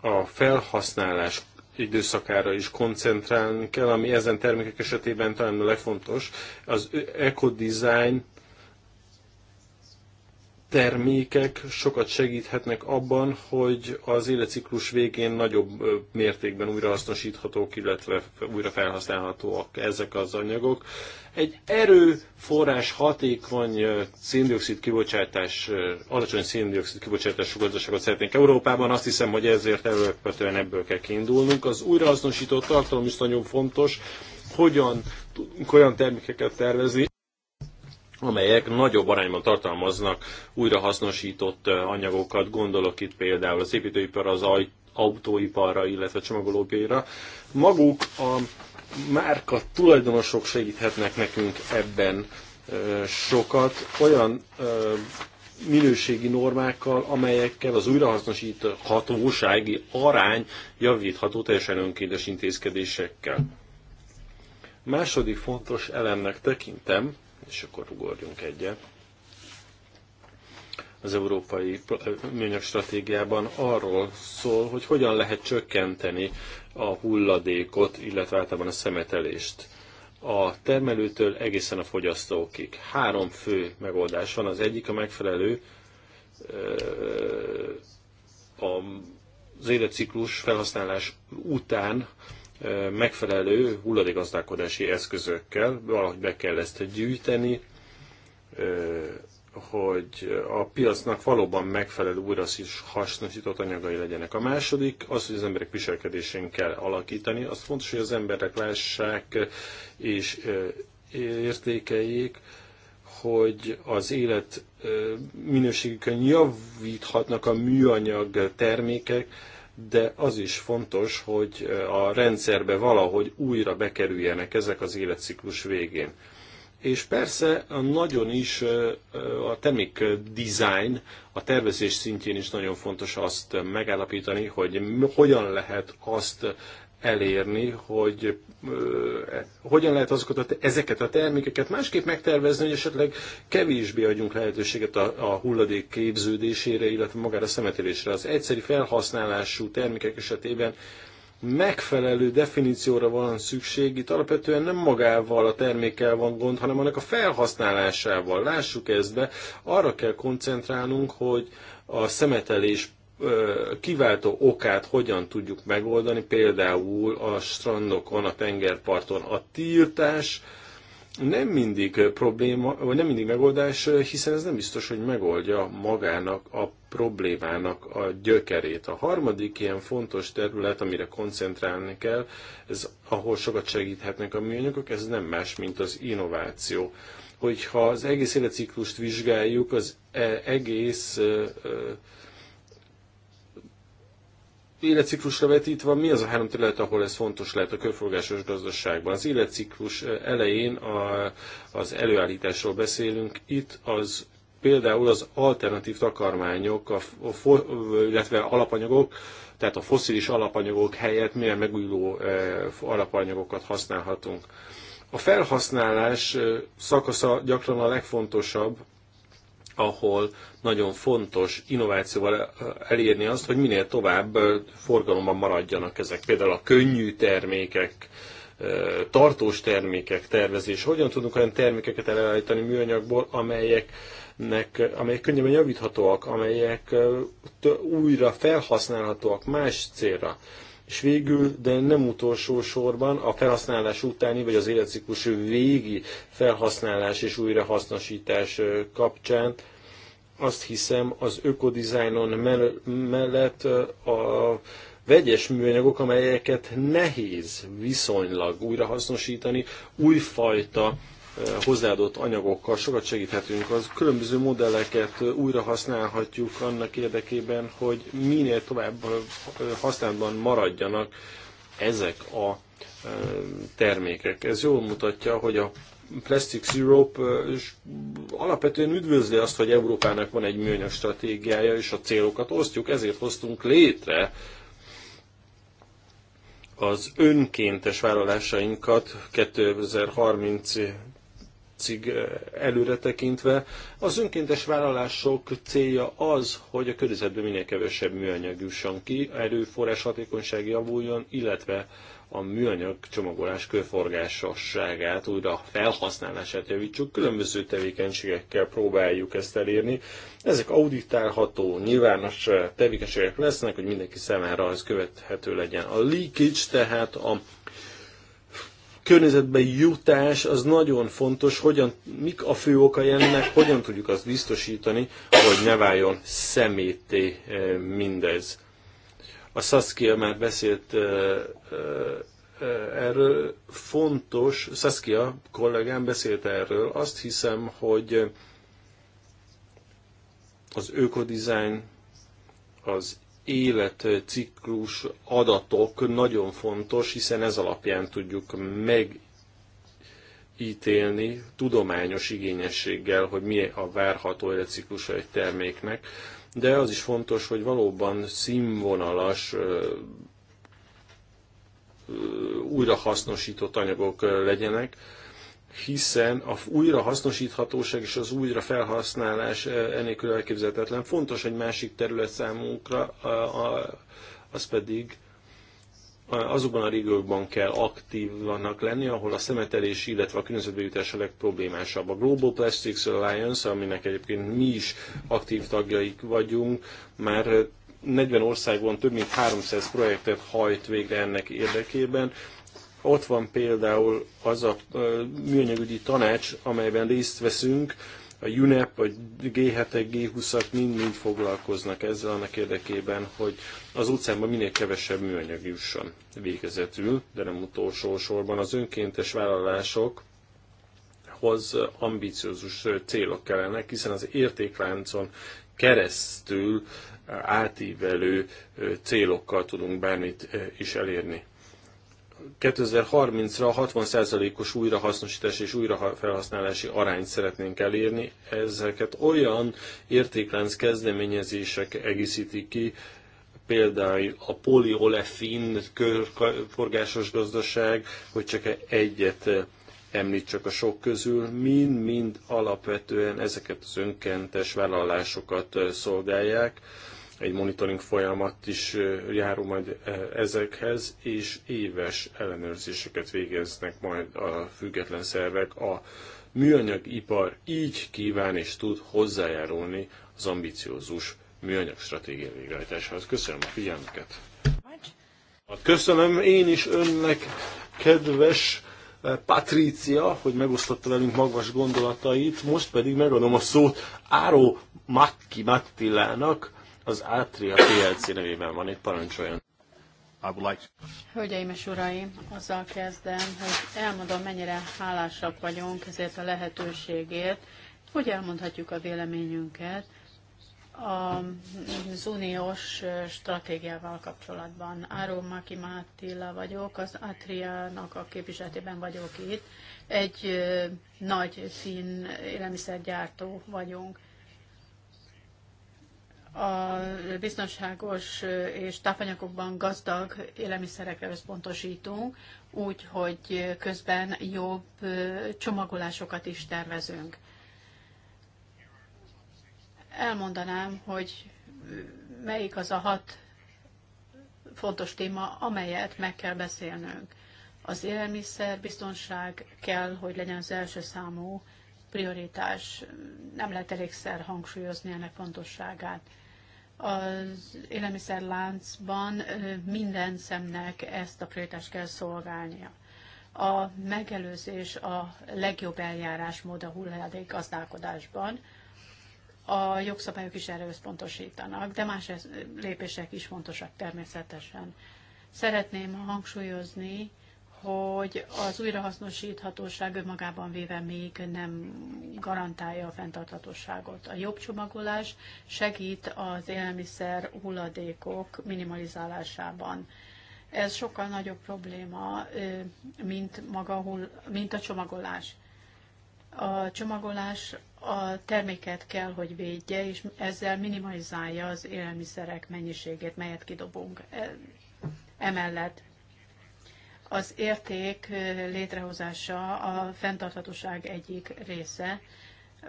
A felhasználás időszakára is koncentrálni kell, ami ezen termékek esetében talán a legfontos. Az ecodesign termékek sokat segíthetnek abban, hogy az életciklus végén nagyobb mértékben újrahasznosíthatók, illetve újra felhasználhatóak ezek az anyagok. Egy erőforrás hatékony széndiokszid kibocsátás, alacsony széndiokszid kibocsátású gazdaságot szeretnénk Európában. Azt hiszem, hogy ezért előpetően ebből kell kiindulnunk. Az újrahasznosított tartalom is nagyon fontos, hogyan tudunk olyan termékeket tervezni, amelyek nagyobb arányban tartalmaznak újrahasznosított anyagokat, gondolok itt például az építőipar, az autóiparra, illetve csomagolópjaira. Maguk a márka tulajdonosok segíthetnek nekünk ebben sokat, olyan minőségi normákkal, amelyekkel az újrahasznosíthatósági arány javítható teljesen önkéntes intézkedésekkel. Második fontos elemnek tekintem és akkor ugorjunk egyet. Az európai eh, műanyag stratégiában arról szól, hogy hogyan lehet csökkenteni a hulladékot, illetve általában a szemetelést a termelőtől egészen a fogyasztókig. Három fő megoldás van. Az egyik a megfelelő eh, az életciklus felhasználás után megfelelő hulladégazdálkodási eszközökkel, valahogy be kell ezt gyűjteni, hogy a piacnak valóban megfelelő újra hasznosított anyagai legyenek. A második az, hogy az emberek viselkedésén kell alakítani. Az fontos, hogy az emberek lássák és értékeljék, hogy az élet minőségükön javíthatnak a műanyag termékek, de az is fontos, hogy eh, a rendszerbe valahogy újra bekerüljenek ezek az életciklus végén. És persze a nagyon is eh, eh, a termék design, a tervezés szintjén is nagyon fontos azt megállapítani, hogy hogyan lehet azt elérni, hogy ö, e, hogyan lehet azokat a, ezeket a termékeket másképp megtervezni, hogy esetleg kevésbé adjunk lehetőséget a, a hulladék képződésére, illetve magára a Az egyszeri felhasználású termékek esetében megfelelő definícióra van szükség, itt alapvetően nem magával a termékkel van gond, hanem annak a felhasználásával. Lássuk ezt be, arra kell koncentrálnunk, hogy a szemetelés kiváltó okát hogyan tudjuk megoldani, például a strandokon, a tengerparton a tiltás, nem mindig probléma, vagy nem mindig megoldás, hiszen ez nem biztos, hogy megoldja magának a problémának a gyökerét. A harmadik ilyen fontos terület, amire koncentrálni kell, ez ahol sokat segíthetnek a műanyagok, ez nem más, mint az innováció. Hogyha az egész életciklust vizsgáljuk, az e- egész életciklusra vetítve, mi az a három terület, ahol ez fontos lehet a körforgásos gazdaságban? Az életciklus elején a, az előállításról beszélünk, itt az például az alternatív takarmányok, a, a fo, illetve alapanyagok, tehát a foszilis alapanyagok helyett milyen megújuló e, alapanyagokat használhatunk. A felhasználás e, szakasza gyakran a legfontosabb, ahol nagyon fontos innovációval elérni azt, hogy minél tovább forgalomban maradjanak ezek. Például a könnyű termékek, tartós termékek tervezés. Hogyan tudunk olyan termékeket elállítani műanyagból, amelyek Nek, amelyek könnyebben javíthatóak, amelyek újra felhasználhatóak más célra. És végül, de nem utolsó sorban, a felhasználás utáni vagy az életciklus végi felhasználás és újrahasznosítás kapcsán azt hiszem az ökodizájnon mellett a vegyes műanyagok, amelyeket nehéz viszonylag újrahasznosítani, újfajta hozzáadott anyagokkal sokat segíthetünk. Az különböző modelleket újra használhatjuk annak érdekében, hogy minél tovább használatban maradjanak ezek a termékek. Ez jól mutatja, hogy a Plastics Europe alapvetően üdvözli azt, hogy Európának van egy műanyag stratégiája, és a célokat osztjuk, ezért hoztunk létre az önkéntes vállalásainkat 2030 cég eh, előre tekintve. Az önkéntes vállalások célja az, hogy a környezetben minél kevesebb műanyag jusson ki, erőforrás hatékonyság javuljon, illetve a műanyag csomagolás körforgásosságát, újra felhasználását javítsuk, különböző tevékenységekkel próbáljuk ezt elérni. Ezek auditálható, nyilvános eh, tevékenységek lesznek, hogy mindenki számára az követhető legyen. A leakage, tehát a környezetbe jutás az nagyon fontos, hogyan, mik a fő okai ennek, hogyan tudjuk azt biztosítani, hogy ne váljon szemétté eh, mindez. A Saskia már beszélt eh, eh, erről, fontos, Saskia kollégám beszélt erről, azt hiszem, hogy az ökodizájn, az életciklus adatok nagyon fontos, hiszen ez alapján tudjuk megítélni tudományos igényességgel, hogy mi a várható életciklusa egy terméknek, de az is fontos, hogy valóban színvonalas újrahasznosított anyagok legyenek, hiszen a újrahasznosíthatóság és az újrafelhasználás eh, enélkül elképzelhetetlen. Fontos egy másik terület számunkra, az pedig azokban a régiókban kell aktívnak lenni, ahol a szemetelés, illetve a környezetbe a legproblémásabb. A Global Plastics Alliance, aminek egyébként mi is aktív tagjaik vagyunk, már 40 országban több mint 300 projektet hajt végre ennek érdekében. Ott van például az a műanyagügyi tanács, amelyben részt veszünk, a UNEP, a G7-ek, G20-ak mind-mind foglalkoznak ezzel annak érdekében, hogy az utcánban minél kevesebb műanyag jusson végezetül, de nem utolsó sorban az önkéntes vállalások hoz ambiciózus célok kellenek, hiszen az értékláncon keresztül átívelő célokkal tudunk bármit is elérni. 2030-ra 60%-os újrahasznosítás és újrafelhasználási arányt szeretnénk elérni. Ezeket olyan értéklánc kezdeményezések egészítik ki, például a poliolefin körforgásos gazdaság, hogy csak egyet említsek a sok közül, mind-mind alapvetően ezeket az önkéntes vállalásokat szolgálják egy monitoring folyamat is járó majd ezekhez, és éves ellenőrzéseket végeznek majd a független szervek. A műanyagipar így kíván és tud hozzájárulni az ambiciózus műanyag stratégia végrehajtásához. Köszönöm a figyelmüket! Köszönöm én is önnek, kedves Patrícia, hogy megosztotta velünk magas gondolatait, most pedig megadom a szót Áró Matti Mattilának, az Átria PLC nevében van itt, parancsoljon. Hölgyeim és uraim, azzal kezdem, hogy elmondom, mennyire hálásak vagyunk ezért a lehetőségért, hogy elmondhatjuk a véleményünket az uniós stratégiával kapcsolatban. Áró Maki Mátilla vagyok, az Atriának a képviseletében vagyok itt. Egy nagy fin élelmiszergyártó vagyunk a biztonságos és tápanyagokban gazdag élelmiszerekre összpontosítunk, úgy, hogy közben jobb csomagolásokat is tervezünk. Elmondanám, hogy melyik az a hat fontos téma, amelyet meg kell beszélnünk. Az élelmiszer biztonság kell, hogy legyen az első számú prioritás. Nem lehet elégszer hangsúlyozni ennek fontosságát az élelmiszerláncban minden szemnek ezt a prioritást kell szolgálnia. A megelőzés a legjobb mód a hulladék gazdálkodásban. A jogszabályok is erre összpontosítanak, de más lépések is fontosak természetesen. Szeretném hangsúlyozni, hogy az újrahasznosíthatóság önmagában véve még nem garantálja a fenntarthatóságot. A jobb csomagolás segít az élelmiszer hulladékok minimalizálásában. Ez sokkal nagyobb probléma, mint, maga, mint a csomagolás. A csomagolás a terméket kell, hogy védje, és ezzel minimalizálja az élelmiszerek mennyiségét, melyet kidobunk. E, emellett az érték létrehozása a fenntarthatóság egyik része.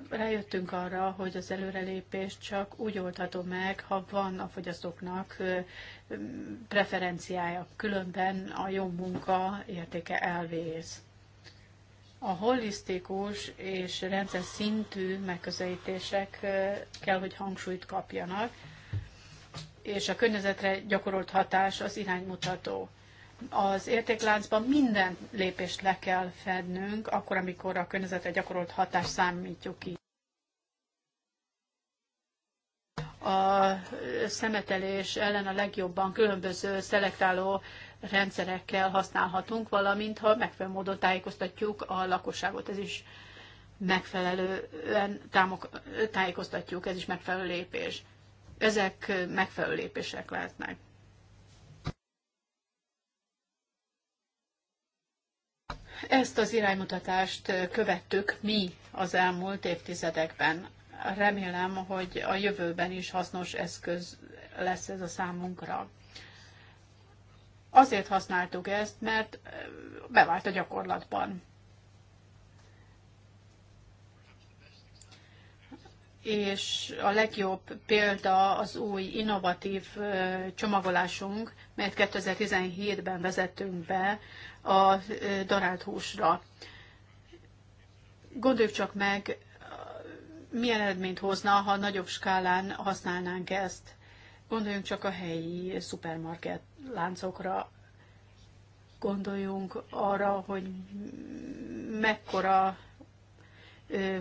Rájöttünk arra, hogy az előrelépés csak úgy oldható meg, ha van a fogyasztóknak preferenciája, különben a jó munka értéke elvész. A holisztikus és rendszer szintű megközelítések kell, hogy hangsúlyt kapjanak, és a környezetre gyakorolt hatás az iránymutató az értékláncban minden lépést le kell fednünk, akkor, amikor a környezetre gyakorolt hatást számítjuk ki. A szemetelés ellen a legjobban különböző szelektáló rendszerekkel használhatunk, valamint ha megfelelő módon tájékoztatjuk a lakosságot. Ez is megfelelően támok, tájékoztatjuk, ez is megfelelő lépés. Ezek megfelelő lépések lehetnek. Ezt az iránymutatást követtük mi az elmúlt évtizedekben. Remélem, hogy a jövőben is hasznos eszköz lesz ez a számunkra. Azért használtuk ezt, mert bevált a gyakorlatban. és a legjobb példa az új innovatív csomagolásunk, mert 2017-ben vezettünk be a darált húsra. Gondoljuk csak meg, milyen eredményt hozna, ha nagyobb skálán használnánk ezt. Gondoljunk csak a helyi szupermarket láncokra, gondoljunk arra, hogy mekkora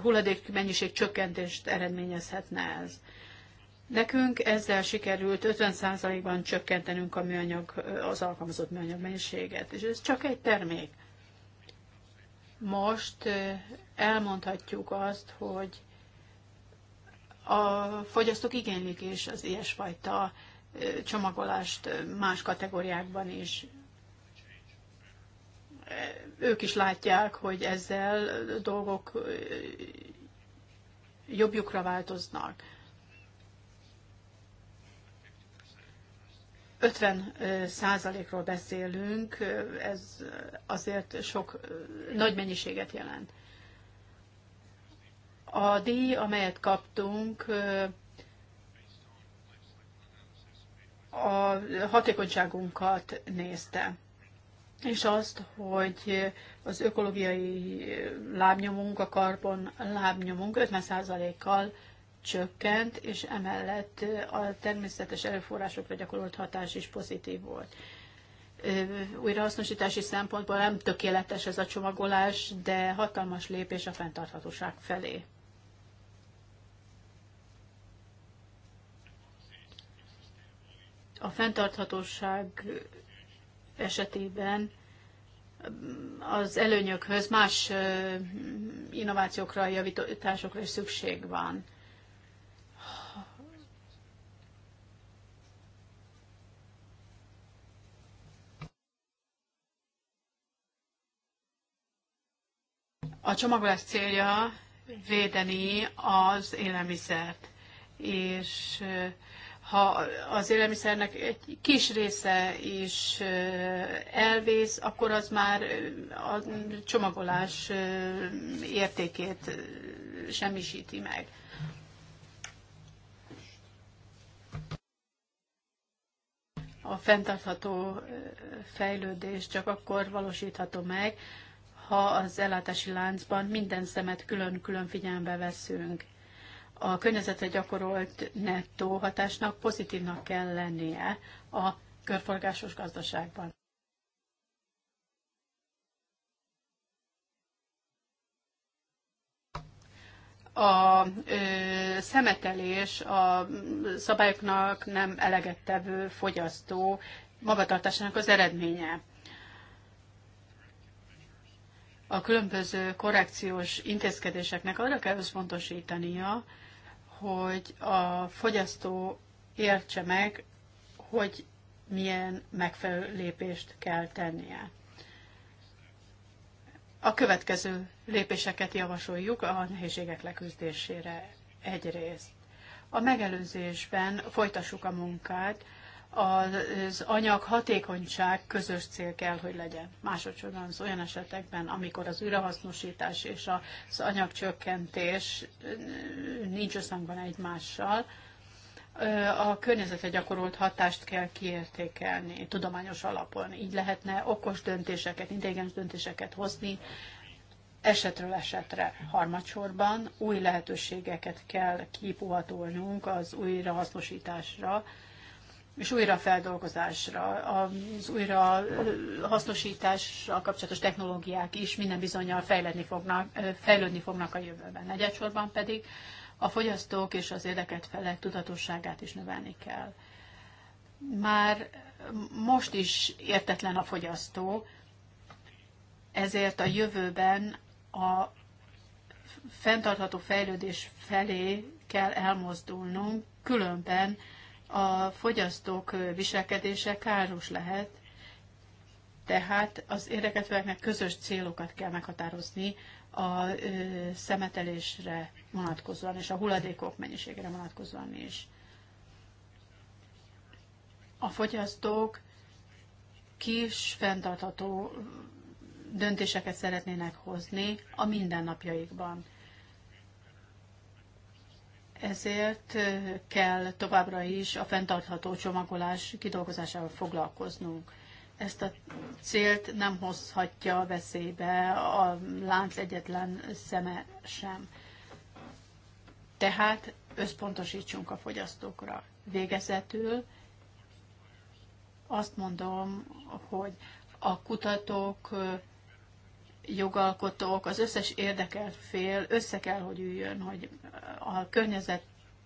hulladékmennyiség csökkentést eredményezhetne ez. Nekünk ezzel sikerült 50%-ban csökkentenünk a műanyag, az alkalmazott műanyag mennyiséget, és ez csak egy termék. Most elmondhatjuk azt, hogy a fogyasztók igénylik is az ilyesfajta csomagolást más kategóriákban is. Ők is látják, hogy ezzel dolgok jobbjukra változnak 50 százalékról beszélünk, ez azért sok nagy mennyiséget jelent. A díj, amelyet kaptunk, a hatékonyságunkat nézte, és azt, hogy az ökológiai lábnyomunk, a karbon lábnyomunk 50%-kal csökkent, és emellett a természetes erőforrásokra gyakorolt hatás is pozitív volt. Újrahasznosítási szempontból nem tökéletes ez a csomagolás, de hatalmas lépés a fenntarthatóság felé. A fenntarthatóság esetében mm, az előnyökhöz más innovációkra, javításokra is szükség van. A csomagolás célja védeni az élelmiszert, és ha az élelmiszernek egy kis része is elvész, akkor az már a csomagolás értékét semmisíti meg. A fenntartható fejlődés csak akkor valósítható meg, ha az ellátási láncban minden szemet külön-külön figyelembe veszünk. A környezetre gyakorolt nettó hatásnak pozitívnak kell lennie a körforgásos gazdaságban. a ö, szemetelés a szabályoknak nem eleget tevő fogyasztó magatartásának az eredménye a különböző korrekciós intézkedéseknek arra kell összpontosítania, hogy a fogyasztó értse meg, hogy milyen megfelelő lépést kell tennie. A következő lépéseket javasoljuk a nehézségek leküzdésére egyrészt. A megelőzésben folytassuk a munkát, az anyag hatékonyság közös cél kell, hogy legyen. Másodszorban az olyan esetekben, amikor az újrahasznosítás és az anyagcsökkentés nincs összhangban egymással, a környezetre gyakorolt hatást kell kiértékelni tudományos alapon. Így lehetne okos döntéseket, intelligens döntéseket hozni, esetről esetre. Harmadsorban új lehetőségeket kell kipuhatolnunk az újrahasznosításra, és újrafeldolgozásra, az újra hasznosítással kapcsolatos technológiák is minden bizonyal fejlődni fognak, fejlődni fognak a jövőben. Egyetsorban pedig a fogyasztók és az érdeket felek tudatosságát is növelni kell. Már most is értetlen a fogyasztó, ezért a jövőben a fenntartható fejlődés felé kell elmozdulnunk, különben a fogyasztók viselkedése káros lehet, tehát az érdekeltőeknek közös célokat kell meghatározni a szemetelésre vonatkozóan, és a hulladékok mennyiségére vonatkozóan is. A fogyasztók kis, fenntartható döntéseket szeretnének hozni a mindennapjaikban ezért kell továbbra is a fenntartható csomagolás kidolgozásával foglalkoznunk. Ezt a célt nem hozhatja a veszélybe a lánc egyetlen szeme sem. Tehát összpontosítsunk a fogyasztókra. Végezetül azt mondom, hogy a kutatók jogalkotók, az összes érdekel fél össze kell, hogy üljön, hogy eh, a környezet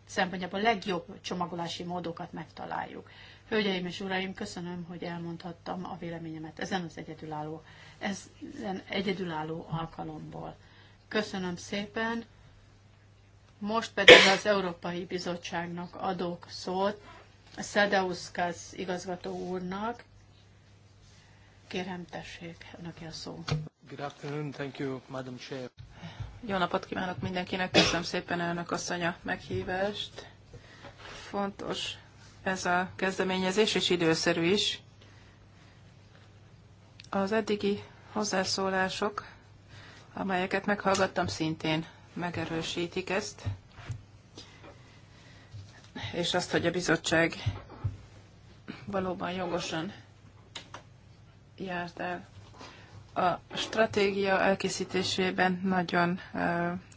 szempontjából a legjobb csomagolási módokat megtaláljuk. Hölgyeim és uraim, köszönöm, hogy elmondhattam a véleményemet ezen az egyedülálló, ezen egyedülálló alkalomból. Köszönöm szépen. Most pedig az Európai Bizottságnak adok szót, Szedeuszkász igazgató úrnak. Kérem, tessék, neki a szó. Good afternoon, thank you, Madam Chair. Jó napot kívánok mindenkinek, köszönöm szépen elnök asszony a meghívást. Fontos ez a kezdeményezés, és időszerű is. Az eddigi hozzászólások, amelyeket meghallgattam, szintén megerősítik ezt, és azt, hogy a bizottság valóban jogosan járt el a stratégia elkészítésében nagyon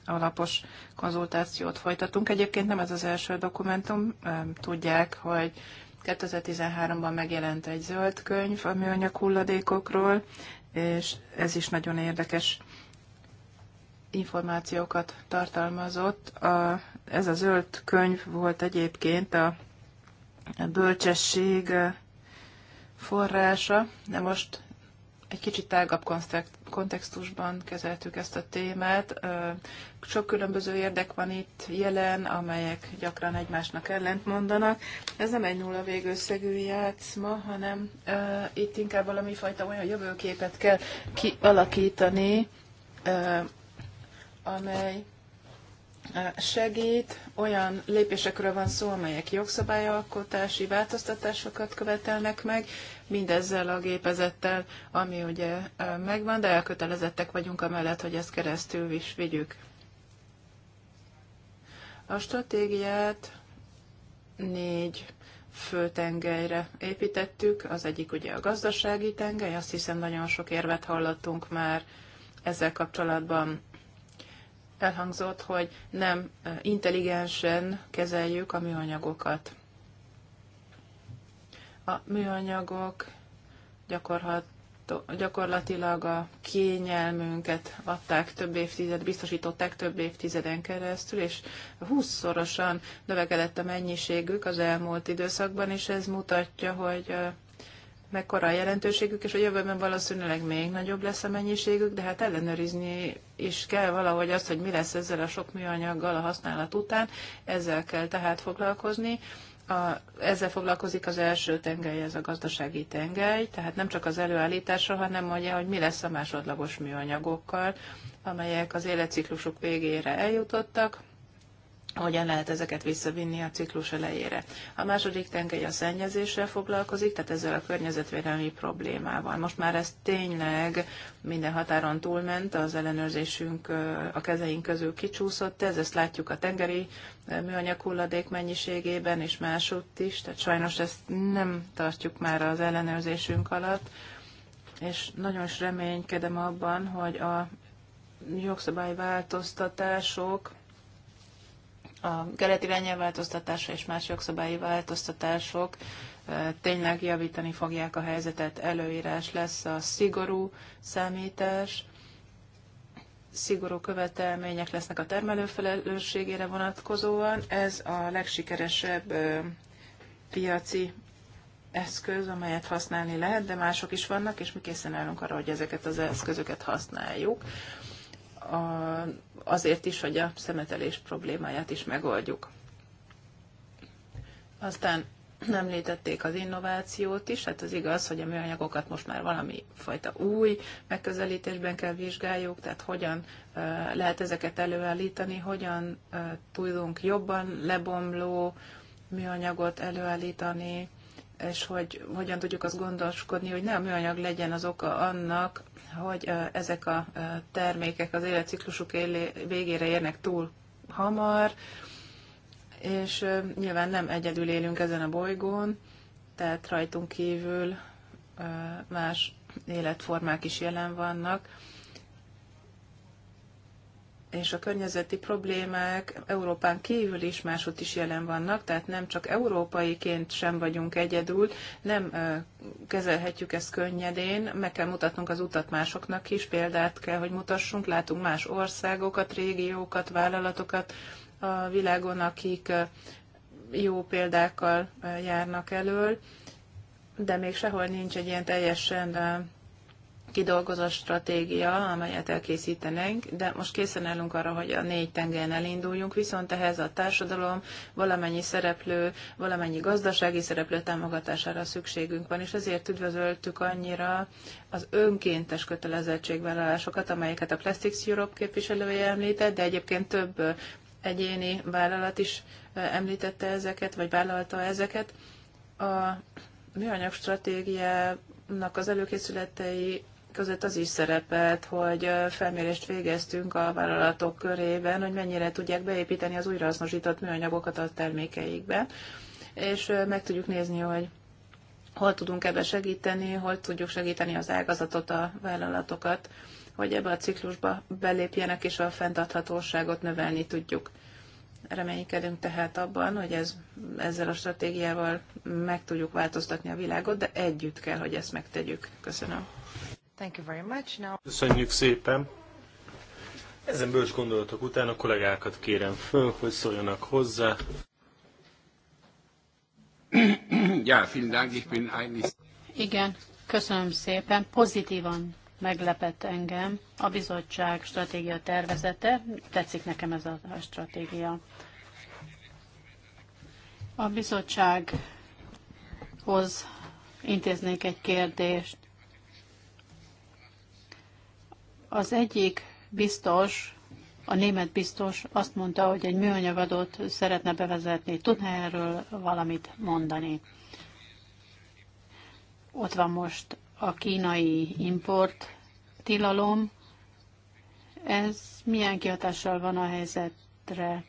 alapos konzultációt folytatunk. Egyébként nem ez az első dokumentum, tudják, hogy 2013-ban megjelent egy zöld könyv a műanyag hulladékokról, és ez is nagyon érdekes információkat tartalmazott. A, ez a zöld könyv volt egyébként a bölcsesség forrása, de most egy kicsit tágabb kontextusban kezeltük ezt a témát. Sok különböző érdek van itt jelen, amelyek gyakran egymásnak ellent mondanak. Ez nem egy nulla végösszegű játszma, hanem itt inkább valami fajta olyan jövőképet kell kialakítani, amely segít, olyan lépésekről van szó, amelyek jogszabályalkotási változtatásokat követelnek meg, mindezzel a gépezettel, ami ugye megvan, de elkötelezettek vagyunk amellett, hogy ezt keresztül is vigyük. A stratégiát négy fő tengelyre építettük. Az egyik ugye a gazdasági tengely, azt hiszem nagyon sok érvet hallottunk már ezzel kapcsolatban elhangzott, hogy nem intelligensen kezeljük a műanyagokat. A műanyagok gyakorlatilag a kényelmünket adták több évtized, biztosították több évtizeden keresztül, és 20-szorosan növekedett a mennyiségük az elmúlt időszakban, és ez mutatja, hogy mekkora a jelentőségük, és a jövőben valószínűleg még nagyobb lesz a mennyiségük, de hát ellenőrizni is kell valahogy azt, hogy mi lesz ezzel a sok műanyaggal a használat után, ezzel kell tehát foglalkozni a, ezzel foglalkozik az első tengely, ez a gazdasági tengely, tehát nem csak az előállításra, hanem ugye, hogy mi lesz a másodlagos műanyagokkal, amelyek az életciklusuk végére eljutottak, hogyan lehet ezeket visszavinni a ciklus elejére. A második tengely a szennyezéssel foglalkozik, tehát ezzel a környezetvédelmi problémával. Most már ez tényleg minden határon túlment, az ellenőrzésünk a kezeink közül kicsúszott, ez ezt látjuk a tengeri műanyag hulladék mennyiségében és másutt is, tehát sajnos ezt nem tartjuk már az ellenőrzésünk alatt, és nagyon is reménykedem abban, hogy a jogszabályváltoztatások a keleti irányel változtatása és más jogszabályi változtatások tényleg javítani fogják a helyzetet. Előírás lesz a szigorú számítás, szigorú követelmények lesznek a termelőfelelősségére vonatkozóan. Ez a legsikeresebb piaci eszköz, amelyet használni lehet, de mások is vannak, és mi készen állunk arra, hogy ezeket az eszközöket használjuk a, azért is, hogy a szemetelés problémáját is megoldjuk. Aztán nem létették az innovációt is, hát az igaz, hogy a műanyagokat most már valami fajta új megközelítésben kell vizsgáljuk, tehát hogyan lehet ezeket előállítani, hogyan tudunk jobban lebomló műanyagot előállítani, és hogy hogyan tudjuk azt gondoskodni, hogy ne a műanyag legyen az oka annak, hogy ezek a termékek az életciklusuk élé, végére érnek túl hamar, és nyilván nem egyedül élünk ezen a bolygón, tehát rajtunk kívül más életformák is jelen vannak és a környezeti problémák Európán kívül is máshogy is jelen vannak, tehát nem csak európaiként sem vagyunk egyedül, nem kezelhetjük ezt könnyedén, meg kell mutatnunk az utat másoknak is, példát kell, hogy mutassunk, látunk más országokat, régiókat, vállalatokat a világon, akik jó példákkal járnak elől, de még sehol nincs egy ilyen teljesen kidolgozott stratégia, amelyet elkészítenek, de most készen állunk arra, hogy a négy tengelyen elinduljunk, viszont ehhez a társadalom valamennyi szereplő, valamennyi gazdasági szereplő támogatására szükségünk van, és ezért üdvözöltük annyira az önkéntes kötelezettségvállalásokat, amelyeket a Plastics Europe képviselője említett, de egyébként több egyéni vállalat is említette ezeket, vagy vállalta ezeket. A műanyag stratégiának az előkészületei között az is szerepelt, hogy felmérést végeztünk a vállalatok körében, hogy mennyire tudják beépíteni az újrahasznosított műanyagokat a termékeikbe, és meg tudjuk nézni, hogy hol tudunk ebbe segíteni, hol tudjuk segíteni az ágazatot, a vállalatokat, hogy ebbe a ciklusba belépjenek, és a fenntarthatóságot növelni tudjuk. Reménykedünk tehát abban, hogy ez, ezzel a stratégiával meg tudjuk változtatni a világot, de együtt kell, hogy ezt megtegyük. Köszönöm. Thank you very much. Now... Köszönjük szépen. Ezen bölcs gondolatok után a kollégákat kérem föl, hogy szóljanak hozzá. ja, vielen Dank, ich bin eigentlich... Igen, köszönöm szépen. Pozitívan meglepett engem a bizottság stratégia tervezete. Tetszik nekem ez a stratégia. A bizottsághoz intéznék egy kérdést. Az egyik biztos, a német biztos azt mondta, hogy egy műanyagadót szeretne bevezetni. Tudná erről valamit mondani? Ott van most a kínai import tilalom. Ez milyen kihatással van a helyzetre?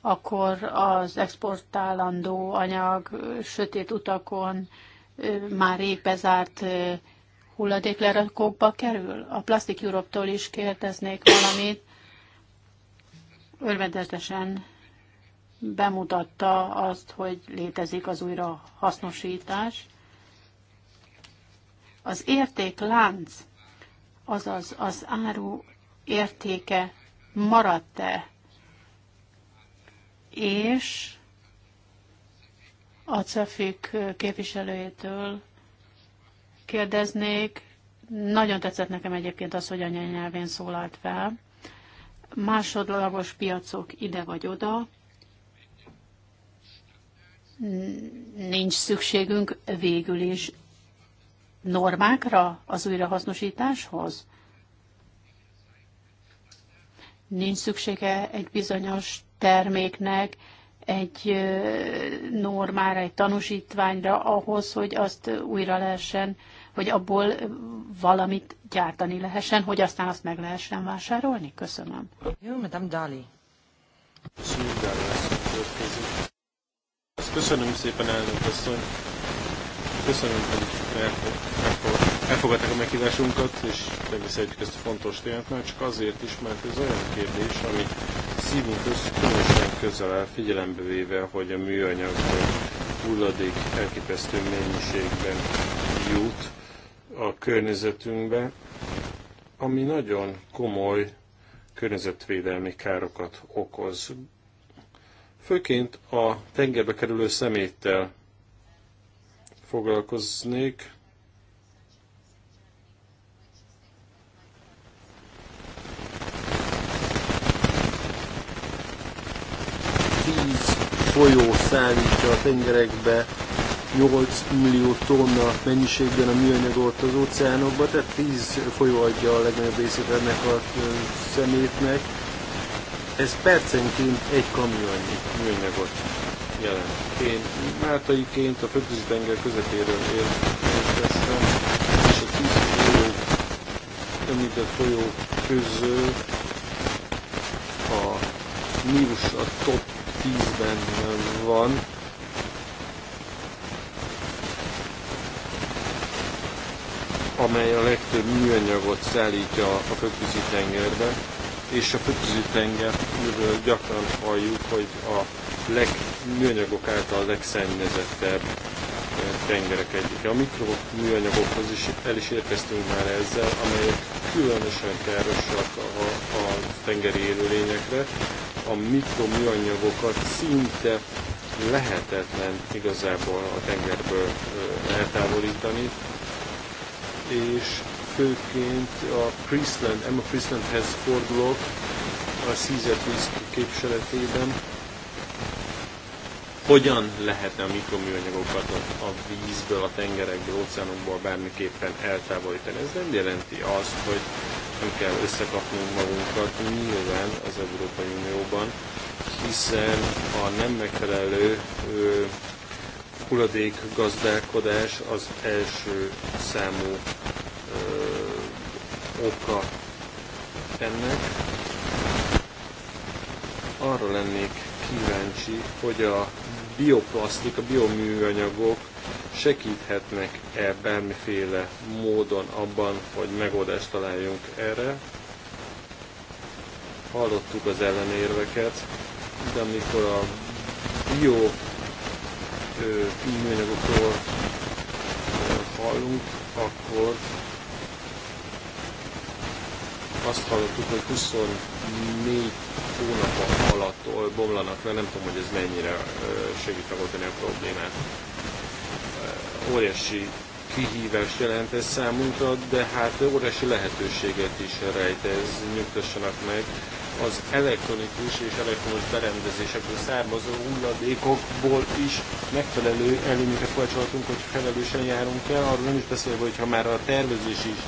Akkor az exportálandó anyag sötét utakon már rég bezárt hulladéklerakókba kerül? A Plastic Europe-tól is kérdeznék valamit. Örvendetesen bemutatta azt, hogy létezik az újrahasznosítás. Az értéklánc, azaz az áru értéke maradt-e, és a CEFIK képviselőjétől kérdeznék. Nagyon tetszett nekem egyébként az, hogy anyanyelvén szólalt fel. Másodlagos piacok ide vagy oda. Nincs szükségünk végül is normákra az újrahasznosításhoz? Nincs szüksége egy bizonyos terméknek egy normára, egy tanúsítványra ahhoz, hogy azt újra lehessen hogy abból valamit gyártani lehessen, hogy aztán azt meg lehessen vásárolni? Köszönöm. Jó, Madame Dali. Köszönöm szépen, elnök asszony. Köszönöm, hogy elfogadták a meghívásunkat, és megbeszéljük ezt a fontos témát, mert csak azért is, mert ez olyan kérdés, ami szívünk köz, különösen közel áll, figyelembe véve, hogy a műanyag hulladék elképesztő mennyiségben jut a környezetünkbe, ami nagyon komoly környezetvédelmi károkat okoz. Főként a tengerbe kerülő szeméttel foglalkoznék. Tíz folyó szállítja a tengerekbe 8 millió tonna mennyiségben a műanyagot az óceánokba, tehát 10 folyó adja a legnagyobb részét ennek a szemétnek. Ez percenként egy kamionnyi műanyagot jelent. Én Máltaiként a földközi tenger közepéről érkeztem, és a 10 folyó említett folyó közül a Nílus a top 10-ben van, amely a legtöbb műanyagot szállítja a földközi tengerbe, és a földközi tengerről gyakran halljuk, hogy a leg, műanyagok által a legszennyezettebb tengerek egyike. A mikroműanyagokhoz is el is érkeztünk már ezzel, amelyek különösen károsak a, a tengeri élőlényekre. A mikroműanyagokat szinte lehetetlen igazából a tengerből eltávolítani, és főként a Priestland, Emma Priestlandhez fordulok a Caesar képviseletében. Hogyan lehetne a mikroműanyagokat a vízből, a tengerekből, óceánokból bármiképpen eltávolítani? Ez nem jelenti azt, hogy nem kell összekapnunk magunkat, nyilván az Európai Unióban, hiszen a nem megfelelő hulladékgazdálkodás az első számú ö, oka ennek. Arra lennék kíváncsi, hogy a bioplasztik, a bioműanyagok segíthetnek-e bármiféle módon abban, hogy megoldást találjunk erre. Hallottuk az ellenérveket, de amikor a bio műanyagokról hallunk, akkor azt hallottuk, hogy 24 hónap alatt bomlanak le, nem tudom, hogy ez mennyire segít megoldani a problémát. Óriási kihívást jelent ez számunkra, de hát óriási lehetőséget is rejt ez, nyugtassanak meg az elektronikus és elektromos berendezésekből származó hulladékokból is megfelelő előnyöket kapcsolatunk, hogy felelősen járunk el. Arról nem is beszélve, hogyha már a tervezés is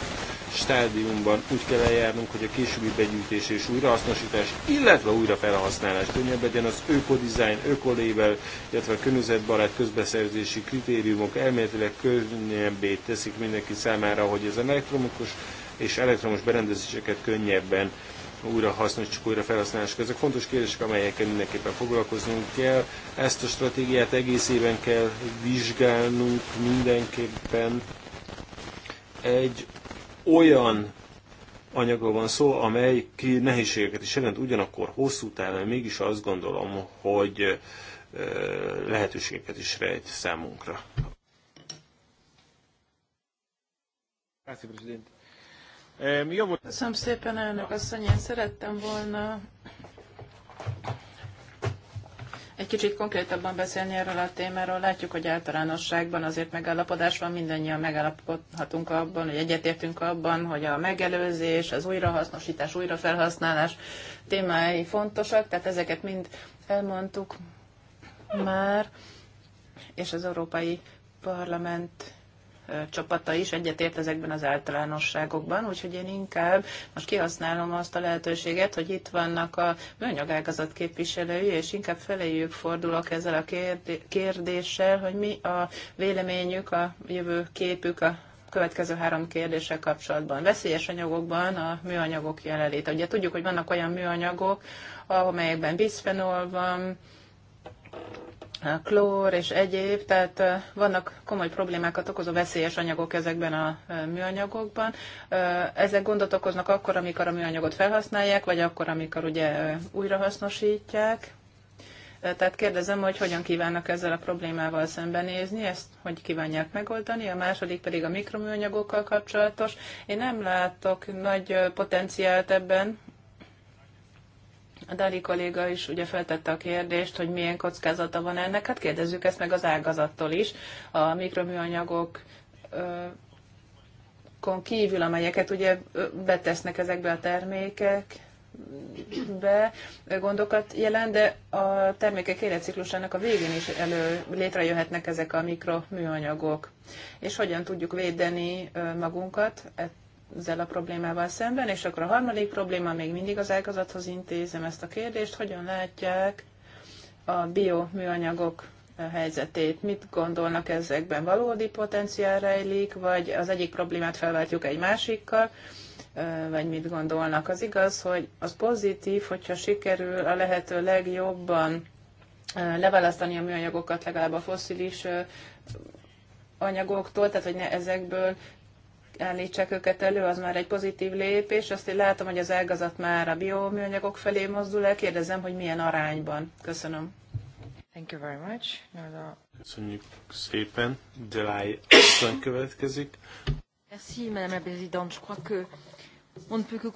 stádiumban úgy kell eljárnunk, hogy a későbbi begyűjtés és újrahasznosítás, illetve újrafelhasználás könnyebb legyen az ökodizájn, ökolével, illetve a környezetbarát közbeszerzési kritériumok elméletileg könnyebbé teszik mindenki számára, hogy az elektromos és elektromos berendezéseket könnyebben újra hasznosítsuk, újra felhasználásuk. Ezek fontos kérdések, amelyekkel mindenképpen foglalkoznunk kell. Ezt a stratégiát egészében kell vizsgálnunk mindenképpen. Egy olyan anyagról van szó, amely ki nehézségeket is jelent, ugyanakkor hosszú távon mégis azt gondolom, hogy lehetőségeket is rejt számunkra. Köszönöm, Presidente. Köszönöm szépen, elnök asszony, én szerettem volna egy kicsit konkrétabban beszélni erről a témáról. Látjuk, hogy általánosságban azért megállapodás van, mindannyian megállapodhatunk abban, hogy egyetértünk abban, hogy a megelőzés, az újrahasznosítás, újrafelhasználás témái fontosak, tehát ezeket mind elmondtuk már, és az Európai Parlament csapata is egyetért ezekben az általánosságokban, úgyhogy én inkább most kihasználom azt a lehetőséget, hogy itt vannak a műanyagágazat képviselői, és inkább feléjük fordulok ezzel a kérdéssel, hogy mi a véleményük, a jövő képük a következő három kérdéssel kapcsolatban. Veszélyes anyagokban a műanyagok jelenléte. Ugye tudjuk, hogy vannak olyan műanyagok, amelyekben bisphenol van, klór és egyéb, tehát vannak komoly problémákat okozó veszélyes anyagok ezekben a műanyagokban. Ezek gondot okoznak akkor, amikor a műanyagot felhasználják, vagy akkor, amikor ugye újrahasznosítják. Tehát kérdezem, hogy hogyan kívánnak ezzel a problémával szembenézni, ezt hogy kívánják megoldani, a második pedig a mikroműanyagokkal kapcsolatos. Én nem látok nagy potenciált ebben a Dali kolléga is ugye feltette a kérdést, hogy milyen kockázata van ennek. Hát kérdezzük ezt meg az ágazattól is. A mikroműanyagok kívül, amelyeket ugye betesznek ezekbe a termékekbe. gondokat jelent, de a termékek életciklusának a végén is elő létrejöhetnek ezek a mikroműanyagok. És hogyan tudjuk védeni magunkat ezzel a problémával szemben, és akkor a harmadik probléma még mindig az ágazathoz intézem ezt a kérdést, hogyan látják a bioműanyagok helyzetét. Mit gondolnak ezekben? Valódi potenciál rejlik, vagy az egyik problémát felváltjuk egy másikkal, vagy mit gondolnak? Az igaz, hogy az pozitív, hogyha sikerül a lehető legjobban leválasztani a műanyagokat legalább a foszilis anyagoktól, tehát hogy ne ezekből állítsák őket elő, az már egy pozitív lépés. Azt én látom, hogy az ágazat már a bioműanyagok felé mozdul el. Kérdezem, hogy milyen arányban. Köszönöm. Thank you very much. no. Köszönjük szépen. Delay asszony következik. Merci, Madame la Présidente. Je crois que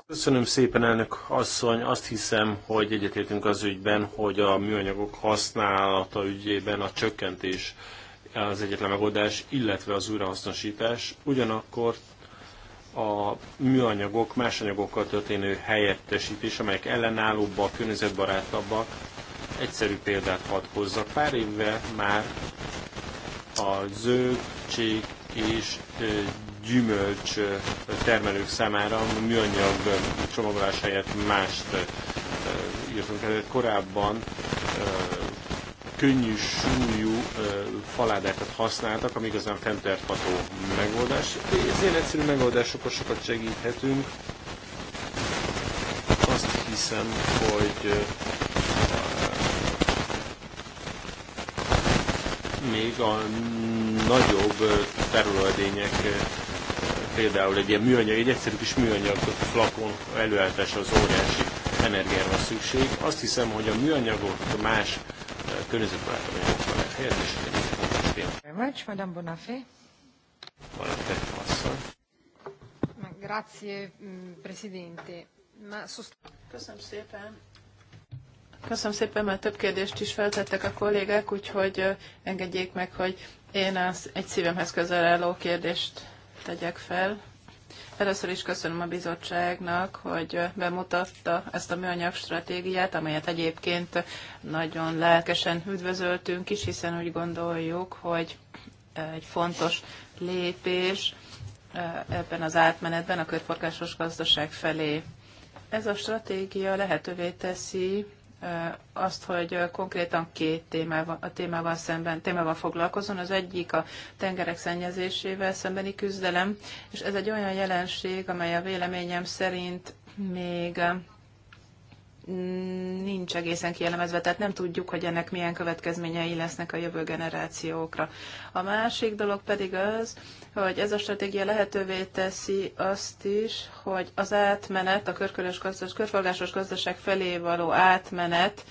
Köszönöm szépen, elnök asszony. Azt hiszem, hogy egyetértünk az ügyben, hogy a műanyagok használata ügyében a csökkentés az egyetlen megoldás, illetve az újrahasznosítás. Ugyanakkor a műanyagok más anyagokkal történő helyettesítés, amelyek ellenállóbbak, környezetbarátabbak. Egyszerű példát hadd hozzak. Pár évvel már a zöldség és gyümölcs termelők számára műanyag csomagolás helyett mást írtunk elő. Korábban könnyű súlyú faládákat használtak, ami igazán fenntartható megoldás. Ez ilyen egyszerű megoldásokkal sokat segíthetünk. Azt hiszem, hogy még a nagyobb terüledények például egy ilyen műanyag, egy egyszerű kis műanyag flakon előállítása az óriási energiára szükség. Azt hiszem, hogy a műanyagok más környezetbarát anyagokba lehet helyezni, és egy fontos téma. much, Madame Bonafé. Bonafé, asszony. Grazie, Presidente. Köszönöm szépen. Köszönöm szépen, mert több kérdést is feltettek a kollégák, úgyhogy engedjék meg, hogy én az egy szívemhez közel álló kérdést tegyek fel. Először is köszönöm a bizottságnak, hogy bemutatta ezt a műanyag stratégiát, amelyet egyébként nagyon lelkesen üdvözöltünk is, hiszen úgy gondoljuk, hogy egy fontos lépés e, ebben az átmenetben a körforgásos gazdaság felé. Ez a stratégia lehetővé teszi azt, hogy konkrétan két témával, a témával szemben, témával foglalkozom. Az egyik a tengerek szennyezésével szembeni küzdelem, és ez egy olyan jelenség, amely a véleményem szerint még nincs egészen kielemezve, tehát nem tudjuk, hogy ennek milyen következményei lesznek a jövő generációkra. A másik dolog pedig az, hogy ez a stratégia lehetővé teszi azt is, hogy az átmenet, a körkörös gazdas, körforgásos gazdaság felé való átmenet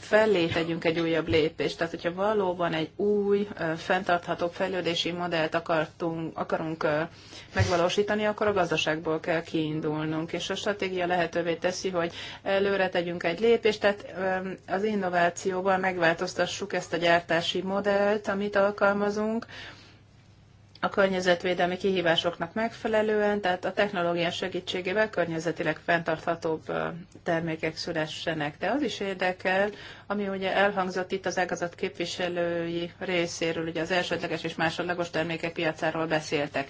felé tegyünk egy újabb lépést. Tehát, hogyha valóban egy új, fenntartható fejlődési modellt akartunk, akarunk megvalósítani, akkor a gazdaságból kell kiindulnunk. És a stratégia lehetővé teszi, hogy előre tegyünk egy lépést, tehát az innovációval megváltoztassuk ezt a gyártási modellt, amit alkalmazunk, a környezetvédelmi kihívásoknak megfelelően, tehát a technológia segítségével környezetileg fenntarthatóbb termékek szülessenek. De az is érdekel, ami ugye elhangzott itt az ágazat képviselői részéről, ugye az elsődleges és másodlagos termékek piacáról beszéltek.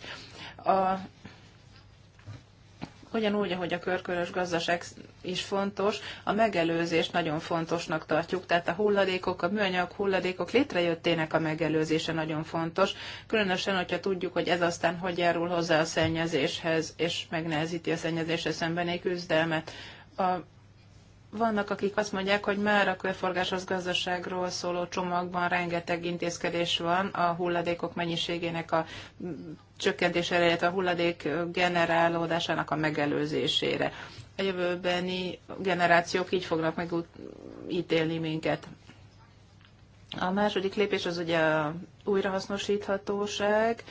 A hogyan úgy, ahogy a körkörös gazdaság is fontos, a megelőzést nagyon fontosnak tartjuk, tehát a hulladékok, a műanyag hulladékok létrejöttének a megelőzése nagyon fontos, különösen, hogyha tudjuk, hogy ez aztán hogy járul hozzá a szennyezéshez, és megnehezíti a szennyezéshez szembeni küzdelmet. A vannak, akik azt mondják, hogy már a körforgásos gazdaságról szóló csomagban rengeteg intézkedés van a hulladékok mennyiségének a csökkentésére, illetve a hulladék generálódásának a megelőzésére. A jövőbeni generációk így fognak megítélni minket. A második lépés az ugye a újrahasznosíthatóság,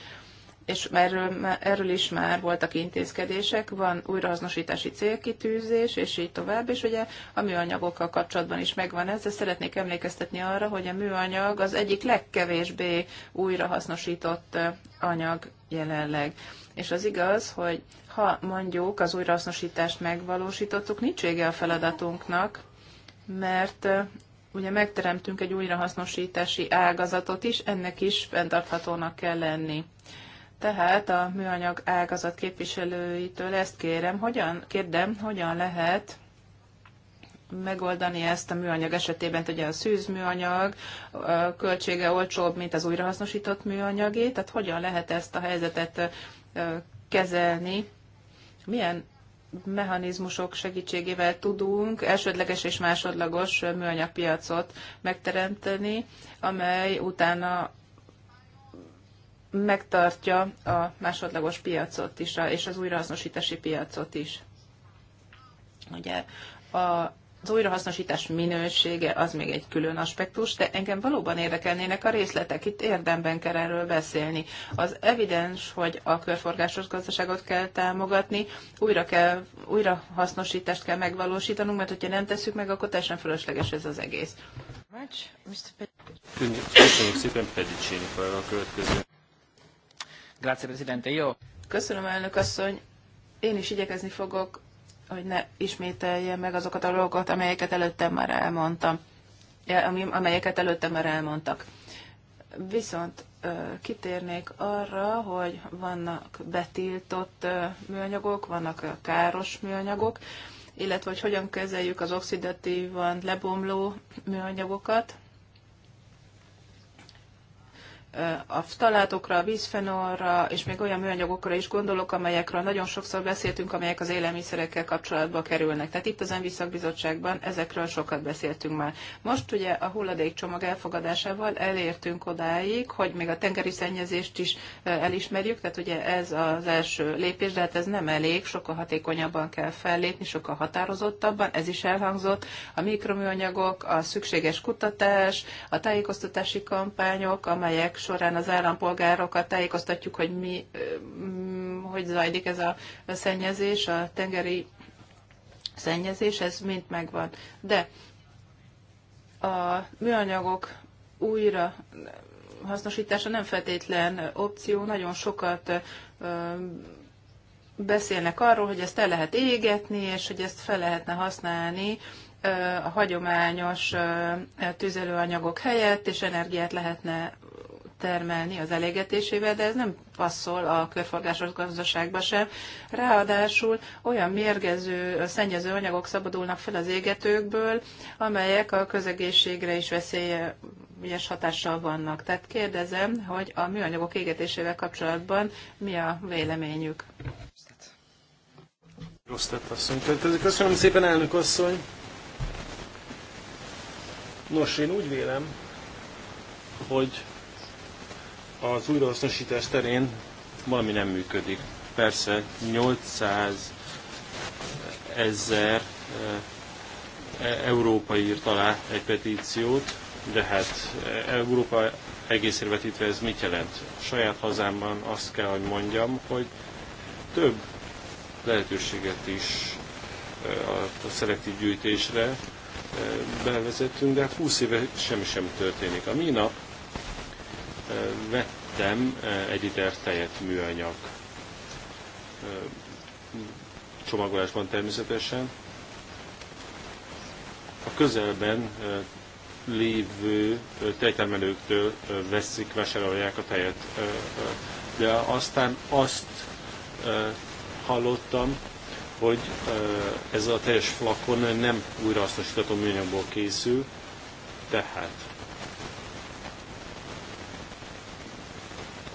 és erről, erről is már voltak intézkedések, van újrahasznosítási célkitűzés, és így tovább, és ugye a műanyagokkal kapcsolatban is megvan ez, de szeretnék emlékeztetni arra, hogy a műanyag az egyik legkevésbé újrahasznosított anyag jelenleg. És az igaz, hogy ha mondjuk az újrahasznosítást megvalósítottuk, nincs vége a feladatunknak, mert ugye megteremtünk egy újrahasznosítási ágazatot is, ennek is fenntarthatónak kell lenni. Tehát a műanyag ágazat képviselőitől ezt kérem, hogyan, kérdem, hogyan lehet megoldani ezt a műanyag esetében, hogy a szűzműanyag a költsége olcsóbb, mint az újrahasznosított műanyagé, tehát hogyan lehet ezt a helyzetet kezelni, milyen mechanizmusok segítségével tudunk elsődleges és másodlagos műanyagpiacot megteremteni, amely utána megtartja a másodlagos piacot is, és az újrahasznosítási piacot is. Ugye a az újrahasznosítás minősége az még egy külön aspektus, de engem valóban érdekelnének a részletek. Itt érdemben kell erről beszélni. Az evidens, hogy a körforgásos gazdaságot kell támogatni, újra kell, újrahasznosítást kell megvalósítanunk, mert hogyha nem tesszük meg, akkor teljesen fölösleges ez az egész. Köszönjük szépen, Pedicini a következő. Grazie, Presidente. Jó. Köszönöm, elnök asszony. Én is igyekezni fogok, hogy ne ismételjem meg azokat a dolgokat, amelyeket előttem már elmondtam, amelyeket előttem már elmondtak. Viszont kitérnék arra, hogy vannak betiltott műanyagok, vannak káros műanyagok, illetve hogy hogyan kezeljük az oxidatívan lebomló műanyagokat, a ftalátokra, a vízfenolra, és még olyan műanyagokra is gondolok, amelyekről nagyon sokszor beszéltünk, amelyek az élelmiszerekkel kapcsolatba kerülnek. Tehát itt az Enviszak ezekről sokat beszéltünk már. Most ugye a hulladékcsomag elfogadásával elértünk odáig, hogy még a tengeri szennyezést is elismerjük, tehát ugye ez az első lépés, de hát ez nem elég, sokkal hatékonyabban kell fellépni, sokkal határozottabban, ez is elhangzott, a mikroműanyagok, a szükséges kutatás, a tájékoztatási kampányok, amelyek során az állampolgárokat tájékoztatjuk, hogy mi, hogy zajlik ez a szennyezés, a tengeri szennyezés, ez mind megvan. De a műanyagok újra hasznosítása nem feltétlen opció, nagyon sokat beszélnek arról, hogy ezt el lehet égetni, és hogy ezt fel lehetne használni a hagyományos tüzelőanyagok helyett, és energiát lehetne termelni az elégetésével, de ez nem passzol a körforgásos gazdaságba sem. Ráadásul olyan mérgező, szennyező anyagok szabadulnak fel az égetőkből, amelyek a közegészségre is veszélyes hatással vannak. Tehát kérdezem, hogy a műanyagok égetésével kapcsolatban mi a véleményük? Rossz tett asszony. Köszönöm szépen, elnök asszony. Nos, én úgy vélem, hogy az újrahasznosítás terén valami nem működik. Persze 800 ezer eh, e- Európa írt alá egy petíciót, de hát eh, Európa egészére vetítve ez mit jelent? saját hazámban azt kell, hogy mondjam, hogy több lehetőséget is eh, a szelektív gyűjtésre bevezettünk, de hát 20 éve semmi sem történik. A nap vettem egy liter tejet műanyag csomagolásban természetesen. A közelben lévő tejtermelőktől veszik, vásárolják a tejet. De aztán azt hallottam, hogy ez a teljes flakon nem újrahasznosítható műanyagból készül, tehát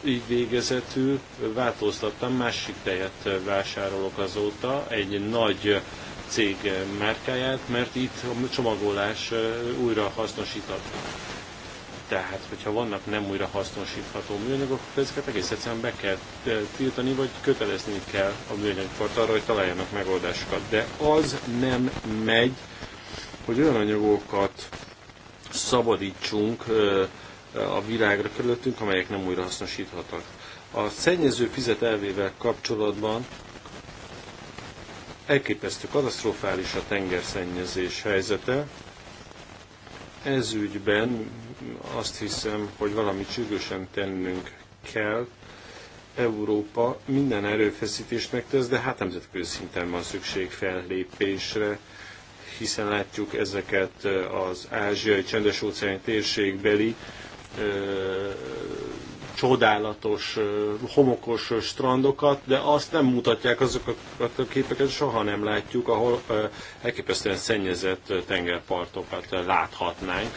így végezetül változtattam, másik tejet vásárolok azóta, egy nagy cég márkáját, mert itt a csomagolás újra hasznosítható. Tehát, hogyha vannak nem újra hasznosítható műanyagok, akkor ezeket egész egyszerűen be kell tiltani, vagy kötelezni kell a műanyagipart arra, hogy találjanak megoldásokat. De az nem megy, hogy olyan anyagokat szabadítsunk a világra körülöttünk, amelyek nem újra hasznosíthatak. A szennyező fizet elvével kapcsolatban elképesztő katasztrofális a tengerszennyezés helyzete. Ez ügyben azt hiszem, hogy valamit sürgősen tennünk kell. Európa minden erőfeszítést megtesz, de hát nemzetközi szinten van szükség fellépésre, hiszen látjuk ezeket az ázsiai csendes óceáni térségbeli csodálatos, homokos strandokat, de azt nem mutatják azokat a képeket, soha nem látjuk, ahol elképesztően szennyezett tengerpartokat láthatnánk.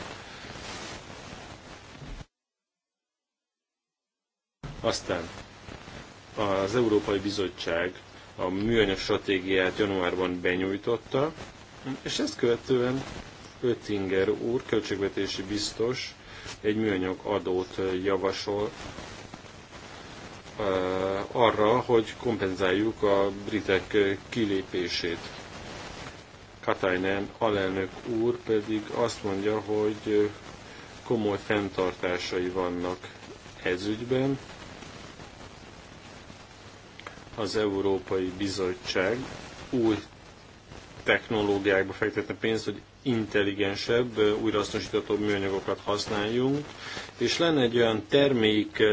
Aztán az Európai Bizottság a műanyag stratégiát januárban benyújtotta, és ezt követően Öttinger úr, költségvetési biztos, egy műanyag adót javasol eh, arra, hogy kompenzáljuk a britek kilépését. Katainen alelnök úr pedig azt mondja, hogy komoly fenntartásai vannak ez ügyben. Az Európai Bizottság új technológiákba fektetne pénzt, hogy intelligensebb, újrahasznosítatóbb műanyagokat használjunk, és lenne egy olyan termék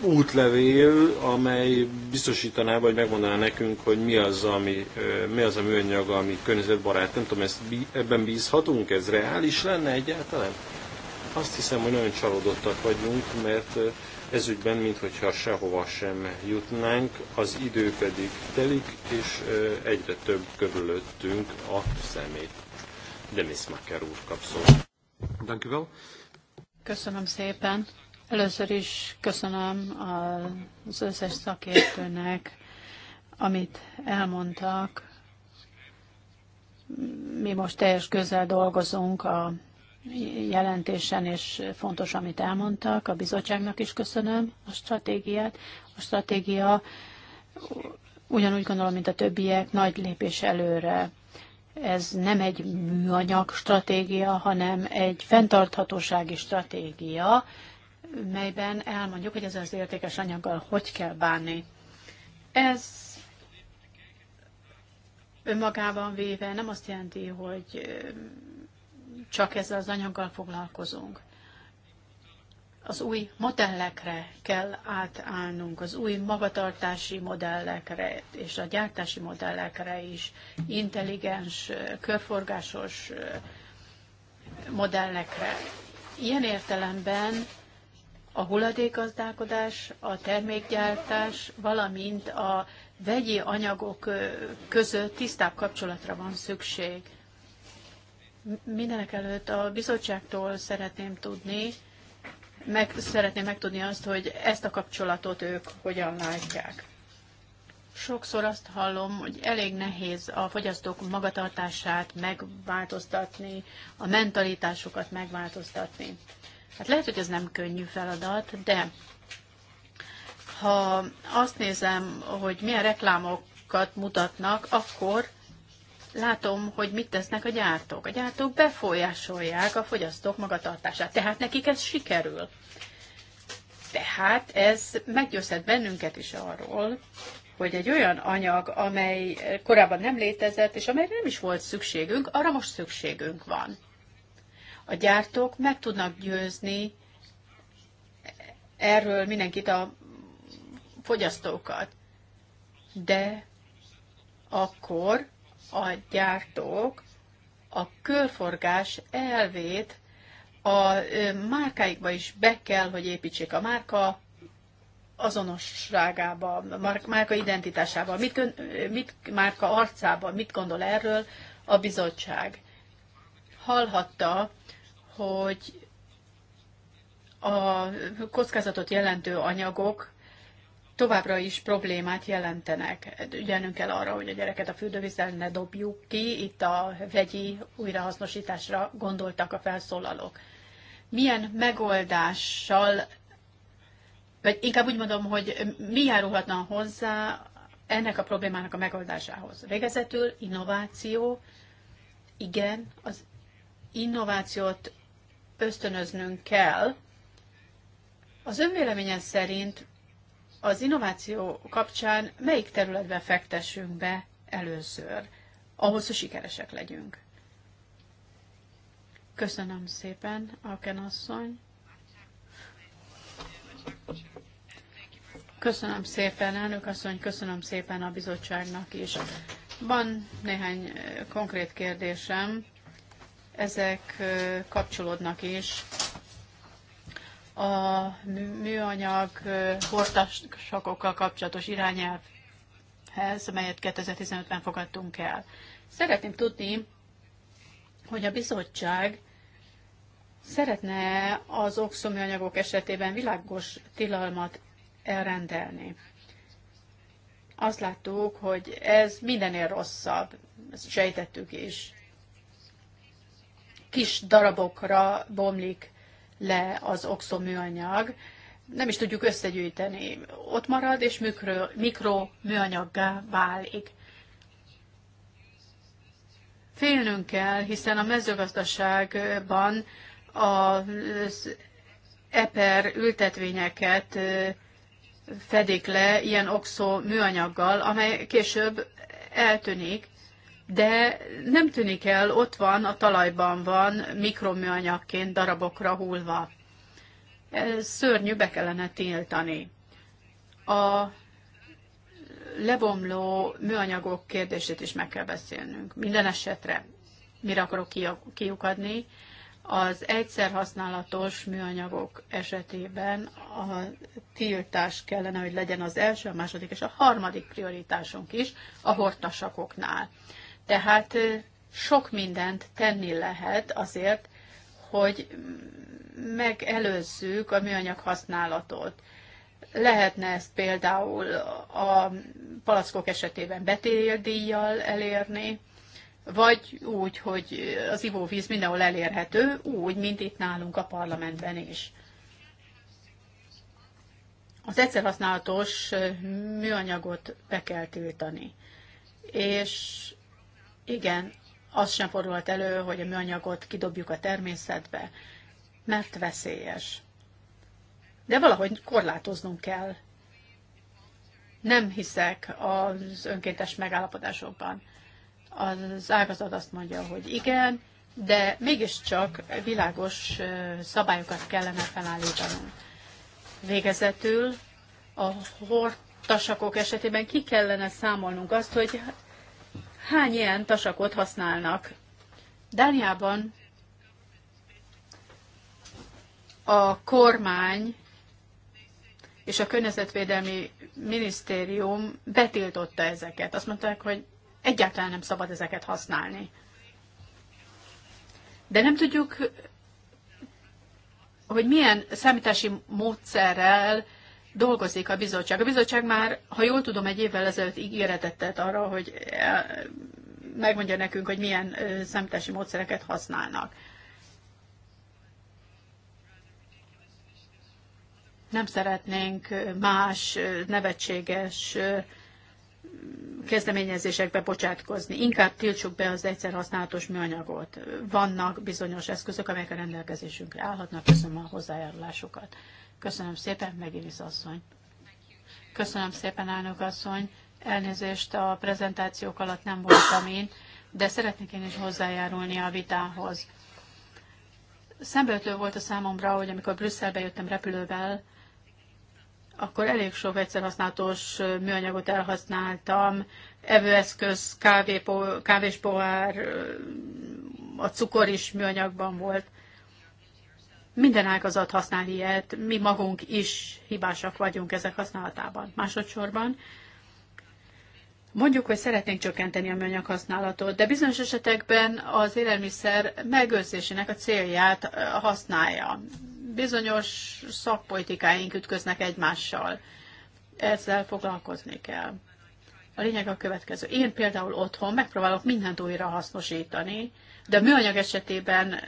útlevél, amely biztosítaná, vagy megmondaná nekünk, hogy mi az, ami, mi az a műanyag, ami környezetbarát. Nem tudom, ezt, ebben bízhatunk? Ez reális lenne egyáltalán? Azt hiszem, hogy nagyon csalódottak vagyunk, mert ezügyben, mintha sehova sem jutnánk, az idő pedig telik, és egyre több körülöttünk a szemét. Demis Macker úr kap Köszönöm szépen. Először is köszönöm az összes szakértőnek, amit elmondtak. Mi most teljes közel dolgozunk a jelentésen, és fontos, amit elmondtak. A bizottságnak is köszönöm a stratégiát. A stratégia ugyanúgy gondolom, mint a többiek, nagy lépés előre. Ez nem egy műanyag stratégia, hanem egy fenntarthatósági stratégia, melyben elmondjuk, hogy ez az értékes anyaggal hogy kell bánni. Ez önmagában véve nem azt jelenti, hogy csak ezzel az anyaggal foglalkozunk. Az új modellekre kell átállnunk, az új magatartási modellekre és a gyártási modellekre is, intelligens, körforgásos modellekre. Ilyen értelemben a hulladékazdálkodás, a termékgyártás, valamint a vegyi anyagok között tisztább kapcsolatra van szükség. Mindenek előtt a bizottságtól szeretném tudni, meg, szeretném megtudni azt, hogy ezt a kapcsolatot ők hogyan látják. Sokszor azt hallom, hogy elég nehéz a fogyasztók magatartását megváltoztatni, a mentalitásukat megváltoztatni. Hát lehet, hogy ez nem könnyű feladat, de ha azt nézem, hogy milyen reklámokat mutatnak, akkor látom, hogy mit tesznek a gyártók. A gyártók befolyásolják a fogyasztók magatartását, tehát nekik ez sikerül. Tehát ez meggyőzhet bennünket is arról, hogy egy olyan anyag, amely korábban nem létezett, és amelyre nem is volt szükségünk, arra most szükségünk van. A gyártók meg tudnak győzni erről mindenkit a fogyasztókat. De akkor a gyártók a körforgás elvét a márkáikba is be kell, hogy építsék a márka azonosságába, a márka identitásába, mit, mit márka arcába, mit gondol erről a bizottság. Hallhatta, hogy a kockázatot jelentő anyagok továbbra is problémát jelentenek. Ügyelnünk kell arra, hogy a gyereket a fürdővízzel ne dobjuk ki, itt a vegyi újrahasznosításra gondoltak a felszólalók. Milyen megoldással, vagy inkább úgy mondom, hogy mi járulhatna hozzá ennek a problémának a megoldásához? Végezetül innováció, igen, az innovációt ösztönöznünk kell. Az önvéleményen szerint az innováció kapcsán melyik területbe fektessünk be először, ahhoz, hogy sikeresek legyünk. Köszönöm szépen, Alken asszony. Köszönöm szépen, elnök asszony, köszönöm szépen a bizottságnak is. Van néhány eh, konkrét kérdésem, ezek eh, kapcsolódnak is a műanyag hordtasakokkal kapcsolatos irányelvhez, amelyet 2015-ben fogadtunk el. Szeretném tudni, hogy a bizottság szeretne az oxoműanyagok esetében világos tilalmat elrendelni. Azt láttuk, hogy ez mindenél rosszabb, ezt sejtettük is. Kis darabokra bomlik le az oxoműanyag, nem is tudjuk összegyűjteni. Ott marad, és mikro, műanyaggá válik. Félnünk kell, hiszen a mezőgazdaságban az eper ültetvényeket fedik le ilyen oxo műanyaggal, amely később eltűnik, de nem tűnik el, ott van, a talajban van, mikroműanyagként darabokra hullva. Ez szörnyű, be kellene tiltani. A lebomló műanyagok kérdését is meg kell beszélnünk. Minden esetre, mire akarok kiukadni, az egyszer használatos műanyagok esetében a tiltás kellene, hogy legyen az első, a második és a harmadik prioritásunk is a hortasakoknál. Tehát sok mindent tenni lehet azért, hogy megelőzzük a műanyag használatot. Lehetne ezt például a palackok esetében betéldíjjal elérni, vagy úgy, hogy az ivóvíz mindenhol elérhető, úgy, mint itt nálunk a parlamentben is. Az egyszerhasználatos műanyagot be kell tiltani, és igen, az sem fordult elő, hogy a műanyagot kidobjuk a természetbe, mert veszélyes. De valahogy korlátoznunk kell. Nem hiszek az önkéntes megállapodásokban. Az ágazat azt mondja, hogy igen, de mégiscsak világos szabályokat kellene felállítanunk. Végezetül a hortasakok esetében ki kellene számolnunk azt, hogy hány ilyen tasakot használnak. Dániában a kormány és a környezetvédelmi minisztérium betiltotta ezeket. Azt mondták, hogy egyáltalán nem szabad ezeket használni. De nem tudjuk, hogy milyen számítási módszerrel dolgozik a bizottság. A bizottság már, ha jól tudom, egy évvel ezelőtt ígéretet tett arra, hogy eh, megmondja nekünk, hogy milyen eh, szemtesi módszereket használnak. Nem szeretnénk eh, más nevetséges kezdeményezésekbe bocsátkozni. Inkább tiltsuk be az egyszer használatos műanyagot. Vannak bizonyos eszközök, amelyek a rendelkezésünkre állhatnak. Köszönöm a hozzájárulásukat. Köszönöm szépen, Megirisz asszony. Köszönöm szépen, elnök asszony. Elnézést a prezentációk alatt nem voltam én, de szeretnék én is hozzájárulni a vitához. Szembeötlő volt a számomra, hogy amikor Brüsszelbe jöttem repülővel, akkor elég sok egyszerhasználatos műanyagot elhasználtam, evőeszköz, kávé, kávéspohár, a cukor is műanyagban volt. Minden ágazat használ ilyet, mi magunk is hibásak vagyunk ezek használatában. Másodszorban Mondjuk, hogy szeretnénk csökkenteni a műanyag használatot, de bizonyos esetekben az élelmiszer megőrzésének a célját használja. Bizonyos szakpolitikáink ütköznek egymással. Ezzel foglalkozni kell. A lényeg a következő. Én például otthon megpróbálok mindent újra hasznosítani, de a műanyag esetében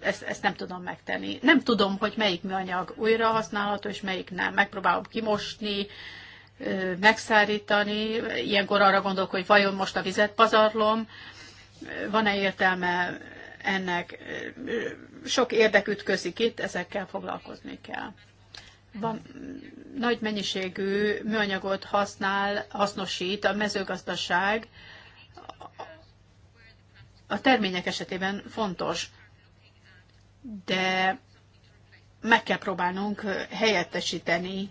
ezt, ezt nem tudom megtenni. Nem tudom, hogy melyik műanyag újra használható, és melyik nem. Megpróbálom kimosni, megszárítani, ilyenkor arra gondolok, hogy vajon most a vizet pazarlom, van-e értelme ennek, sok érdek ütközik itt, ezekkel foglalkozni kell. Van, nagy mennyiségű műanyagot használ, hasznosít a mezőgazdaság, a termények esetében fontos de meg kell próbálnunk helyettesíteni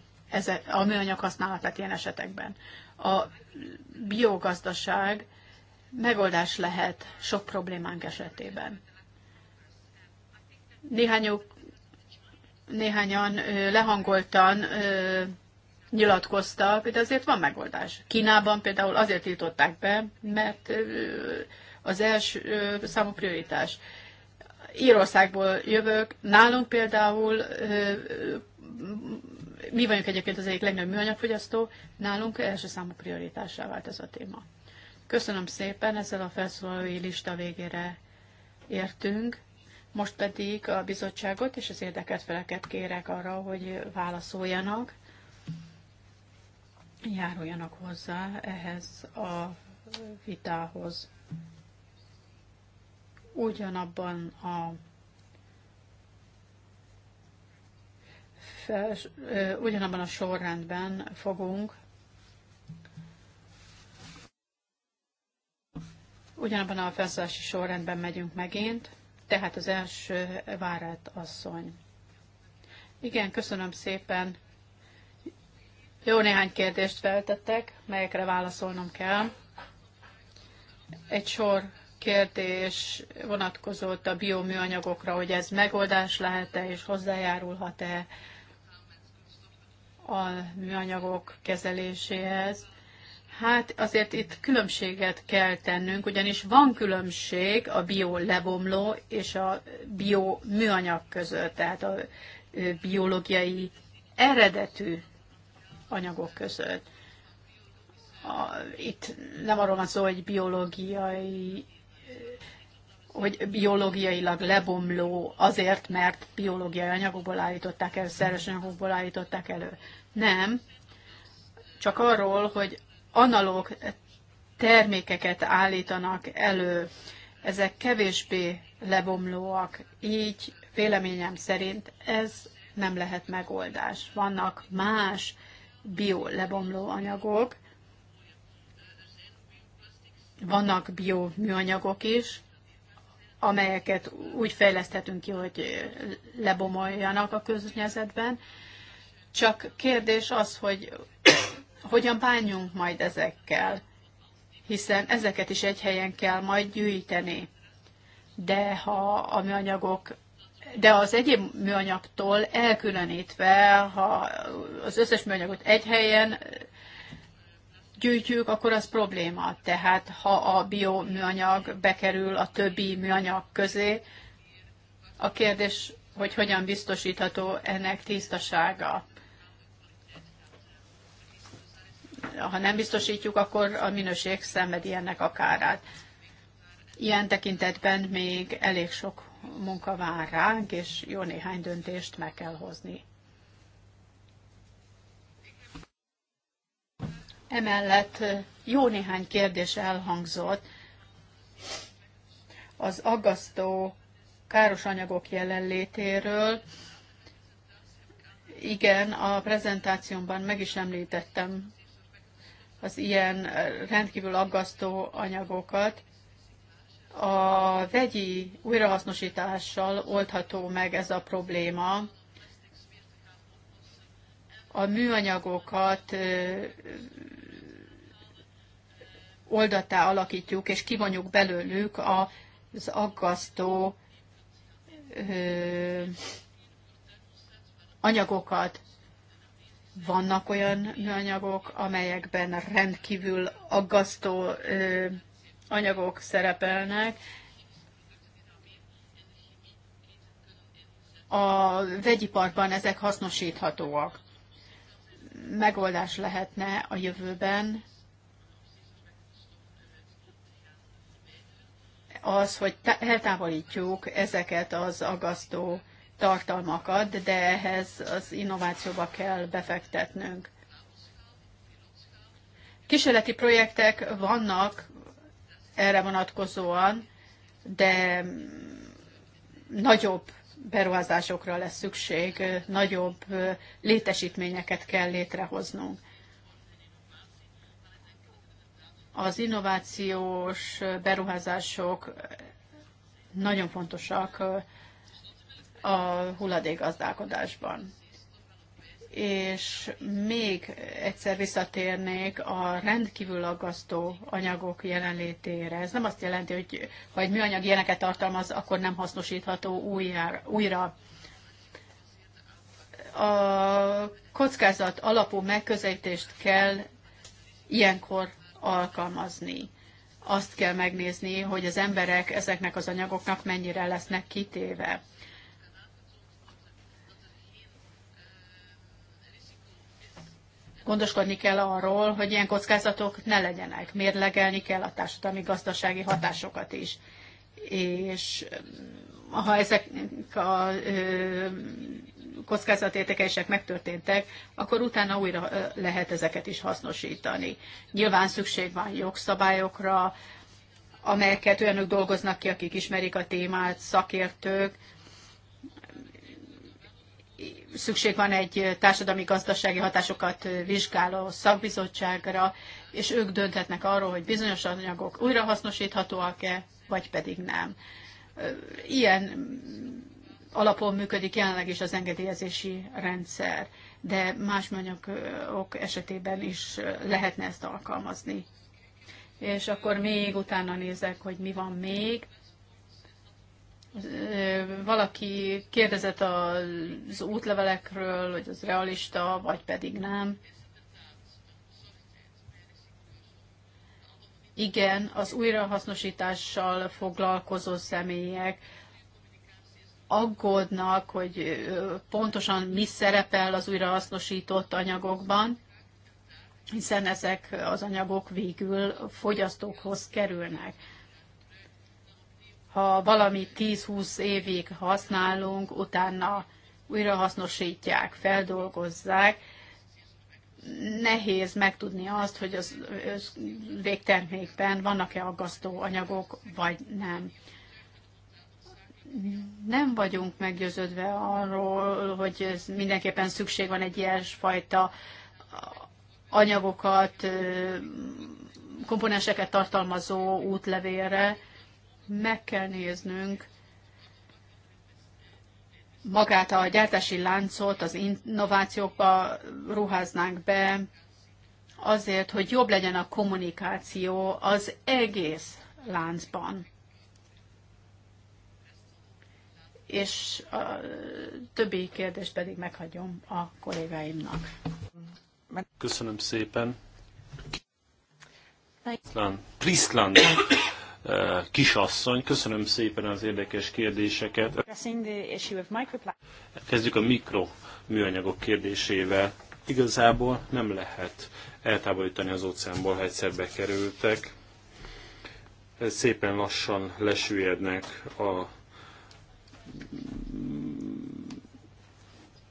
a műanyag használatát ilyen esetekben. A biogazdaság megoldás lehet sok problémánk esetében. Néhányok, néhányan lehangoltan nyilatkoztak, de azért van megoldás. Kínában például azért tiltották be, mert az első számú prioritás. Írországból jövök, nálunk például mi vagyunk egyébként az egyik legnagyobb műanyagfogyasztó, nálunk első számú prioritássá vált ez a téma. Köszönöm szépen, ezzel a felszólalói lista végére értünk. Most pedig a bizottságot és az érdekelt feleket kérek arra, hogy válaszoljanak, járuljanak hozzá ehhez a vitához ugyanabban a fels, ugyanabban a sorrendben fogunk ugyanabban a felszállási sorrendben megyünk megint, tehát az első várát asszony. Igen, köszönöm szépen. Jó néhány kérdést feltettek, melyekre válaszolnom kell. Egy sor kérdés vonatkozott a bioműanyagokra, hogy ez megoldás lehet-e és hozzájárulhat-e a műanyagok kezeléséhez. Hát azért itt különbséget kell tennünk, ugyanis van különbség a bio lebomló és a bio műanyag között, tehát a biológiai eredetű anyagok között. Itt nem arról van szó, hogy biológiai hogy biológiailag lebomló azért, mert biológiai anyagokból állították elő, szerves anyagokból állították elő. Nem, csak arról, hogy analóg termékeket állítanak elő, ezek kevésbé lebomlóak, így véleményem szerint ez nem lehet megoldás. Vannak más bio lebomló anyagok, vannak bio műanyagok is, amelyeket úgy fejleszthetünk ki, hogy lebomoljanak a köznyezetben. Csak kérdés az, hogy hogyan bánjunk majd ezekkel, hiszen ezeket is egy helyen kell majd gyűjteni. De ha a műanyagok de az egyéb műanyagtól elkülönítve, ha az összes műanyagot egy helyen gyűjtjük, akkor az probléma. Tehát ha a bioműanyag bekerül a többi műanyag közé, a kérdés, hogy hogyan biztosítható ennek tisztasága. Ha nem biztosítjuk, akkor a minőség szenvedi ennek a kárát. Ilyen tekintetben még elég sok munka vár ránk, és jó néhány döntést meg kell hozni. Emellett jó néhány kérdés elhangzott az aggasztó káros anyagok jelenlétéről. Igen, a prezentációmban meg is említettem az ilyen rendkívül aggasztó anyagokat. A vegyi újrahasznosítással oldható meg ez a probléma. A műanyagokat oldatá alakítjuk, és kivonjuk belőlük az aggasztó ö, anyagokat. Vannak olyan műanyagok, amelyekben rendkívül aggasztó ö, anyagok szerepelnek. A vegyiparban ezek hasznosíthatóak. Megoldás lehetne a jövőben az, hogy eltávolítjuk ezeket az agasztó tartalmakat, de ehhez az innovációba kell befektetnünk. Kísérleti projektek vannak erre vonatkozóan, de nagyobb beruházásokra lesz szükség, nagyobb létesítményeket kell létrehoznunk. Az innovációs beruházások nagyon fontosak a hulladékgazdálkodásban. És még egyszer visszatérnék a rendkívül aggasztó anyagok jelenlétére. Ez nem azt jelenti, hogy ha egy műanyag ilyeneket tartalmaz, akkor nem hasznosítható újra. A kockázat alapú megközelítést kell ilyenkor alkalmazni. Azt kell megnézni, hogy az emberek ezeknek az anyagoknak mennyire lesznek kitéve. Gondoskodni kell arról, hogy ilyen kockázatok ne legyenek. Mérlegelni kell a társadalmi gazdasági hatásokat is. És ha ezek a kockázatértékelések megtörténtek, akkor utána újra lehet ezeket is hasznosítani. Nyilván szükség van jogszabályokra, amelyeket olyanok dolgoznak ki, akik ismerik a témát, szakértők. Szükség van egy társadalmi-gazdasági hatásokat vizsgáló szakbizottságra, és ők dönthetnek arról, hogy bizonyos anyagok újrahasznosíthatóak-e, vagy pedig nem. Ilyen alapon működik jelenleg is az engedélyezési rendszer, de más műanyagok esetében is lehetne ezt alkalmazni. És akkor még utána nézek, hogy mi van még. Valaki kérdezett az útlevelekről, hogy az realista, vagy pedig nem. Igen, az újrahasznosítással foglalkozó személyek aggódnak, hogy pontosan mi szerepel az újrahasznosított anyagokban, hiszen ezek az anyagok végül fogyasztókhoz kerülnek. Ha valamit 10-20 évig használunk, utána újrahasznosítják, feldolgozzák, nehéz megtudni azt, hogy az végtermékben vannak-e aggasztó anyagok, vagy nem nem vagyunk meggyőződve arról, hogy ez mindenképpen szükség van egy ilyesfajta anyagokat, komponenseket tartalmazó útlevélre. Meg kell néznünk magát a gyártási láncot, az innovációkba ruháznánk be, azért, hogy jobb legyen a kommunikáció az egész láncban és a többi kérdést pedig meghagyom a kollégáimnak. Köszönöm szépen. Prisland, eh, kisasszony, köszönöm szépen az érdekes kérdéseket. Kezdjük a mikro műanyagok kérdésével. Igazából nem lehet eltávolítani az óceánból, ha egyszer bekerültek. Szépen lassan lesüllyednek a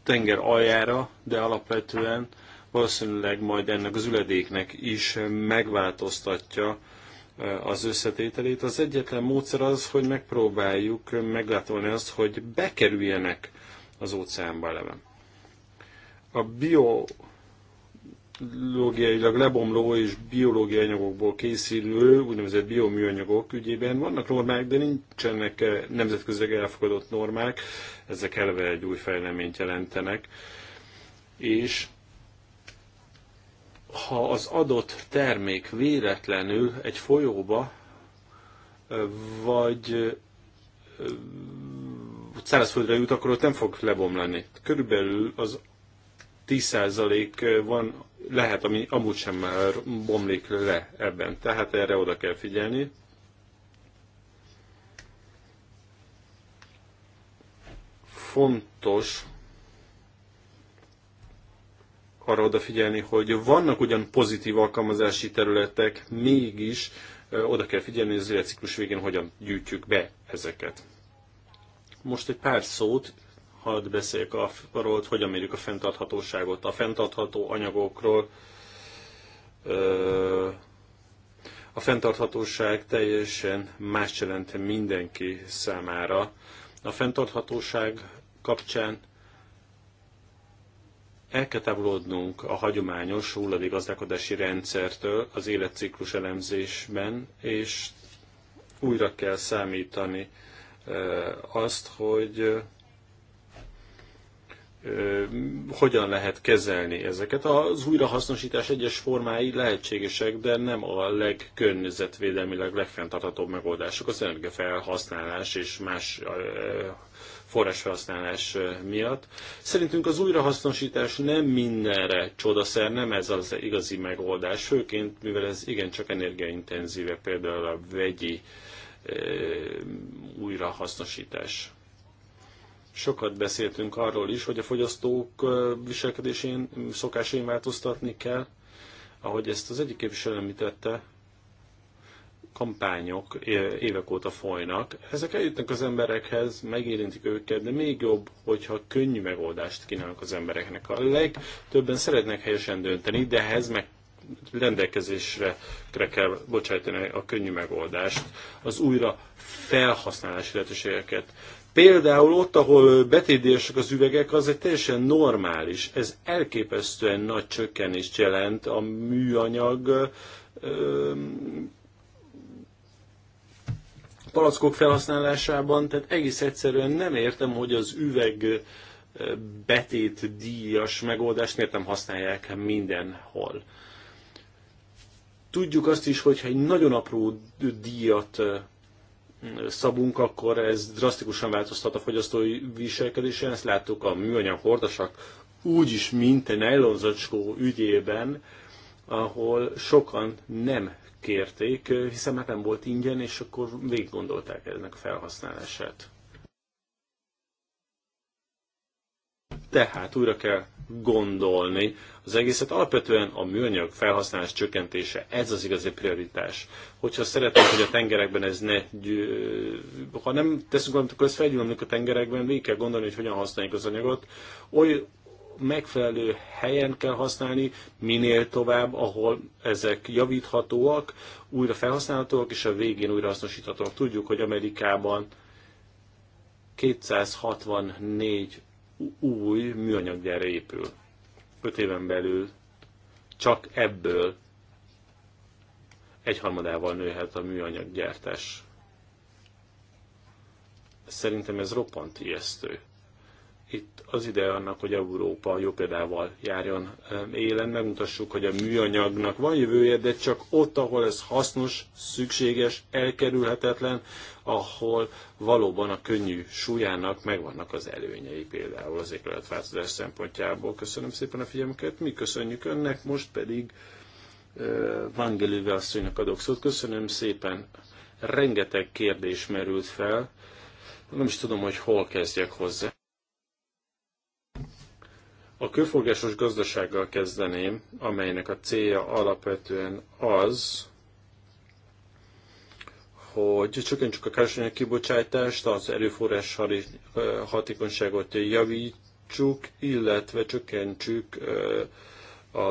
tenger aljára, de alapvetően valószínűleg majd ennek az üledéknek is megváltoztatja e, az összetételét. Az egyetlen módszer az, hogy megpróbáljuk meglátolni azt, hogy bekerüljenek az óceánba eleve. A bio biológiailag lebomló és biológiai anyagokból készülő úgynevezett bioműanyagok ügyében vannak normák, de nincsenek eh, nemzetközileg elfogadott normák, ezek eleve egy új fejleményt jelentenek. És ha az adott termék véletlenül egy folyóba eh, vagy eh, szárazföldre jut, akkor ott nem fog lebomlani. Körülbelül az 10% eh, van, lehet, ami amúgy sem bomlik le ebben. Tehát erre oda kell figyelni. Fontos arra odafigyelni, hogy vannak ugyan pozitív alkalmazási területek, mégis eh, oda kell figyelni, hogy az életciklus végén hogyan gyűjtjük be ezeket. Most egy pár szót hadd beszéljek arról, hogy hogyan mérjük a fenntarthatóságot. A fenntartható anyagokról a fenntarthatóság teljesen más jelent mindenki számára. A fenntarthatóság kapcsán el kell távolodnunk a hagyományos hulladékgazdálkodási rendszertől az életciklus elemzésben, és újra kell számítani azt, hogy hogyan lehet kezelni ezeket. Az újrahasznosítás egyes formái lehetségesek, de nem a legkörnyezetvédelmileg legfenntarthatóbb megoldások az energiafelhasználás és más forrásfelhasználás miatt. Szerintünk az újrahasznosítás nem mindenre csodaszer, nem ez az igazi megoldás, főként mivel ez igencsak energiaintenzíve, például a vegyi újrahasznosítás. Sokat beszéltünk arról is, hogy a fogyasztók viselkedésén, szokásain változtatni kell, ahogy ezt az egyik képviselő említette, kampányok évek óta folynak. Ezek eljutnak az emberekhez, megérintik őket, de még jobb, hogyha könnyű megoldást kínálnak az embereknek. A legtöbben szeretnek helyesen dönteni, de ehhez meg rendelkezésre kell bocsájtani a könnyű megoldást, az újra felhasználási lehetőségeket Például ott, ahol betédések az üvegek, az egy teljesen normális. Ez elképesztően nagy csökkenést jelent a műanyag palackok felhasználásában, tehát egész egyszerűen nem értem, hogy az üveg betét díjas megoldást miért nem használják mindenhol. Tudjuk azt is, hogyha egy nagyon apró díjat szabunk, akkor ez drasztikusan változtat a fogyasztói viselkedésen. Ezt láttuk a műanyag hordasak úgyis, mint egy nejlonzacskó ügyében, ahol sokan nem kérték, hiszen már nem volt ingyen, és akkor végig gondolták ennek a felhasználását. Tehát újra kell gondolni az egészet. Alapvetően a műanyag felhasználás csökkentése, ez az igazi prioritás. Hogyha szeretnénk, hogy a tengerekben ez ne... Ha nem teszünk valamit, akkor ez felgyűlömlik a tengerekben, végig kell gondolni, hogy hogyan használjuk az anyagot. Oly megfelelő helyen kell használni, minél tovább, ahol ezek javíthatóak, újra felhasználhatóak, és a végén újra hasznosíthatóak. Tudjuk, hogy Amerikában 264 új műanyaggyára épül. Öt éven belül csak ebből egyharmadával nőhet a műanyaggyártás. Szerintem ez roppant ijesztő. Itt az ideje annak, hogy Európa jó példával járjon um, élen, megmutassuk, hogy a műanyagnak van jövője, de csak ott, ahol ez hasznos, szükséges, elkerülhetetlen, ahol valóban a könnyű súlyának megvannak az előnyei, például az éghajlatváltozás szempontjából. Köszönöm szépen a figyelmüket, mi köszönjük önnek, most pedig uh, Vangelőve asszonynak adok szót. Köszönöm szépen. Rengeteg kérdés merült fel. Nem is tudom, hogy hol kezdjek hozzá. A körforgásos gazdasággal kezdeném, amelynek a célja alapvetően az, hogy csökkentsük a károsanyag kibocsátást, az erőforrás hatékonyságot javítsuk, illetve csökkentsük a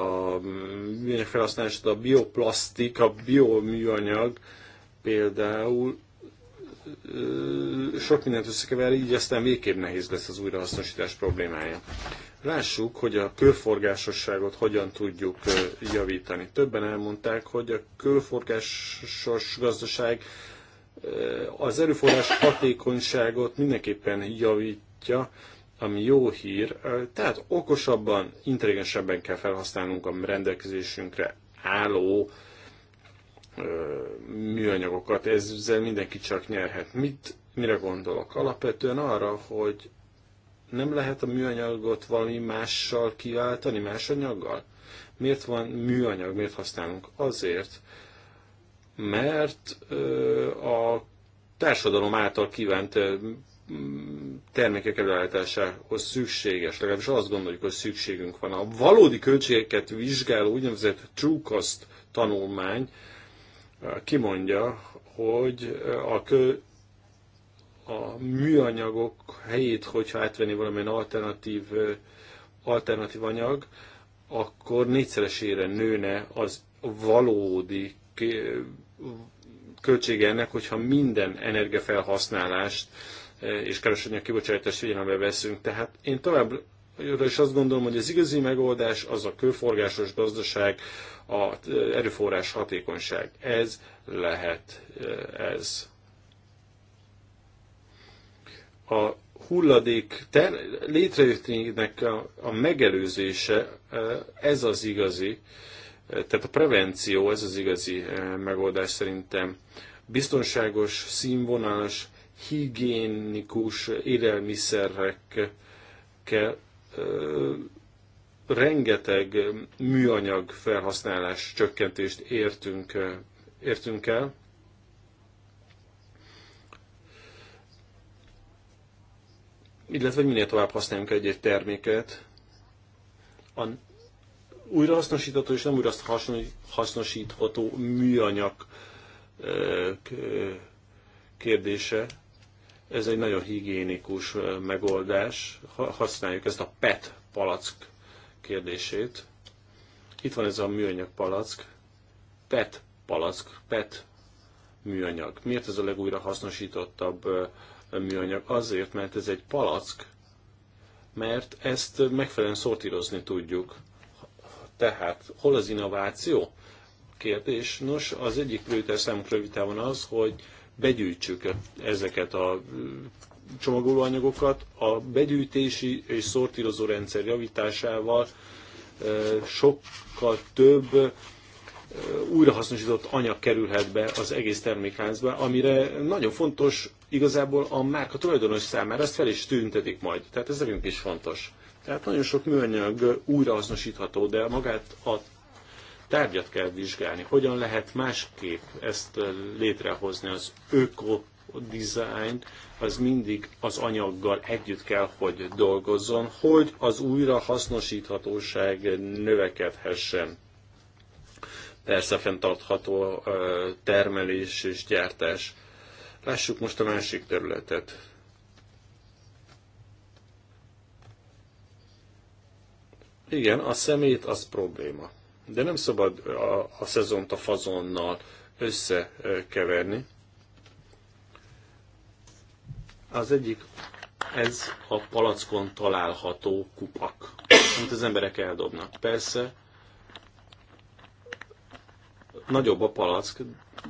műanyag felhasználását, a bioplasztik, a bioműanyag például sok mindent összekever, így aztán végképp nehéz lesz az újrahasznosítás problémája. Lássuk, hogy a körforgásosságot hogyan tudjuk javítani. Többen elmondták, hogy a körforgásos gazdaság az erőforrás hatékonyságot mindenképpen javítja, ami jó hír, tehát okosabban, intelligensebben kell felhasználnunk a rendelkezésünkre álló műanyagokat, ezzel mindenki csak nyerhet. Mit, mire gondolok? Alapvetően arra, hogy nem lehet a műanyagot valami mással kiváltani, más anyaggal? Miért van műanyag, miért használunk? Azért, mert a társadalom által kívánt termékek előállításához szükséges, legalábbis azt gondoljuk, hogy szükségünk van. A valódi költségeket vizsgáló úgynevezett true cost tanulmány kimondja, hogy a, kő, a műanyagok helyét, hogyha átvenni valamilyen alternatív, alternatív anyag, akkor négyszeresére nőne az valódi költsége ennek, hogyha minden energiafelhasználást és a kibocsátást figyelembe veszünk. Tehát én továbbra is azt gondolom, hogy az igazi megoldás az a körforgásos gazdaság, a eh, erőforrás hatékonyság. Ez lehet eh, ez. A hulladék létrejöttének a, a megelőzése, eh, ez az igazi, tehát a prevenció, ez az igazi megoldás szerintem. Biztonságos, színvonalas, higiénikus élelmiszerekkel rengeteg műanyag felhasználás csökkentést értünk, értünk el. Illetve minél tovább használjunk egy-egy terméket. A újrahasznosítható és nem újrahasznosítható műanyag kérdése ez egy nagyon higiénikus megoldás. Használjuk ezt a PET palack kérdését. Itt van ez a műanyag palack, PET palack, PET műanyag. Miért ez a legújra hasznosítottabb műanyag? Azért, mert ez egy palack, mert ezt megfelelően szortírozni tudjuk. Tehát hol az innováció? Kérdés. Nos, az egyik prioritás számunkra vitában az, hogy begyűjtsük ezeket a csomagolóanyagokat a begyűjtési és szortírozó rendszer javításával sokkal több újrahasznosított anyag kerülhet be az egész termékláncba, amire nagyon fontos igazából a márka tulajdonos számára, ezt fel is tüntetik majd. Tehát ez nekünk is fontos. Tehát nagyon sok műanyag újrahasznosítható, de magát a tárgyat kell vizsgálni. Hogyan lehet másképp ezt létrehozni az öko design az mindig az anyaggal együtt kell, hogy dolgozzon, hogy az újrahasznosíthatóság növekedhessen. Persze fenntartható termelés és gyártás. Lássuk most a másik területet. Igen, a szemét az probléma. De nem szabad a, a szezont a fazonnal összekeverni. Az egyik, ez a palackon található kupak, amit az emberek eldobnak. Persze, nagyobb a palack,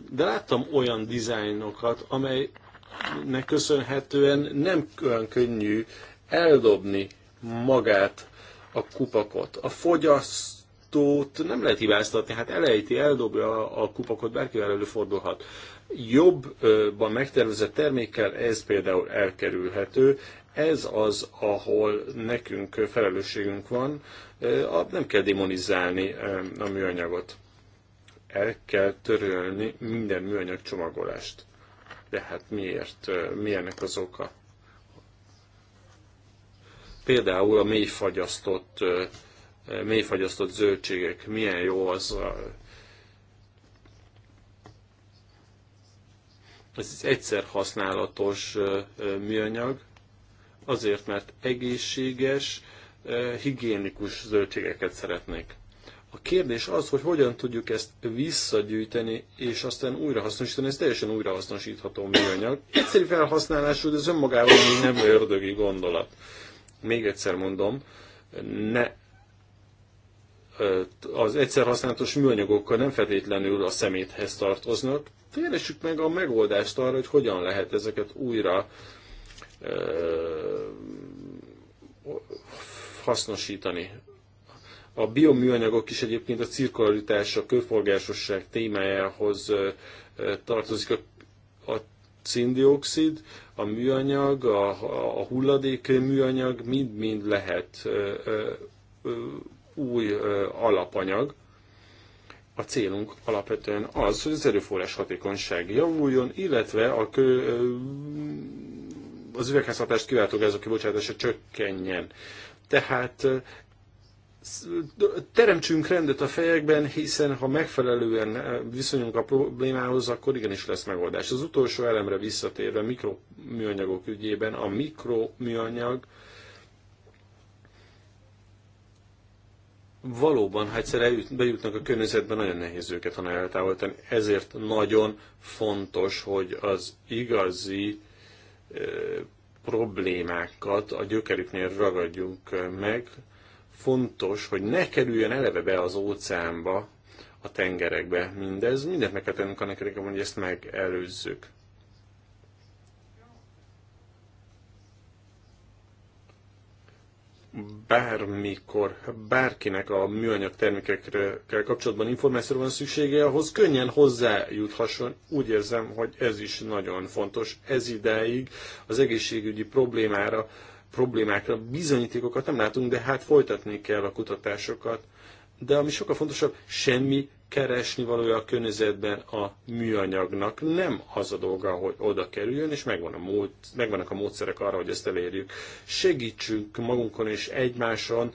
de láttam olyan dizájnokat, amelynek köszönhetően nem olyan könnyű eldobni magát a kupakot. A fogyasztót nem lehet hibáztatni, hát elejti, eldobja a kupakot, bárkivel előfordulhat jobban megtervezett termékkel ez például elkerülhető, ez az, ahol nekünk felelősségünk van, nem kell demonizálni a műanyagot. El kell törölni minden műanyag csomagolást. De hát miért? Milyennek az oka? Például a mélyfagyasztott, mélyfagyasztott zöldségek, milyen jó az Ez egyszer használatos műanyag, azért, mert egészséges, higiénikus zöldségeket szeretnék. A kérdés az, hogy hogyan tudjuk ezt visszagyűjteni, és aztán újrahasznosítani, ez teljesen újrahasznosítható műanyag. Egyszerű felhasználású, de ez önmagában még nem ördögi gondolat. Még egyszer mondom, ne az egyszer használatos műanyagokkal nem feltétlenül a szeméthez tartoznak, Keressük meg a megoldást arra, hogy hogyan lehet ezeket újra hasznosítani. A bioműanyagok is egyébként a cirkularitás, a körforgásosság témájához tartozik a, a Cindioxid, a műanyag, a, a hulladék műanyag mind-mind lehet új alapanyag a célunk alapvetően az, hogy az erőforrás hatékonyság javuljon, illetve a kö, az üvegházhatást kiváltó gázok kibocsátása csökkenjen. Tehát teremtsünk rendet a fejekben, hiszen ha megfelelően viszonyunk a problémához, akkor igenis lesz megoldás. Az utolsó elemre visszatérve mikroműanyagok ügyében, a mikroműanyag valóban, ha egyszer eljut, bejutnak a környezetben, nagyon nehéz őket onnan eltávolítani. Ezért nagyon fontos, hogy az igazi e, problémákat a gyökerüknél ragadjunk meg. Fontos, hogy ne kerüljön eleve be az óceánba, a tengerekbe mindez. Mindent meg kell tennünk annak érdekében, hogy ezt megelőzzük. bármikor bárkinek a műanyag termékekkel kapcsolatban információra van szüksége, ahhoz könnyen hozzájuthasson. Úgy érzem, hogy ez is nagyon fontos. Ez ideig az egészségügyi problémára, problémákra bizonyítékokat nem látunk, de hát folytatni kell a kutatásokat. De ami sokkal fontosabb, semmi keresni valója a környezetben a műanyagnak. Nem az a dolga, hogy oda kerüljön, és megvan a mód, megvannak a módszerek arra, hogy ezt elérjük. Segítsünk magunkon és egymáson,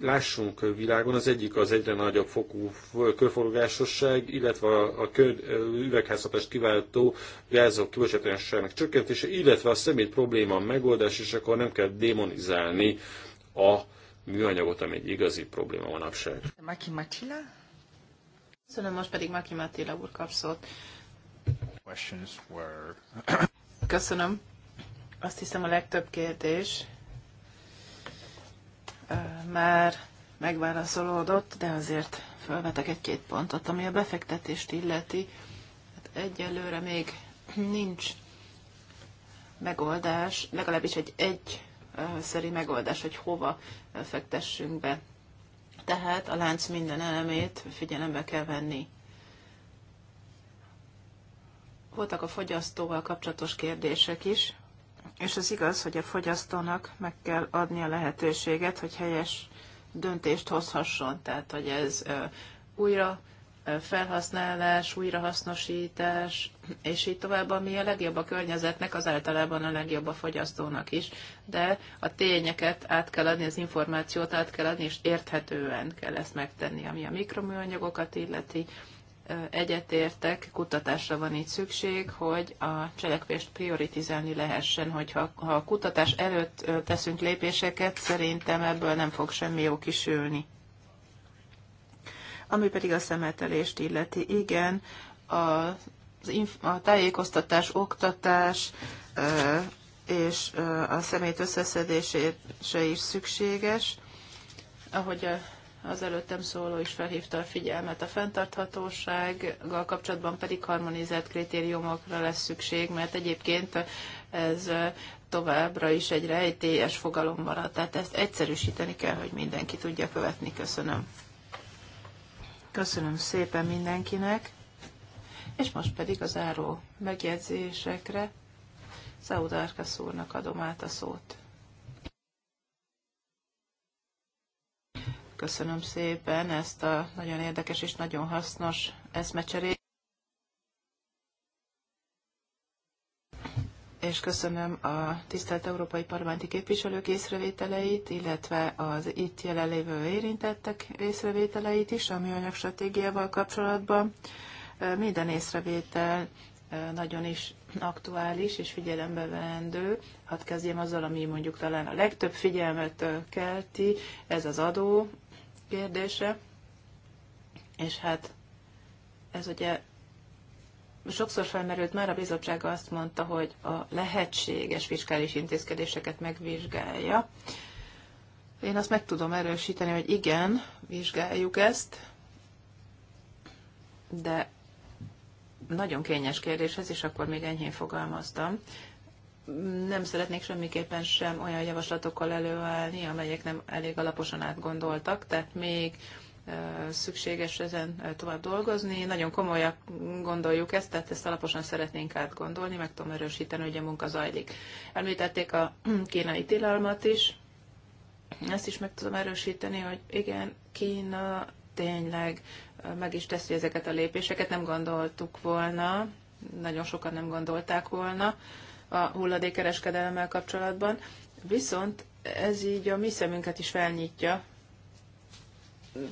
lássunk világon, az egyik az egyre nagyobb fokú körforgásosság, illetve a kör, üvegházhatást kiváltó gázok kibocsátásának csökkentése, illetve a szemét probléma a megoldás, és akkor nem kell démonizálni a műanyagot, ami egy igazi probléma manapság. Maki Matila? Köszönöm, most pedig Maki Mátéla úr kap szót. Köszönöm. Azt hiszem a legtöbb kérdés már megválaszolódott, de azért felvetek egy-két pontot, ami a befektetést illeti. Hát egyelőre még nincs megoldás, legalábbis egy egy megoldás, hogy hova fektessünk be tehát a lánc minden elemét figyelembe kell venni. Voltak a fogyasztóval kapcsolatos kérdések is, és az igaz, hogy a fogyasztónak meg kell adni a lehetőséget, hogy helyes döntést hozhasson, tehát hogy ez újra felhasználás, újrahasznosítás, és így tovább, ami a legjobb a környezetnek, az általában a legjobb a fogyasztónak is. De a tényeket át kell adni, az információt át kell adni, és érthetően kell ezt megtenni, ami a mikroműanyagokat illeti. Egyetértek, kutatásra van itt szükség, hogy a cselekvést prioritizálni lehessen, hogyha ha a kutatás előtt teszünk lépéseket, szerintem ebből nem fog semmi jó kisülni. Ami pedig a szemetelést illeti, igen, a, a tájékoztatás, oktatás és a szemét összeszedése is szükséges. Ahogy a az előttem szóló is felhívta a figyelmet. A fenntarthatósággal kapcsolatban pedig harmonizált kritériumokra lesz szükség, mert egyébként ez továbbra is egy rejtélyes fogalom marad. Tehát ezt egyszerűsíteni kell, hogy mindenki tudja követni. Köszönöm. Köszönöm szépen mindenkinek, és most pedig az záró megjegyzésekre Szaudárka szúrnak adom át a szót. Köszönöm szépen ezt a nagyon érdekes és nagyon hasznos eszmecserét. és köszönöm a tisztelt európai parlamenti képviselők észrevételeit, illetve az itt jelenlévő érintettek észrevételeit is a műanyag stratégiával kapcsolatban. Minden észrevétel nagyon is aktuális és figyelembe vendő. Hadd kezdjem azzal, ami mondjuk talán a legtöbb figyelmet kelti, ez az adó kérdése. És hát ez ugye sokszor felmerült már, a bizottság azt mondta, hogy a lehetséges fiskális intézkedéseket megvizsgálja. Én azt meg tudom erősíteni, hogy igen, vizsgáljuk ezt, de nagyon kényes kérdés ez, és akkor még enyhén fogalmaztam. Nem szeretnék semmiképpen sem olyan javaslatokkal előállni, amelyek nem elég alaposan átgondoltak, tehát még szükséges ezen tovább dolgozni. Nagyon komolyan gondoljuk ezt, tehát ezt alaposan szeretnénk átgondolni, meg tudom erősíteni, hogy a munka zajlik. Említették a kínai tilalmat is, ezt is meg tudom erősíteni, hogy igen, Kína tényleg meg is teszi ezeket a lépéseket, nem gondoltuk volna, nagyon sokan nem gondolták volna a hulladékereskedelemmel kapcsolatban, viszont ez így a mi szemünket is felnyitja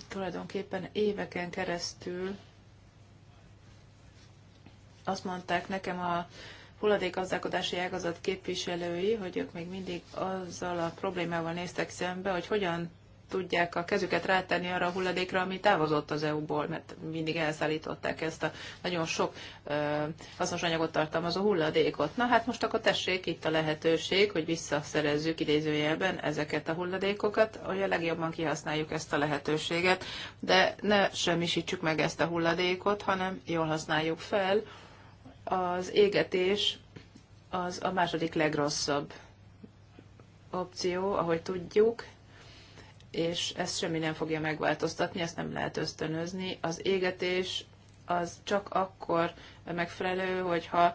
tulajdonképpen éveken keresztül azt mondták nekem a hulladékazdálkodási ágazat képviselői, hogy ők még mindig azzal a problémával néztek szembe, hogy hogyan tudják a kezüket rátenni arra a hulladékra, ami távozott az EU-ból, mert mindig elszállították ezt a nagyon sok ö, hasznos anyagot tartalmazó hulladékot. Na hát most akkor tessék itt a lehetőség, hogy visszaszerezzük idézőjelben ezeket a hulladékokat, hogy a legjobban kihasználjuk ezt a lehetőséget, de ne semmisítsük meg ezt a hulladékot, hanem jól használjuk fel. Az égetés az a második legrosszabb opció, ahogy tudjuk, és ezt semmi nem fogja megváltoztatni, ezt nem lehet ösztönözni. Az égetés az csak akkor megfelelő, hogyha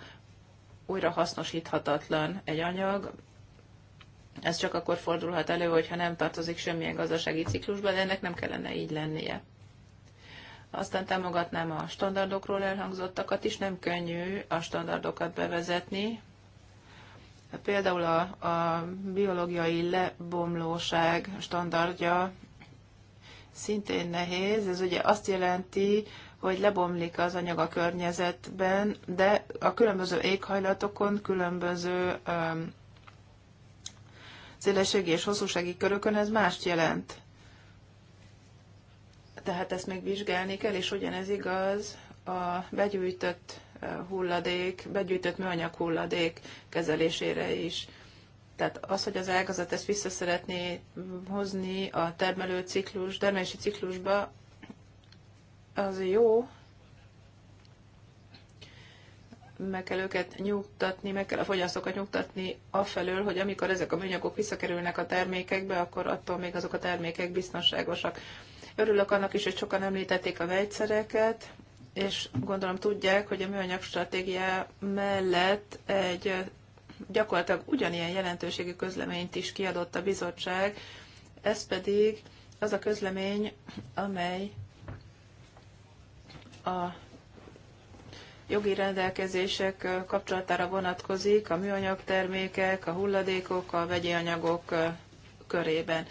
újra hasznosíthatatlan egy anyag, ez csak akkor fordulhat elő, hogyha nem tartozik semmilyen gazdasági ciklusba, de ennek nem kellene így lennie. Aztán támogatnám a standardokról elhangzottakat is, nem könnyű a standardokat bevezetni, Például a, a biológiai lebomlóság standardja szintén nehéz. Ez ugye azt jelenti, hogy lebomlik az anyag a környezetben, de a különböző éghajlatokon, különböző um, szélességi és hosszúsági körökön ez mást jelent. Tehát ezt még vizsgálni kell, és ugyanez igaz a begyűjtött hulladék, begyűjtött műanyag hulladék kezelésére is. Tehát az, hogy az ágazat ezt vissza szeretné hozni a termelő ciklus, termelési ciklusba, az jó, meg kell őket nyugtatni, meg kell a fogyasztókat nyugtatni afelől, hogy amikor ezek a műanyagok visszakerülnek a termékekbe, akkor attól még azok a termékek biztonságosak. Örülök annak is, hogy sokan említették a vegyszereket és gondolom tudják, hogy a műanyag stratégia mellett egy gyakorlatilag ugyanilyen jelentőségi közleményt is kiadott a bizottság, ez pedig az a közlemény, amely a jogi rendelkezések kapcsolatára vonatkozik a műanyag termékek, a hulladékok, a vegyi anyagok körében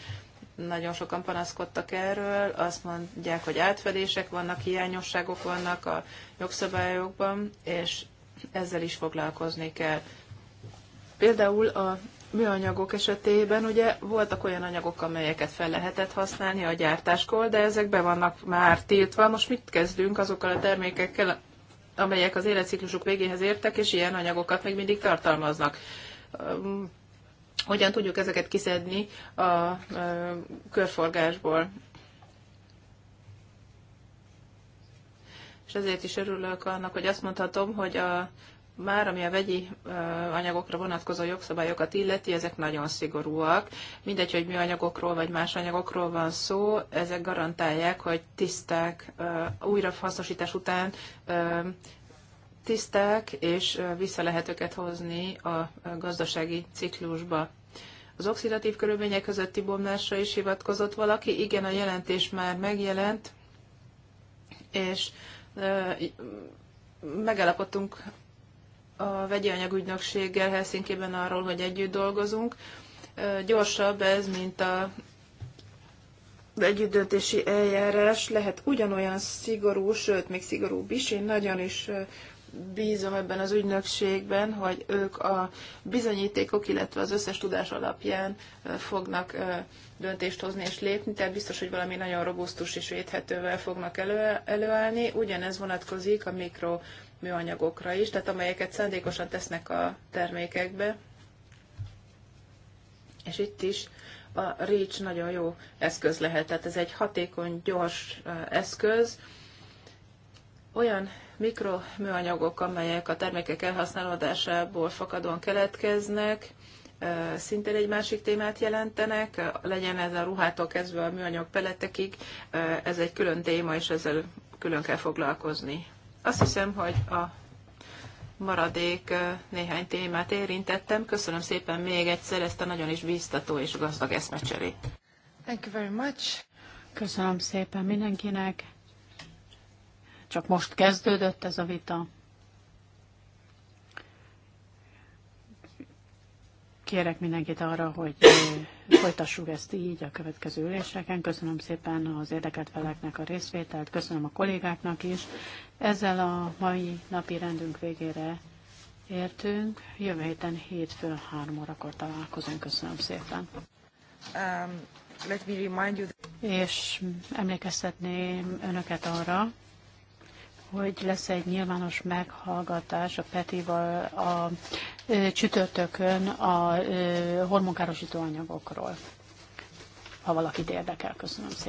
nagyon sokan panaszkodtak erről, azt mondják, hogy átfedések vannak, hiányosságok vannak a jogszabályokban, és ezzel is foglalkozni kell. Például a műanyagok esetében ugye voltak olyan anyagok, amelyeket fel lehetett használni a gyártáskor, de ezek be vannak már tiltva. Most mit kezdünk azokkal a termékekkel, amelyek az életciklusuk végéhez értek, és ilyen anyagokat még mindig tartalmaznak? hogyan tudjuk ezeket kiszedni a körforgásból. És ezért is örülök annak, hogy azt mondhatom, hogy a, már ami a vegyi anyagokra vonatkozó jogszabályokat illeti, ezek nagyon szigorúak. Mindegy, hogy mi anyagokról vagy más anyagokról van szó, ezek garantálják, hogy tiszták, újrahasznosítás után tiszták, és vissza lehet őket hozni a gazdasági ciklusba. Az oxidatív körülmények közötti bomlásra is hivatkozott valaki. Igen, a jelentés már megjelent, és megállapodtunk a vegyi anyagügynökséggel Helsinki-ben arról, hogy együtt dolgozunk. Gyorsabb ez, mint a együttdöntési eljárás lehet ugyanolyan szigorú, sőt, még szigorúbb is. Én nagyon is bízom ebben az ügynökségben, hogy ők a bizonyítékok, illetve az összes tudás alapján fognak döntést hozni és lépni, tehát biztos, hogy valami nagyon robusztus és védhetővel fognak elő, előállni. Ugyanez vonatkozik a műanyagokra is, tehát amelyeket szándékosan tesznek a termékekbe. És itt is a REACH nagyon jó eszköz lehet, tehát ez egy hatékony, gyors eszköz, olyan mikroműanyagok, amelyek a termékek elhasználódásából fakadóan keletkeznek, szintén egy másik témát jelentenek, legyen ez a ruhától kezdve a műanyag peletekig, ez egy külön téma, és ezzel külön kell foglalkozni. Azt hiszem, hogy a maradék néhány témát érintettem. Köszönöm szépen még egyszer ezt a nagyon is bíztató és gazdag eszmecserét. Thank you very much. Köszönöm szépen mindenkinek csak most kezdődött ez a vita. Kérek mindenkit arra, hogy folytassuk ezt így a következő üléseken. Köszönöm szépen az érdekelt feleknek a részvételt, köszönöm a kollégáknak is. Ezzel a mai napi rendünk végére értünk. Jövő héten hétfőn három órakor találkozunk. Köszönöm szépen. Um, let me remind you that... És emlékeztetném önöket arra, hogy lesz egy nyilvános meghallgatás a Petival a csütörtökön a hormonkárosító anyagokról. Ha valakit érdekel, köszönöm szépen.